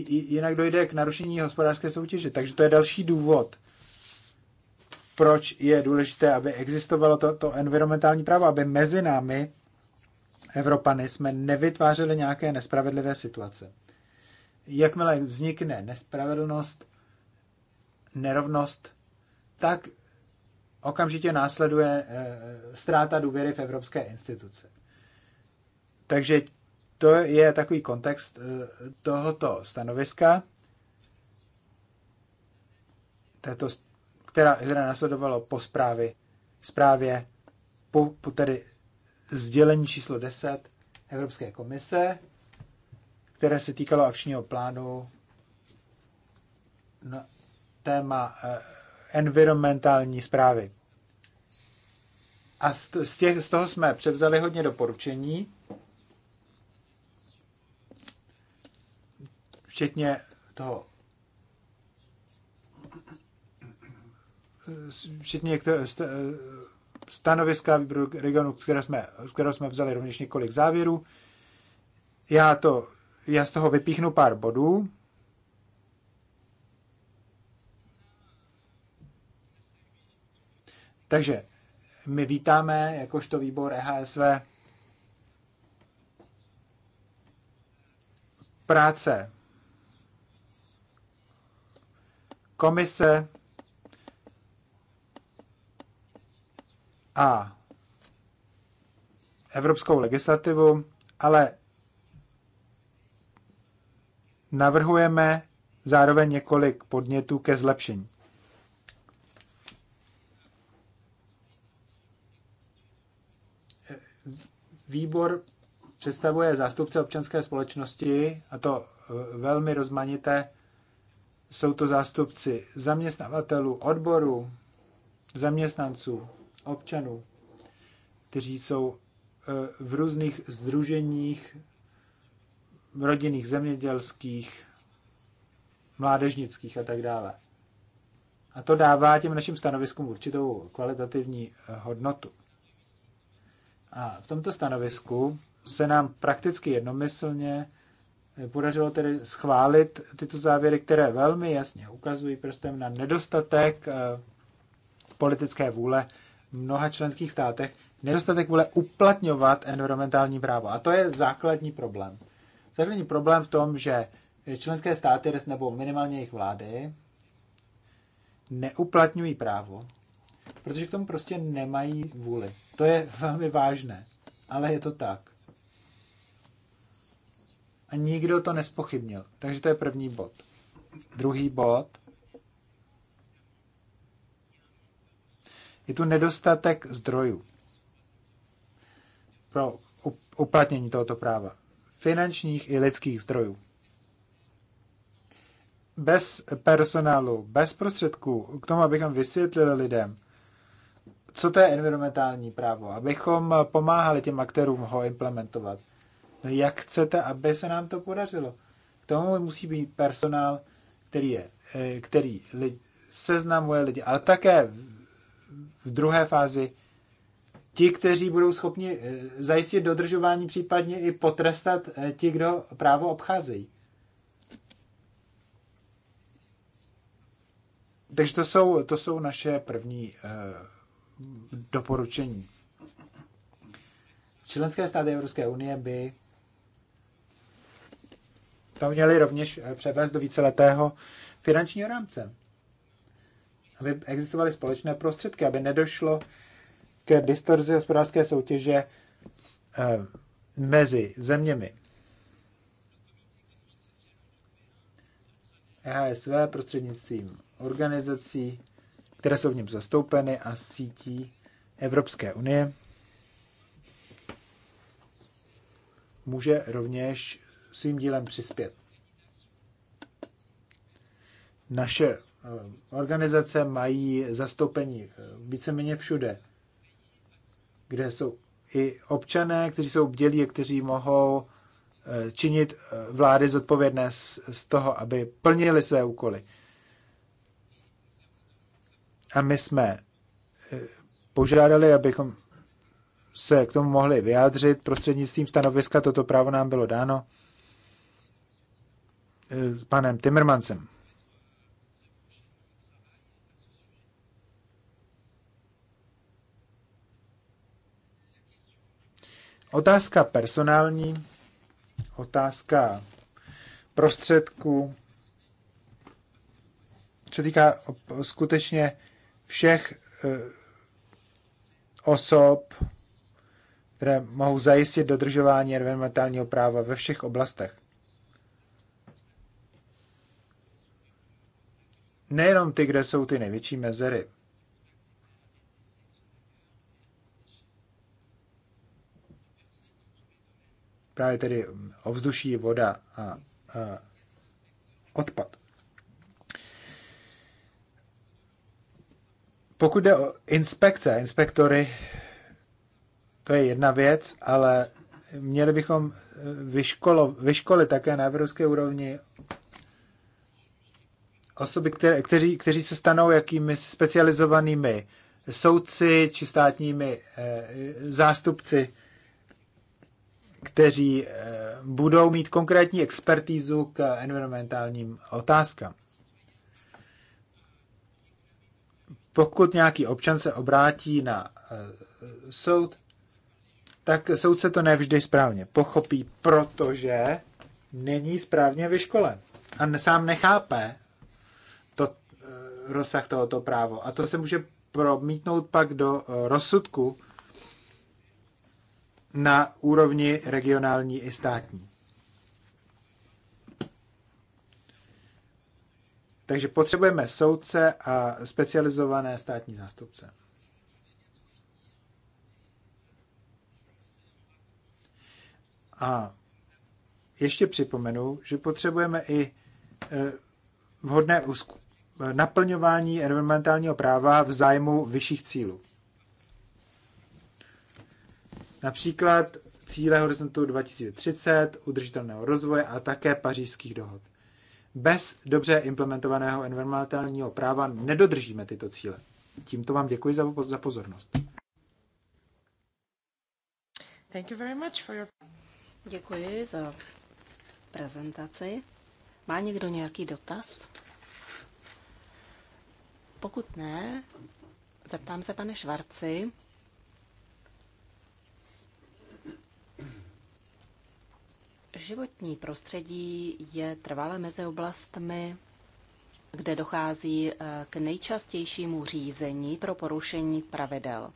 Jinak dojde k narušení hospodářské soutěže. Takže to je další důvod, proč je důležité, aby existovalo to, to environmentální právo, aby mezi námi, Evropany, jsme nevytvářeli nějaké nespravedlivé situace. Jakmile vznikne nespravedlnost, nerovnost, tak okamžitě následuje eh, ztráta důvěry v evropské instituce. Takže to je takový kontext eh, tohoto stanoviska, této, která, která nasledovalo po zprávě, zprávě po, po tedy sdělení číslo 10 Evropské komise, které se týkalo akčního plánu na téma eh, environmentální zprávy. A z, těch, z toho jsme převzali hodně doporučení, včetně toho včetně stanoviska výboru regionu, z kterého, jsme, z kterého jsme vzali rovněž několik závěrů. Já, to, já z toho vypíchnu pár bodů. Takže my vítáme, jakožto výbor EHSV, práce komise a evropskou legislativu, ale navrhujeme zároveň několik podnětů ke zlepšení. Výbor představuje zástupce občanské společnosti, a to e, velmi rozmanité. Jsou to zástupci zaměstnavatelů, odborů, zaměstnanců, občanů, kteří jsou e, v různých združeních rodinných, zemědělských, mládežnických a tak dále. A to dává těm našim stanoviskům určitou kvalitativní e, hodnotu. A v tomto stanovisku se nám prakticky jednomyslně eh, podařilo tedy schválit tyto závěry, které velmi jasně ukazují prstem na nedostatek eh, politické vůle v mnoha členských státech, nedostatek vůle uplatňovat environmentální právo. A to je základní problém. Základní problém v tom, že členské státy, nebo minimálně jejich vlády, neuplatňují právo, protože k tomu prostě nemají vůli. To je velmi vážné, ale je to tak. A nikdo to nespochybnil. Takže to je první bod. Druhý bod. Je tu nedostatek zdrojů pro uplatnění tohoto práva. Finančních i lidských zdrojů. Bez personálu, bez prostředků, k tomu, abychom vysvětlili lidem, co to je environmentální právo? Abychom pomáhali těm aktérům ho implementovat. No jak chcete, aby se nám to podařilo? K tomu musí být personál, který, je, eh, který lidi, seznamuje lidi, ale také v druhé fázi ti, kteří budou schopni eh, zajistit dodržování, případně i potrestat eh, ti, kdo právo obcházejí. Takže to jsou, to jsou naše první doporučení. Členské státy Evropské unie by to měly rovněž eh, převést do víceletého finančního rámce. Aby existovaly společné prostředky, aby nedošlo k distorzi hospodářské soutěže eh, mezi zeměmi. EHSV prostřednictvím organizací které jsou v něm zastoupeny a sítí Evropské unie. Může rovněž svým dílem přispět. Naše eh, organizace mají zastoupení eh, víceméně všude, kde jsou i občané, kteří jsou bdělí a kteří mohou eh, činit vlády zodpovědné z toho, aby plnili své úkoly. A my jsme eh, požádali, abychom se k tomu mohli vyjádřit prostřednictvím stanoviska. Toto právo nám bylo dáno eh, s panem Timmermansem. Otázka personální, otázka prostředků, co týká skutečně všech eh, osob, které mohou zajistit dodržování environmentálního práva ve všech oblastech. Nejenom ty, kde jsou ty největší mezery. Právě tedy ovzduší, voda a, a odpad. Pokud jde o inspekce, inspektory, to je jedna věc, ale měli bychom eh, vyškolo, vyškolit také na evropské úrovni osoby, které, kteří, kteří se stanou jakými specializovanými soudci či státními e, zástupci, kteří e, budou mít konkrétní expertízu k environmentálním otázkám. pokud nějaký občan se obrátí na eh, soud, tak soudce to nevždy správně pochopí, protože není správně vyškolen a sám nechápe to, eh, rozsah tohoto právo. A to se může promítnout pak do eh, rozsudku na úrovni regionální i státní. Takže potřebujeme soudce a specializované státní zástupce. A ještě připomenu, že potřebujeme i eh, vhodné naplňování environmentálního práva v zájmu vyšších cílů. Například cíle horizontu 2030, udržitelného rozvoje a také pařížských dohod. Bez dobře implementovaného environmentálního práva nedodržíme tyto cíle. Tímto vám děkuji za, za pozornost. Thank you very much for your... Děkuji za prezentaci. Má někdo nějaký dotaz? Pokud ne, zeptám se pane Švarci, Životní prostředí je trvale mezi oblastmi, kde dochází eh, k nejčastějšímu řízení pro porušení pravidel.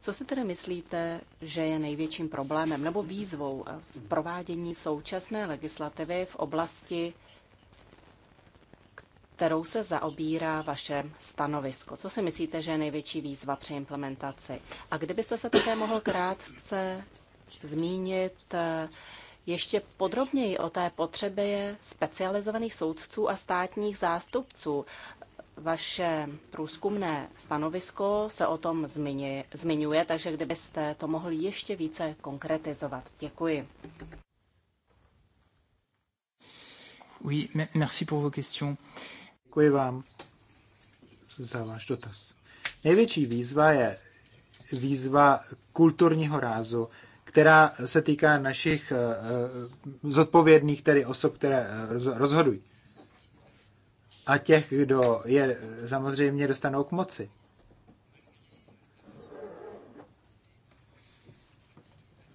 Co si tedy myslíte, že je největším problémem nebo výzvou eh, v provádění současné legislativy v oblasti, kterou se zaobírá vaše stanovisko? Co si myslíte, že je největší výzva při implementaci? A kdybyste se také mohl krátce zmínit, eh, ještě podrobněji o té potřebě specializovaných soudců a státních zástupců. Vaše průzkumné stanovisko se o tom zmiňuje, zmiňuje, takže kdybyste to mohli ještě více konkretizovat. Děkuji. Oui, merci pour vos questions. Děkuji vám za váš dotaz. Největší výzva je výzva kulturního rázu která se týká našich eh, eh, zodpovědných, tedy osob, které eh, rozhodují. A těch, kdo je samozřejmě dostanou k moci.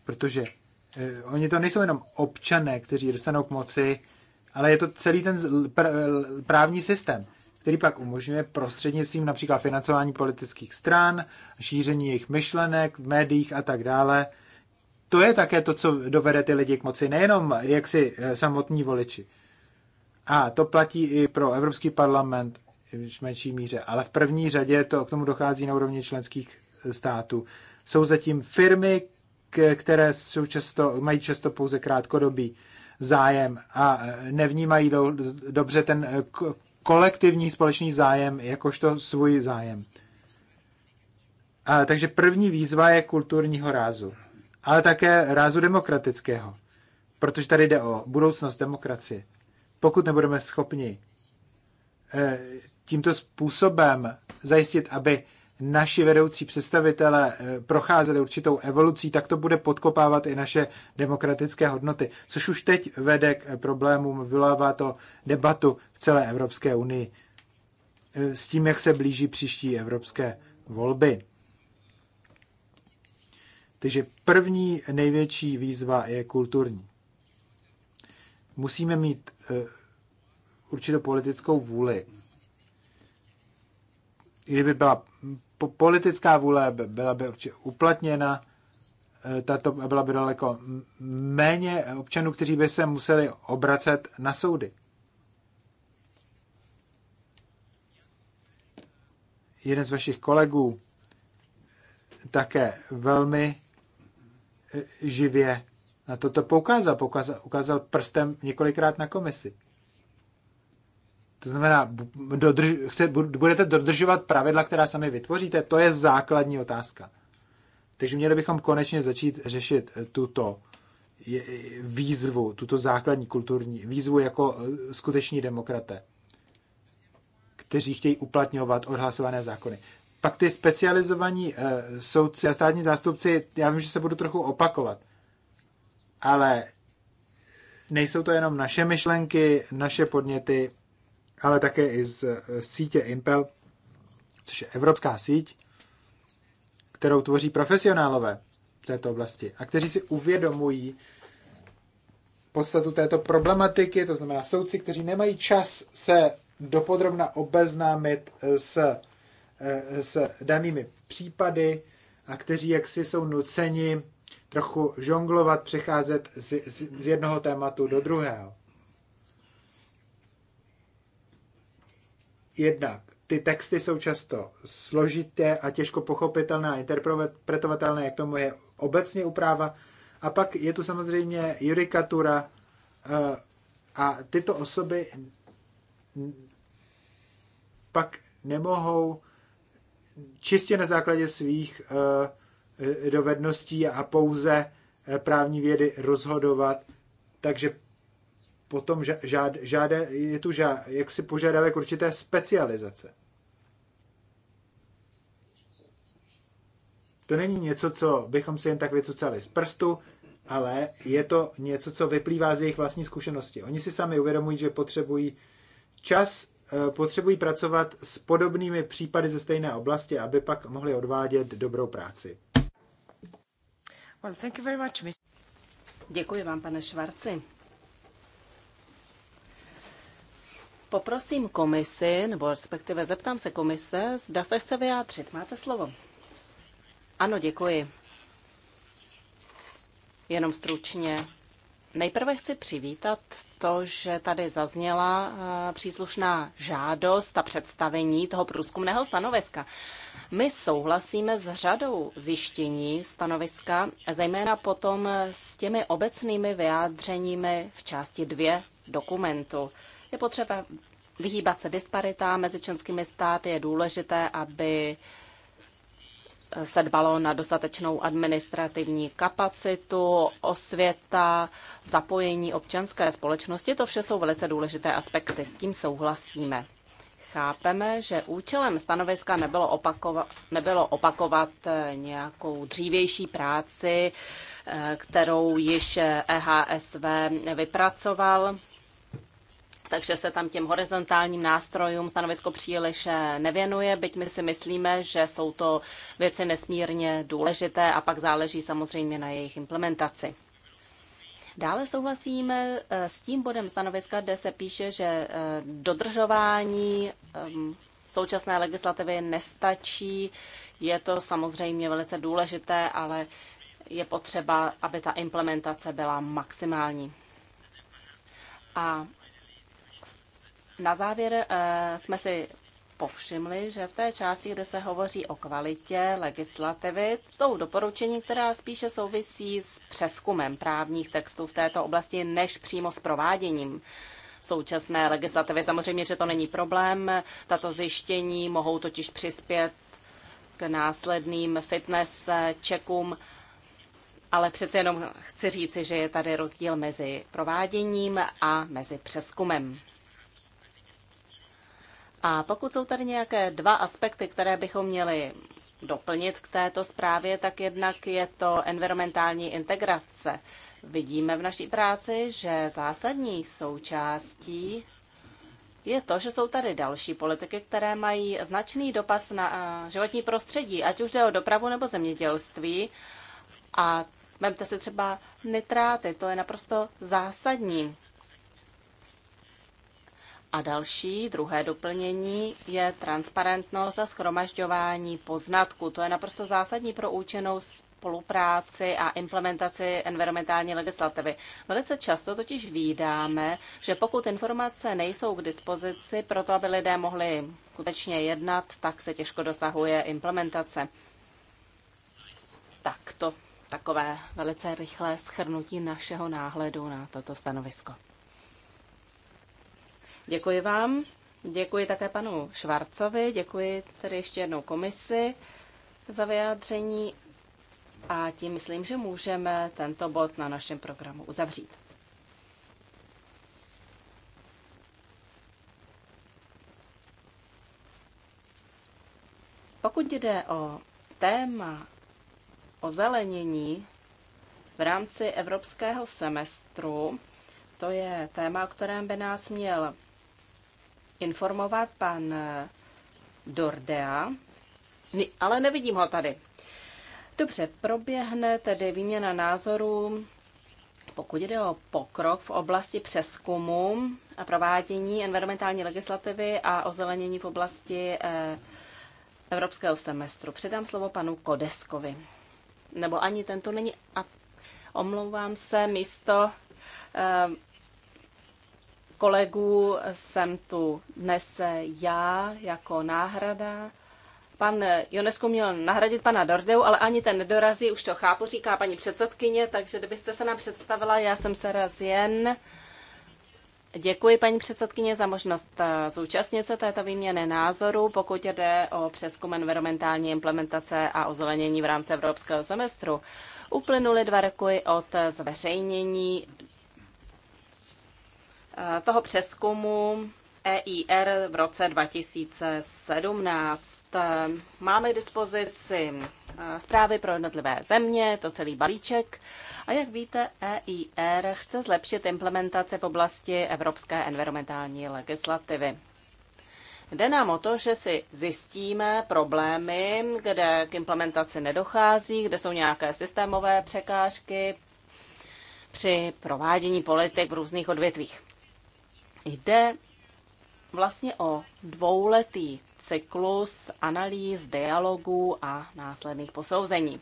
Protože oni to nejsou jenom občané, kteří dostanou k moci, ale je to celý ten právní systém, který pak umožňuje prostřednictvím například financování politických stran, šíření jejich myšlenek v médiích a tak dále, to je také to, co dovede ty lidi k moci, nejenom jaksi eh, samotní voliči. A to platí i pro Evropský parlament v menší míře, ale v první řadě to k tomu dochází na úrovni členských eh, států. Jsou zatím firmy, které jsou často, mají často pouze krátkodobý zájem a eh, nevnímají do, dobře ten kolektivní společný zájem jakožto svůj zájem. A, takže první výzva je kulturního rázu ale také rázu demokratického, protože tady jde o budoucnost demokracie. Pokud nebudeme schopni eh, tímto způsobem zajistit, aby naši vedoucí představitelé eh, procházeli určitou evolucí, tak to bude podkopávat i naše demokratické hodnoty, což už teď vede k problémům, vylává to debatu v celé Evropské unii eh, s tím, jak se blíží příští evropské volby. Takže první největší výzva je kulturní. Musíme mít eh, určitou politickou vůli. Kdyby byla politická vůle, byla by uplatněna, eh, tato byla by daleko méně občanů, kteří by se museli obracet na soudy. Jeden z vašich kolegů eh, také velmi živě na toto poukázal. poukázal ukázal prstem několikrát na komisi. To znamená, dodrž, chce, budete dodržovat pravidla, která sami vytvoříte? To je základní otázka. Takže měli bychom konečně začít řešit eh, tuto eh, výzvu, tuto základní kulturní výzvu jako eh, skuteční demokraté, kteří chtějí uplatňovat odhlasované zákony. Pak ty specializovaní eh, soudci a státní zástupci, já vím, že se budu trochu opakovat, ale nejsou to jenom naše myšlenky, naše podněty, ale také i z eh, sítě Impel, což je evropská síť, kterou tvoří profesionálové v této oblasti a kteří si uvědomují podstatu této problematiky, to znamená soudci, kteří nemají čas se dopodrobna obeznámit s Eh, s danými případy a kteří jaksi jsou nuceni trochu žonglovat, přecházet z, z jednoho tématu do druhého. Jednak ty texty jsou často složité a těžko pochopitelné a interpretovatelné, jak tomu je obecně upráva. A pak je tu samozřejmě judikatura eh, a tyto osoby pak nemohou čistě na základě svých eh, eh, dovedností a pouze eh, právní vědy rozhodovat. Takže potom žád, žád, je tu žád, jak si požadavek určité specializace. To není něco, co bychom si jen tak vycucali z prstu, ale je to něco, co vyplývá z jejich vlastní zkušenosti. Oni si sami uvědomují, že potřebují čas Eh, potřebují pracovat s podobnými případy ze stejné oblasti, aby pak mohli odvádět dobrou práci. Well, thank you very much. Děkuji vám, pane Švarci. Poprosím komisi, nebo respektive zeptám se komise, zda se chce vyjádřit. Máte slovo. Ano, děkuji. Jenom stručně Nejprve chci přivítat to, že tady zazněla eh, příslušná žádost a představení toho průzkumného stanoviska. My souhlasíme s řadou zjištění stanoviska, zejména potom s těmi obecnými vyjádřeními v části dvě dokumentu. Je potřeba vyhýbat se disparitám mezi členskými státy, je důležité, aby se dbalo na dostatečnou administrativní kapacitu, osvěta, zapojení občanské společnosti. To vše jsou velice důležité aspekty, s tím souhlasíme. Chápeme, že účelem stanoviska nebylo, opakova, nebylo opakovat eh, nějakou dřívější práci, eh, kterou již EHSV e vypracoval takže se tam těm horizontálním nástrojům stanovisko příliš eh, nevěnuje, byť my si myslíme, že jsou to věci nesmírně důležité a pak záleží samozřejmě na jejich implementaci. Dále souhlasíme eh, s tím bodem stanoviska, kde se píše, že eh, dodržování ehm, současné legislativy nestačí. Je to samozřejmě velice důležité, ale je potřeba, aby ta implementace byla maximální. A na závěr eh, jsme si povšimli, že v té části, kde se hovoří o kvalitě legislativy, jsou doporučení, která spíše souvisí s přeskumem právních textů v této oblasti než přímo s prováděním současné legislativy. Samozřejmě, že to není problém. Tato zjištění mohou totiž přispět k následným fitness checkům, ale přece jenom chci říci, že je tady rozdíl mezi prováděním a mezi přeskumem. A pokud jsou tady nějaké dva aspekty, které bychom měli doplnit k této zprávě, tak jednak je to environmentální integrace. Vidíme v naší práci, že zásadní součástí je to, že jsou tady další politiky, které mají značný dopas na eh, životní prostředí, ať už jde o dopravu nebo zemědělství. A vemte si třeba nitráty, to je naprosto zásadní a další, druhé doplnění je transparentnost a schromažďování poznatků. To je naprosto zásadní pro účinnou spolupráci a implementaci environmentální legislativy. Velice často totiž výdáme, že pokud informace nejsou k dispozici pro to, aby lidé mohli skutečně jednat, tak se těžko dosahuje implementace. Tak to takové velice rychlé schrnutí našeho náhledu na toto stanovisko. Děkuji vám. Děkuji také panu Švarcovi, děkuji tedy ještě jednou komisi za vyjádření a tím myslím, že můžeme tento bod na našem programu uzavřít. Pokud jde o téma o zelenění v rámci evropského semestru, to je téma, o kterém by nás měl informovat pan eh, Dordea, ale nevidím ho tady. Dobře, proběhne tedy výměna názorů, pokud jde o pokrok v oblasti přeskumu a provádění environmentální legislativy a ozelenění v oblasti eh, evropského semestru. Předám slovo panu Kodeskovi. Nebo ani tento není, a omlouvám se, místo eh, kolegů jsem tu dnes já jako náhrada. Pan Jonesku měl nahradit pana Dordeu, ale ani ten nedorazí, už to chápu, říká paní předsedkyně, takže kdybyste se nám představila, já jsem se raz jen Děkuji paní předsedkyně za možnost eh, zúčastnit se této výměny názoru, pokud jde o přeskum environmentální implementace a ozelenění v rámci evropského semestru. Uplynuly dva roky od zveřejnění Eh, toho přeskumu EIR v roce 2017. Eh, máme k dispozici eh, zprávy pro jednotlivé země, to celý balíček. A jak víte, EIR chce zlepšit implementaci v oblasti evropské environmentální legislativy. Jde nám o to, že si zjistíme problémy, kde k implementaci nedochází, kde jsou nějaké systémové překážky při provádění politik v různých odvětvích. Jde vlastně o dvouletý cyklus analýz, dialogů a následných posouzení.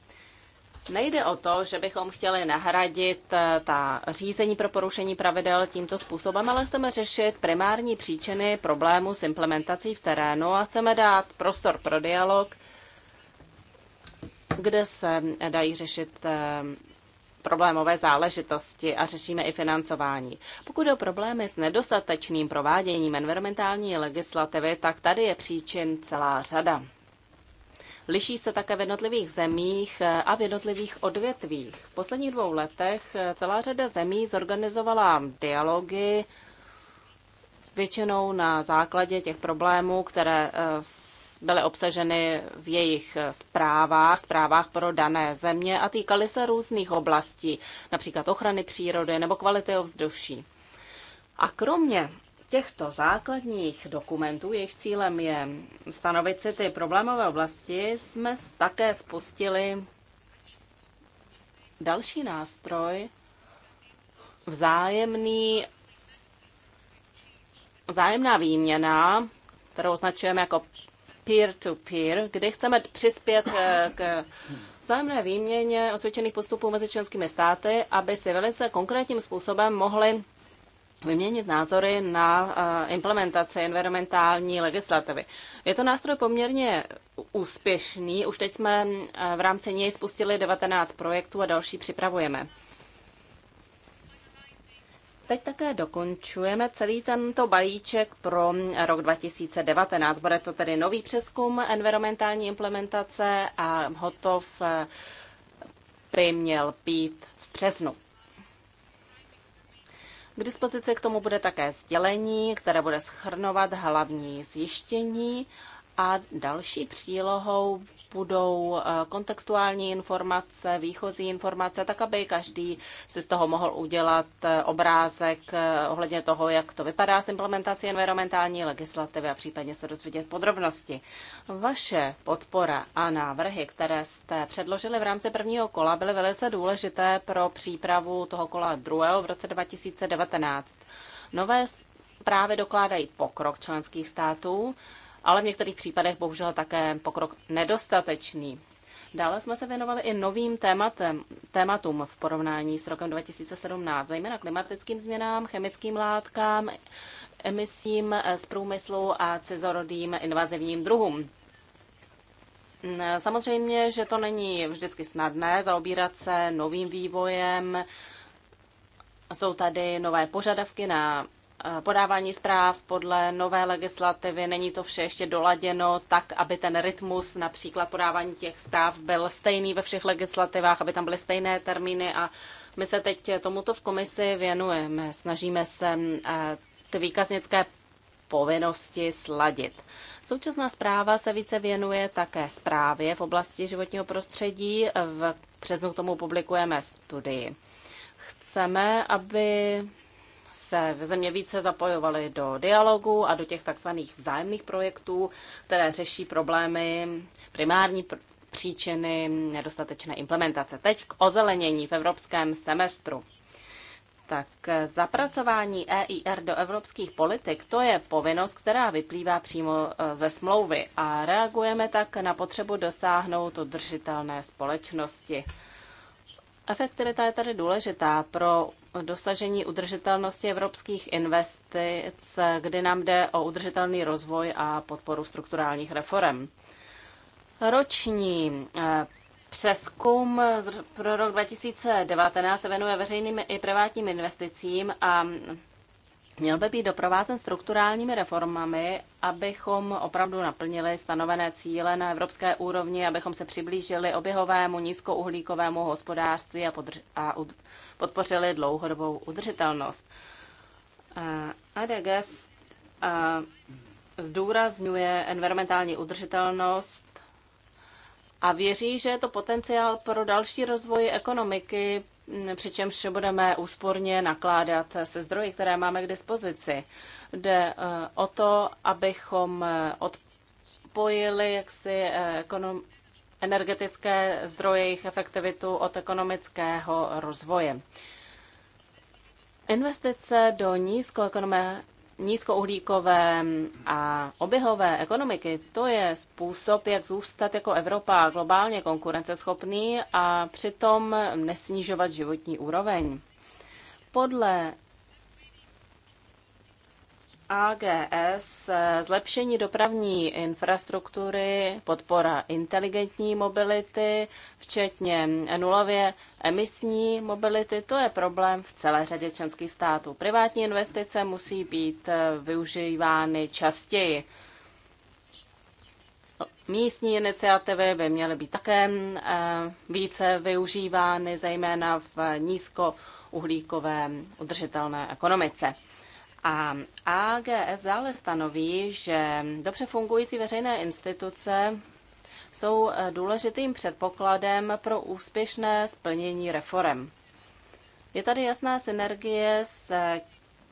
Nejde o to, že bychom chtěli nahradit eh, ta řízení pro porušení pravidel tímto způsobem, ale chceme řešit primární příčiny problému s implementací v terénu a chceme dát prostor pro dialog, kde se dají řešit eh, problémové záležitosti a řešíme i financování. Pokud jde o problémy s nedostatečným prováděním environmentální legislativy, tak tady je příčin celá řada. Liší se také v jednotlivých zemích eh, a v jednotlivých odvětvích. V posledních dvou letech eh, celá řada zemí zorganizovala dialogy většinou na základě těch problémů, které eh, byly obsaženy v jejich zprávách, zprávách pro dané země a týkaly se různých oblastí, například ochrany přírody nebo kvality ovzduší. A kromě těchto základních dokumentů, jejich cílem je stanovit si ty problémové oblasti, jsme také spustili další nástroj, vzájemný, vzájemná výměna, kterou označujeme jako peer-to-peer, kde chceme přispět eh, k vzájemné výměně osvědčených postupů mezi členskými státy, aby si velice konkrétním způsobem mohli vyměnit názory na eh, implementaci environmentální legislativy. Je to nástroj poměrně úspěšný, už teď jsme eh, v rámci něj spustili 19 projektů a další připravujeme. Teď také dokončujeme celý tento balíček pro rok 2019. Bude to tedy nový přeskum environmentální implementace a hotov eh, by měl být v březnu. K dispozici k tomu bude také sdělení, které bude schrnovat hlavní zjištění a další přílohou budou eh, kontextuální informace, výchozí informace, tak aby každý si z toho mohl udělat eh, obrázek eh, ohledně toho, jak to vypadá s implementací environmentální legislativy a případně se dozvědět podrobnosti. Vaše podpora a návrhy, které jste předložili v rámci prvního kola, byly velice důležité pro přípravu toho kola druhého v roce 2019. Nové právě dokládají pokrok členských států ale v některých případech bohužel také pokrok nedostatečný. Dále jsme se věnovali i novým tématem, tématům v porovnání s rokem 2017, zejména klimatickým změnám, chemickým látkám, emisím z průmyslu a cizorodým invazivním druhům. Samozřejmě, že to není vždycky snadné zaobírat se novým vývojem. Jsou tady nové požadavky na Eh, podávání zpráv podle nové legislativy. Není to vše ještě doladěno tak, aby ten rytmus například podávání těch zpráv byl stejný ve všech legislativách, aby tam byly stejné termíny a my se teď tomuto v komisi věnujeme. Snažíme se eh, ty výkaznické povinnosti sladit. Současná zpráva se více věnuje také zprávě v oblasti životního prostředí. V březnu k tomu publikujeme studii. Chceme, aby se země více zapojovaly do dialogu a do těch takzvaných vzájemných projektů, které řeší problémy, primární pr- příčiny nedostatečné implementace. Teď k ozelenění v evropském semestru. Tak zapracování EIR do evropských politik, to je povinnost, která vyplývá přímo e, ze smlouvy a reagujeme tak na potřebu dosáhnout udržitelné společnosti. Efektivita je tady důležitá pro dosažení udržitelnosti evropských investic, kdy nám jde o udržitelný rozvoj a podporu strukturálních reform. Roční eh, přeskum pro rok 2019 se věnuje veřejným i privátním investicím a měl by být doprovázen strukturálními reformami, abychom opravdu naplnili stanovené cíle na evropské úrovni, abychom se přiblížili oběhovému nízkouhlíkovému hospodářství a, podř- a podpořili dlouhodobou udržitelnost. Eh, ADGES eh, zdůrazňuje environmentální udržitelnost a věří, že je to potenciál pro další rozvoj ekonomiky, mm, přičemž budeme úsporně nakládat se zdroji, které máme k dispozici. Jde eh, o to, abychom odpojili jaksi ekonom, energetické zdroje, jejich efektivitu od ekonomického rozvoje. Investice do nízkouhlíkové a oběhové ekonomiky, to je způsob, jak zůstat jako Evropa globálně konkurenceschopný a přitom nesnižovat životní úroveň. Podle AGS, eh, zlepšení dopravní infrastruktury, podpora inteligentní mobility, včetně nulově emisní mobility, to je problém v celé řadě členských států. Privátní investice musí být eh, využívány častěji. Místní iniciativy by měly být také eh, více využívány, zejména v nízkouhlíkové udržitelné ekonomice. A AGS dále stanoví, že dobře fungující veřejné instituce jsou eh, důležitým předpokladem pro úspěšné splnění reform. Je tady jasná synergie s eh,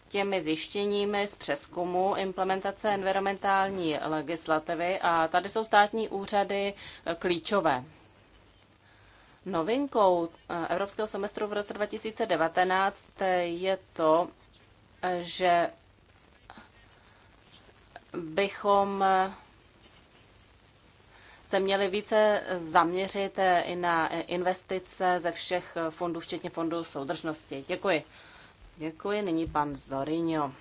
těmi zjištěními z přeskumu implementace environmentální legislativy a tady jsou státní úřady eh, klíčové. Novinkou Evropského semestru v roce 2019 je to, že bychom se měli více zaměřit i na investice ze všech fondů, včetně fondů soudržnosti. Děkuji. Děkuji. Nyní pan Zorinho.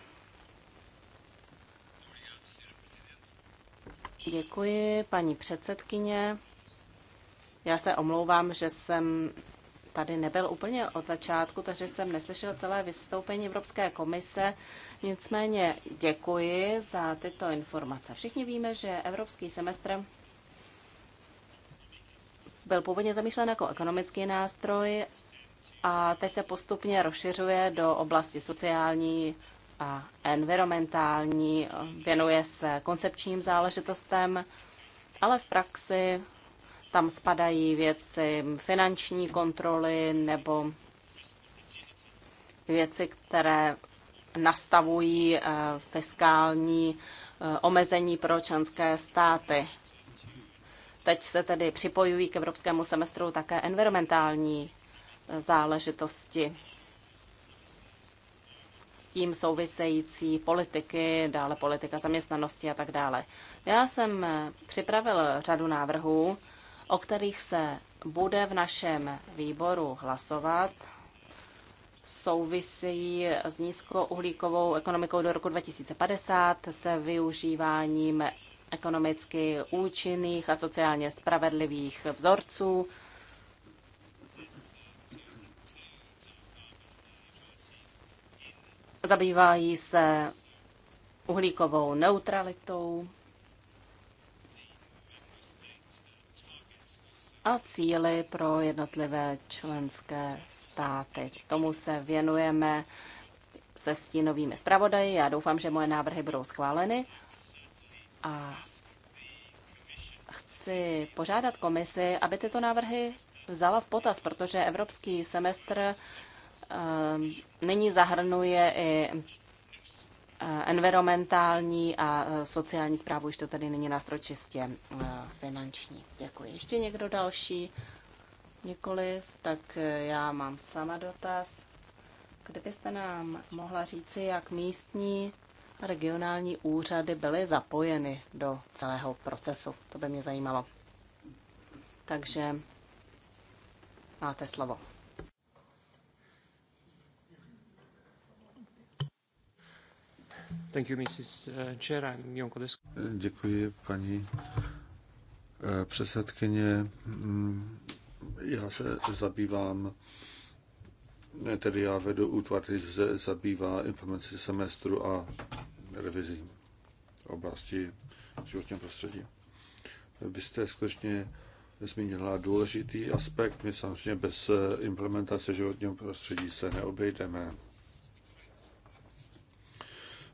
Děkuji, paní předsedkyně. Já se omlouvám, že jsem tady nebyl úplně od začátku, takže jsem neslyšel celé vystoupení Evropské komise. Nicméně děkuji za tyto informace. Všichni víme, že Evropský semestr byl původně zamýšlen jako ekonomický nástroj a teď se postupně rozšiřuje do oblasti sociální a environmentální, věnuje se koncepčním záležitostem, ale v praxi tam spadají věci finanční kontroly nebo věci, které nastavují eh, fiskální eh, omezení pro členské státy. Teď se tedy připojují k evropskému semestru také environmentální eh, záležitosti s tím související politiky, dále politika zaměstnanosti a tak dále. Já jsem připravil řadu návrhů, o kterých se bude v našem výboru hlasovat, souvisí s nízkouhlíkovou ekonomikou do roku 2050, se využíváním ekonomicky účinných a sociálně spravedlivých vzorců. Zabývají se uhlíkovou neutralitou a cíly pro jednotlivé členské státy. Tomu se věnujeme se stínovými zpravodaji. Já doufám, že moje návrhy budou schváleny. A chci požádat komisi, aby tyto návrhy vzala v potaz, protože evropský semestr eh, nyní zahrnuje i Eh, environmentální a eh, sociální zprávu, už to tady není nástroj čistě eh, finanční. Děkuji. Ještě někdo další? Nikoliv, tak já mám sama dotaz. Kdybyste nám mohla říci, jak místní a regionální úřady byly zapojeny do celého procesu? To by mě zajímalo. Takže máte slovo. Thank you, Mrs. Uh, Chair. I'm Děkuji, paní uh, předsedkyně. Mm, já se zabývám, tedy já vedu útvar, který se zabývá implementací semestru a revizí oblasti životního prostředí. Vy jste skutečně zmínila důležitý aspekt. My samozřejmě bez eh, implementace životního prostředí se neobejdeme.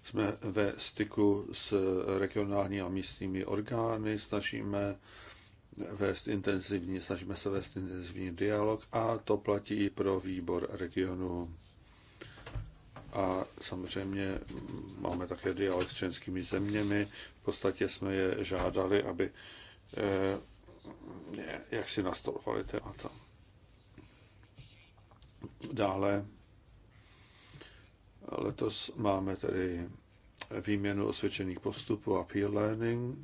Jsme ve styku s regionální a místními orgány, snažíme vést intenzivní, snažíme se vést intenzivní dialog a to platí i pro výbor regionu. A samozřejmě máme také dialog s členskými zeměmi. V podstatě jsme je žádali, aby eh, jak si nastolovali témata. Dále Letos máme tedy výměnu osvědčených postupů a peer learning.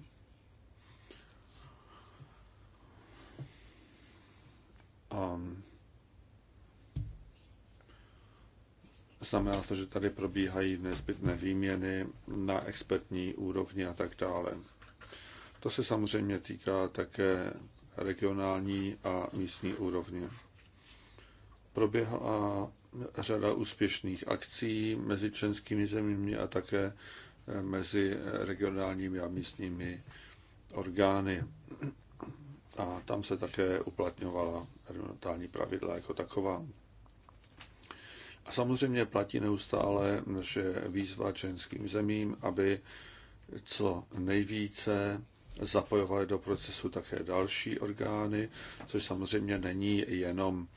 A znamená to, že tady probíhají nezbytné výměny na expertní úrovni a tak dále. To se samozřejmě týká také regionální a místní úrovně. Proběhla řada úspěšných akcí mezi členskými zeměmi a také eh, mezi regionálními a místními orgány. A tam se také uplatňovala regionální pravidla jako taková. A samozřejmě platí neustále naše výzva členským zemím, aby co nejvíce zapojovali do procesu také další orgány, což samozřejmě není jenom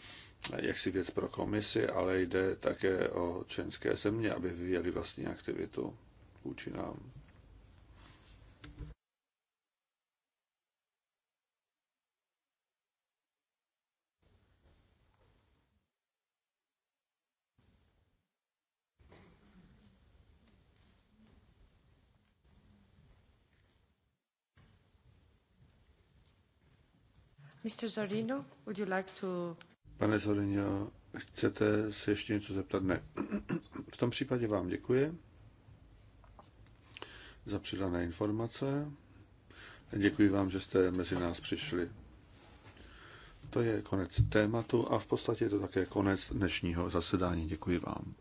jaksi věc pro komisi, ale jde také o členské země, aby vyvíjeli vlastní aktivitu vůči nám. Mr. Zorino, would you like to Pane Zorinio, chcete se ještě něco zeptat? Ne. V tom případě vám děkuji za přidané informace. Děkuji vám, že jste mezi nás přišli. To je konec tématu a v podstatě je to také konec dnešního zasedání. Děkuji vám.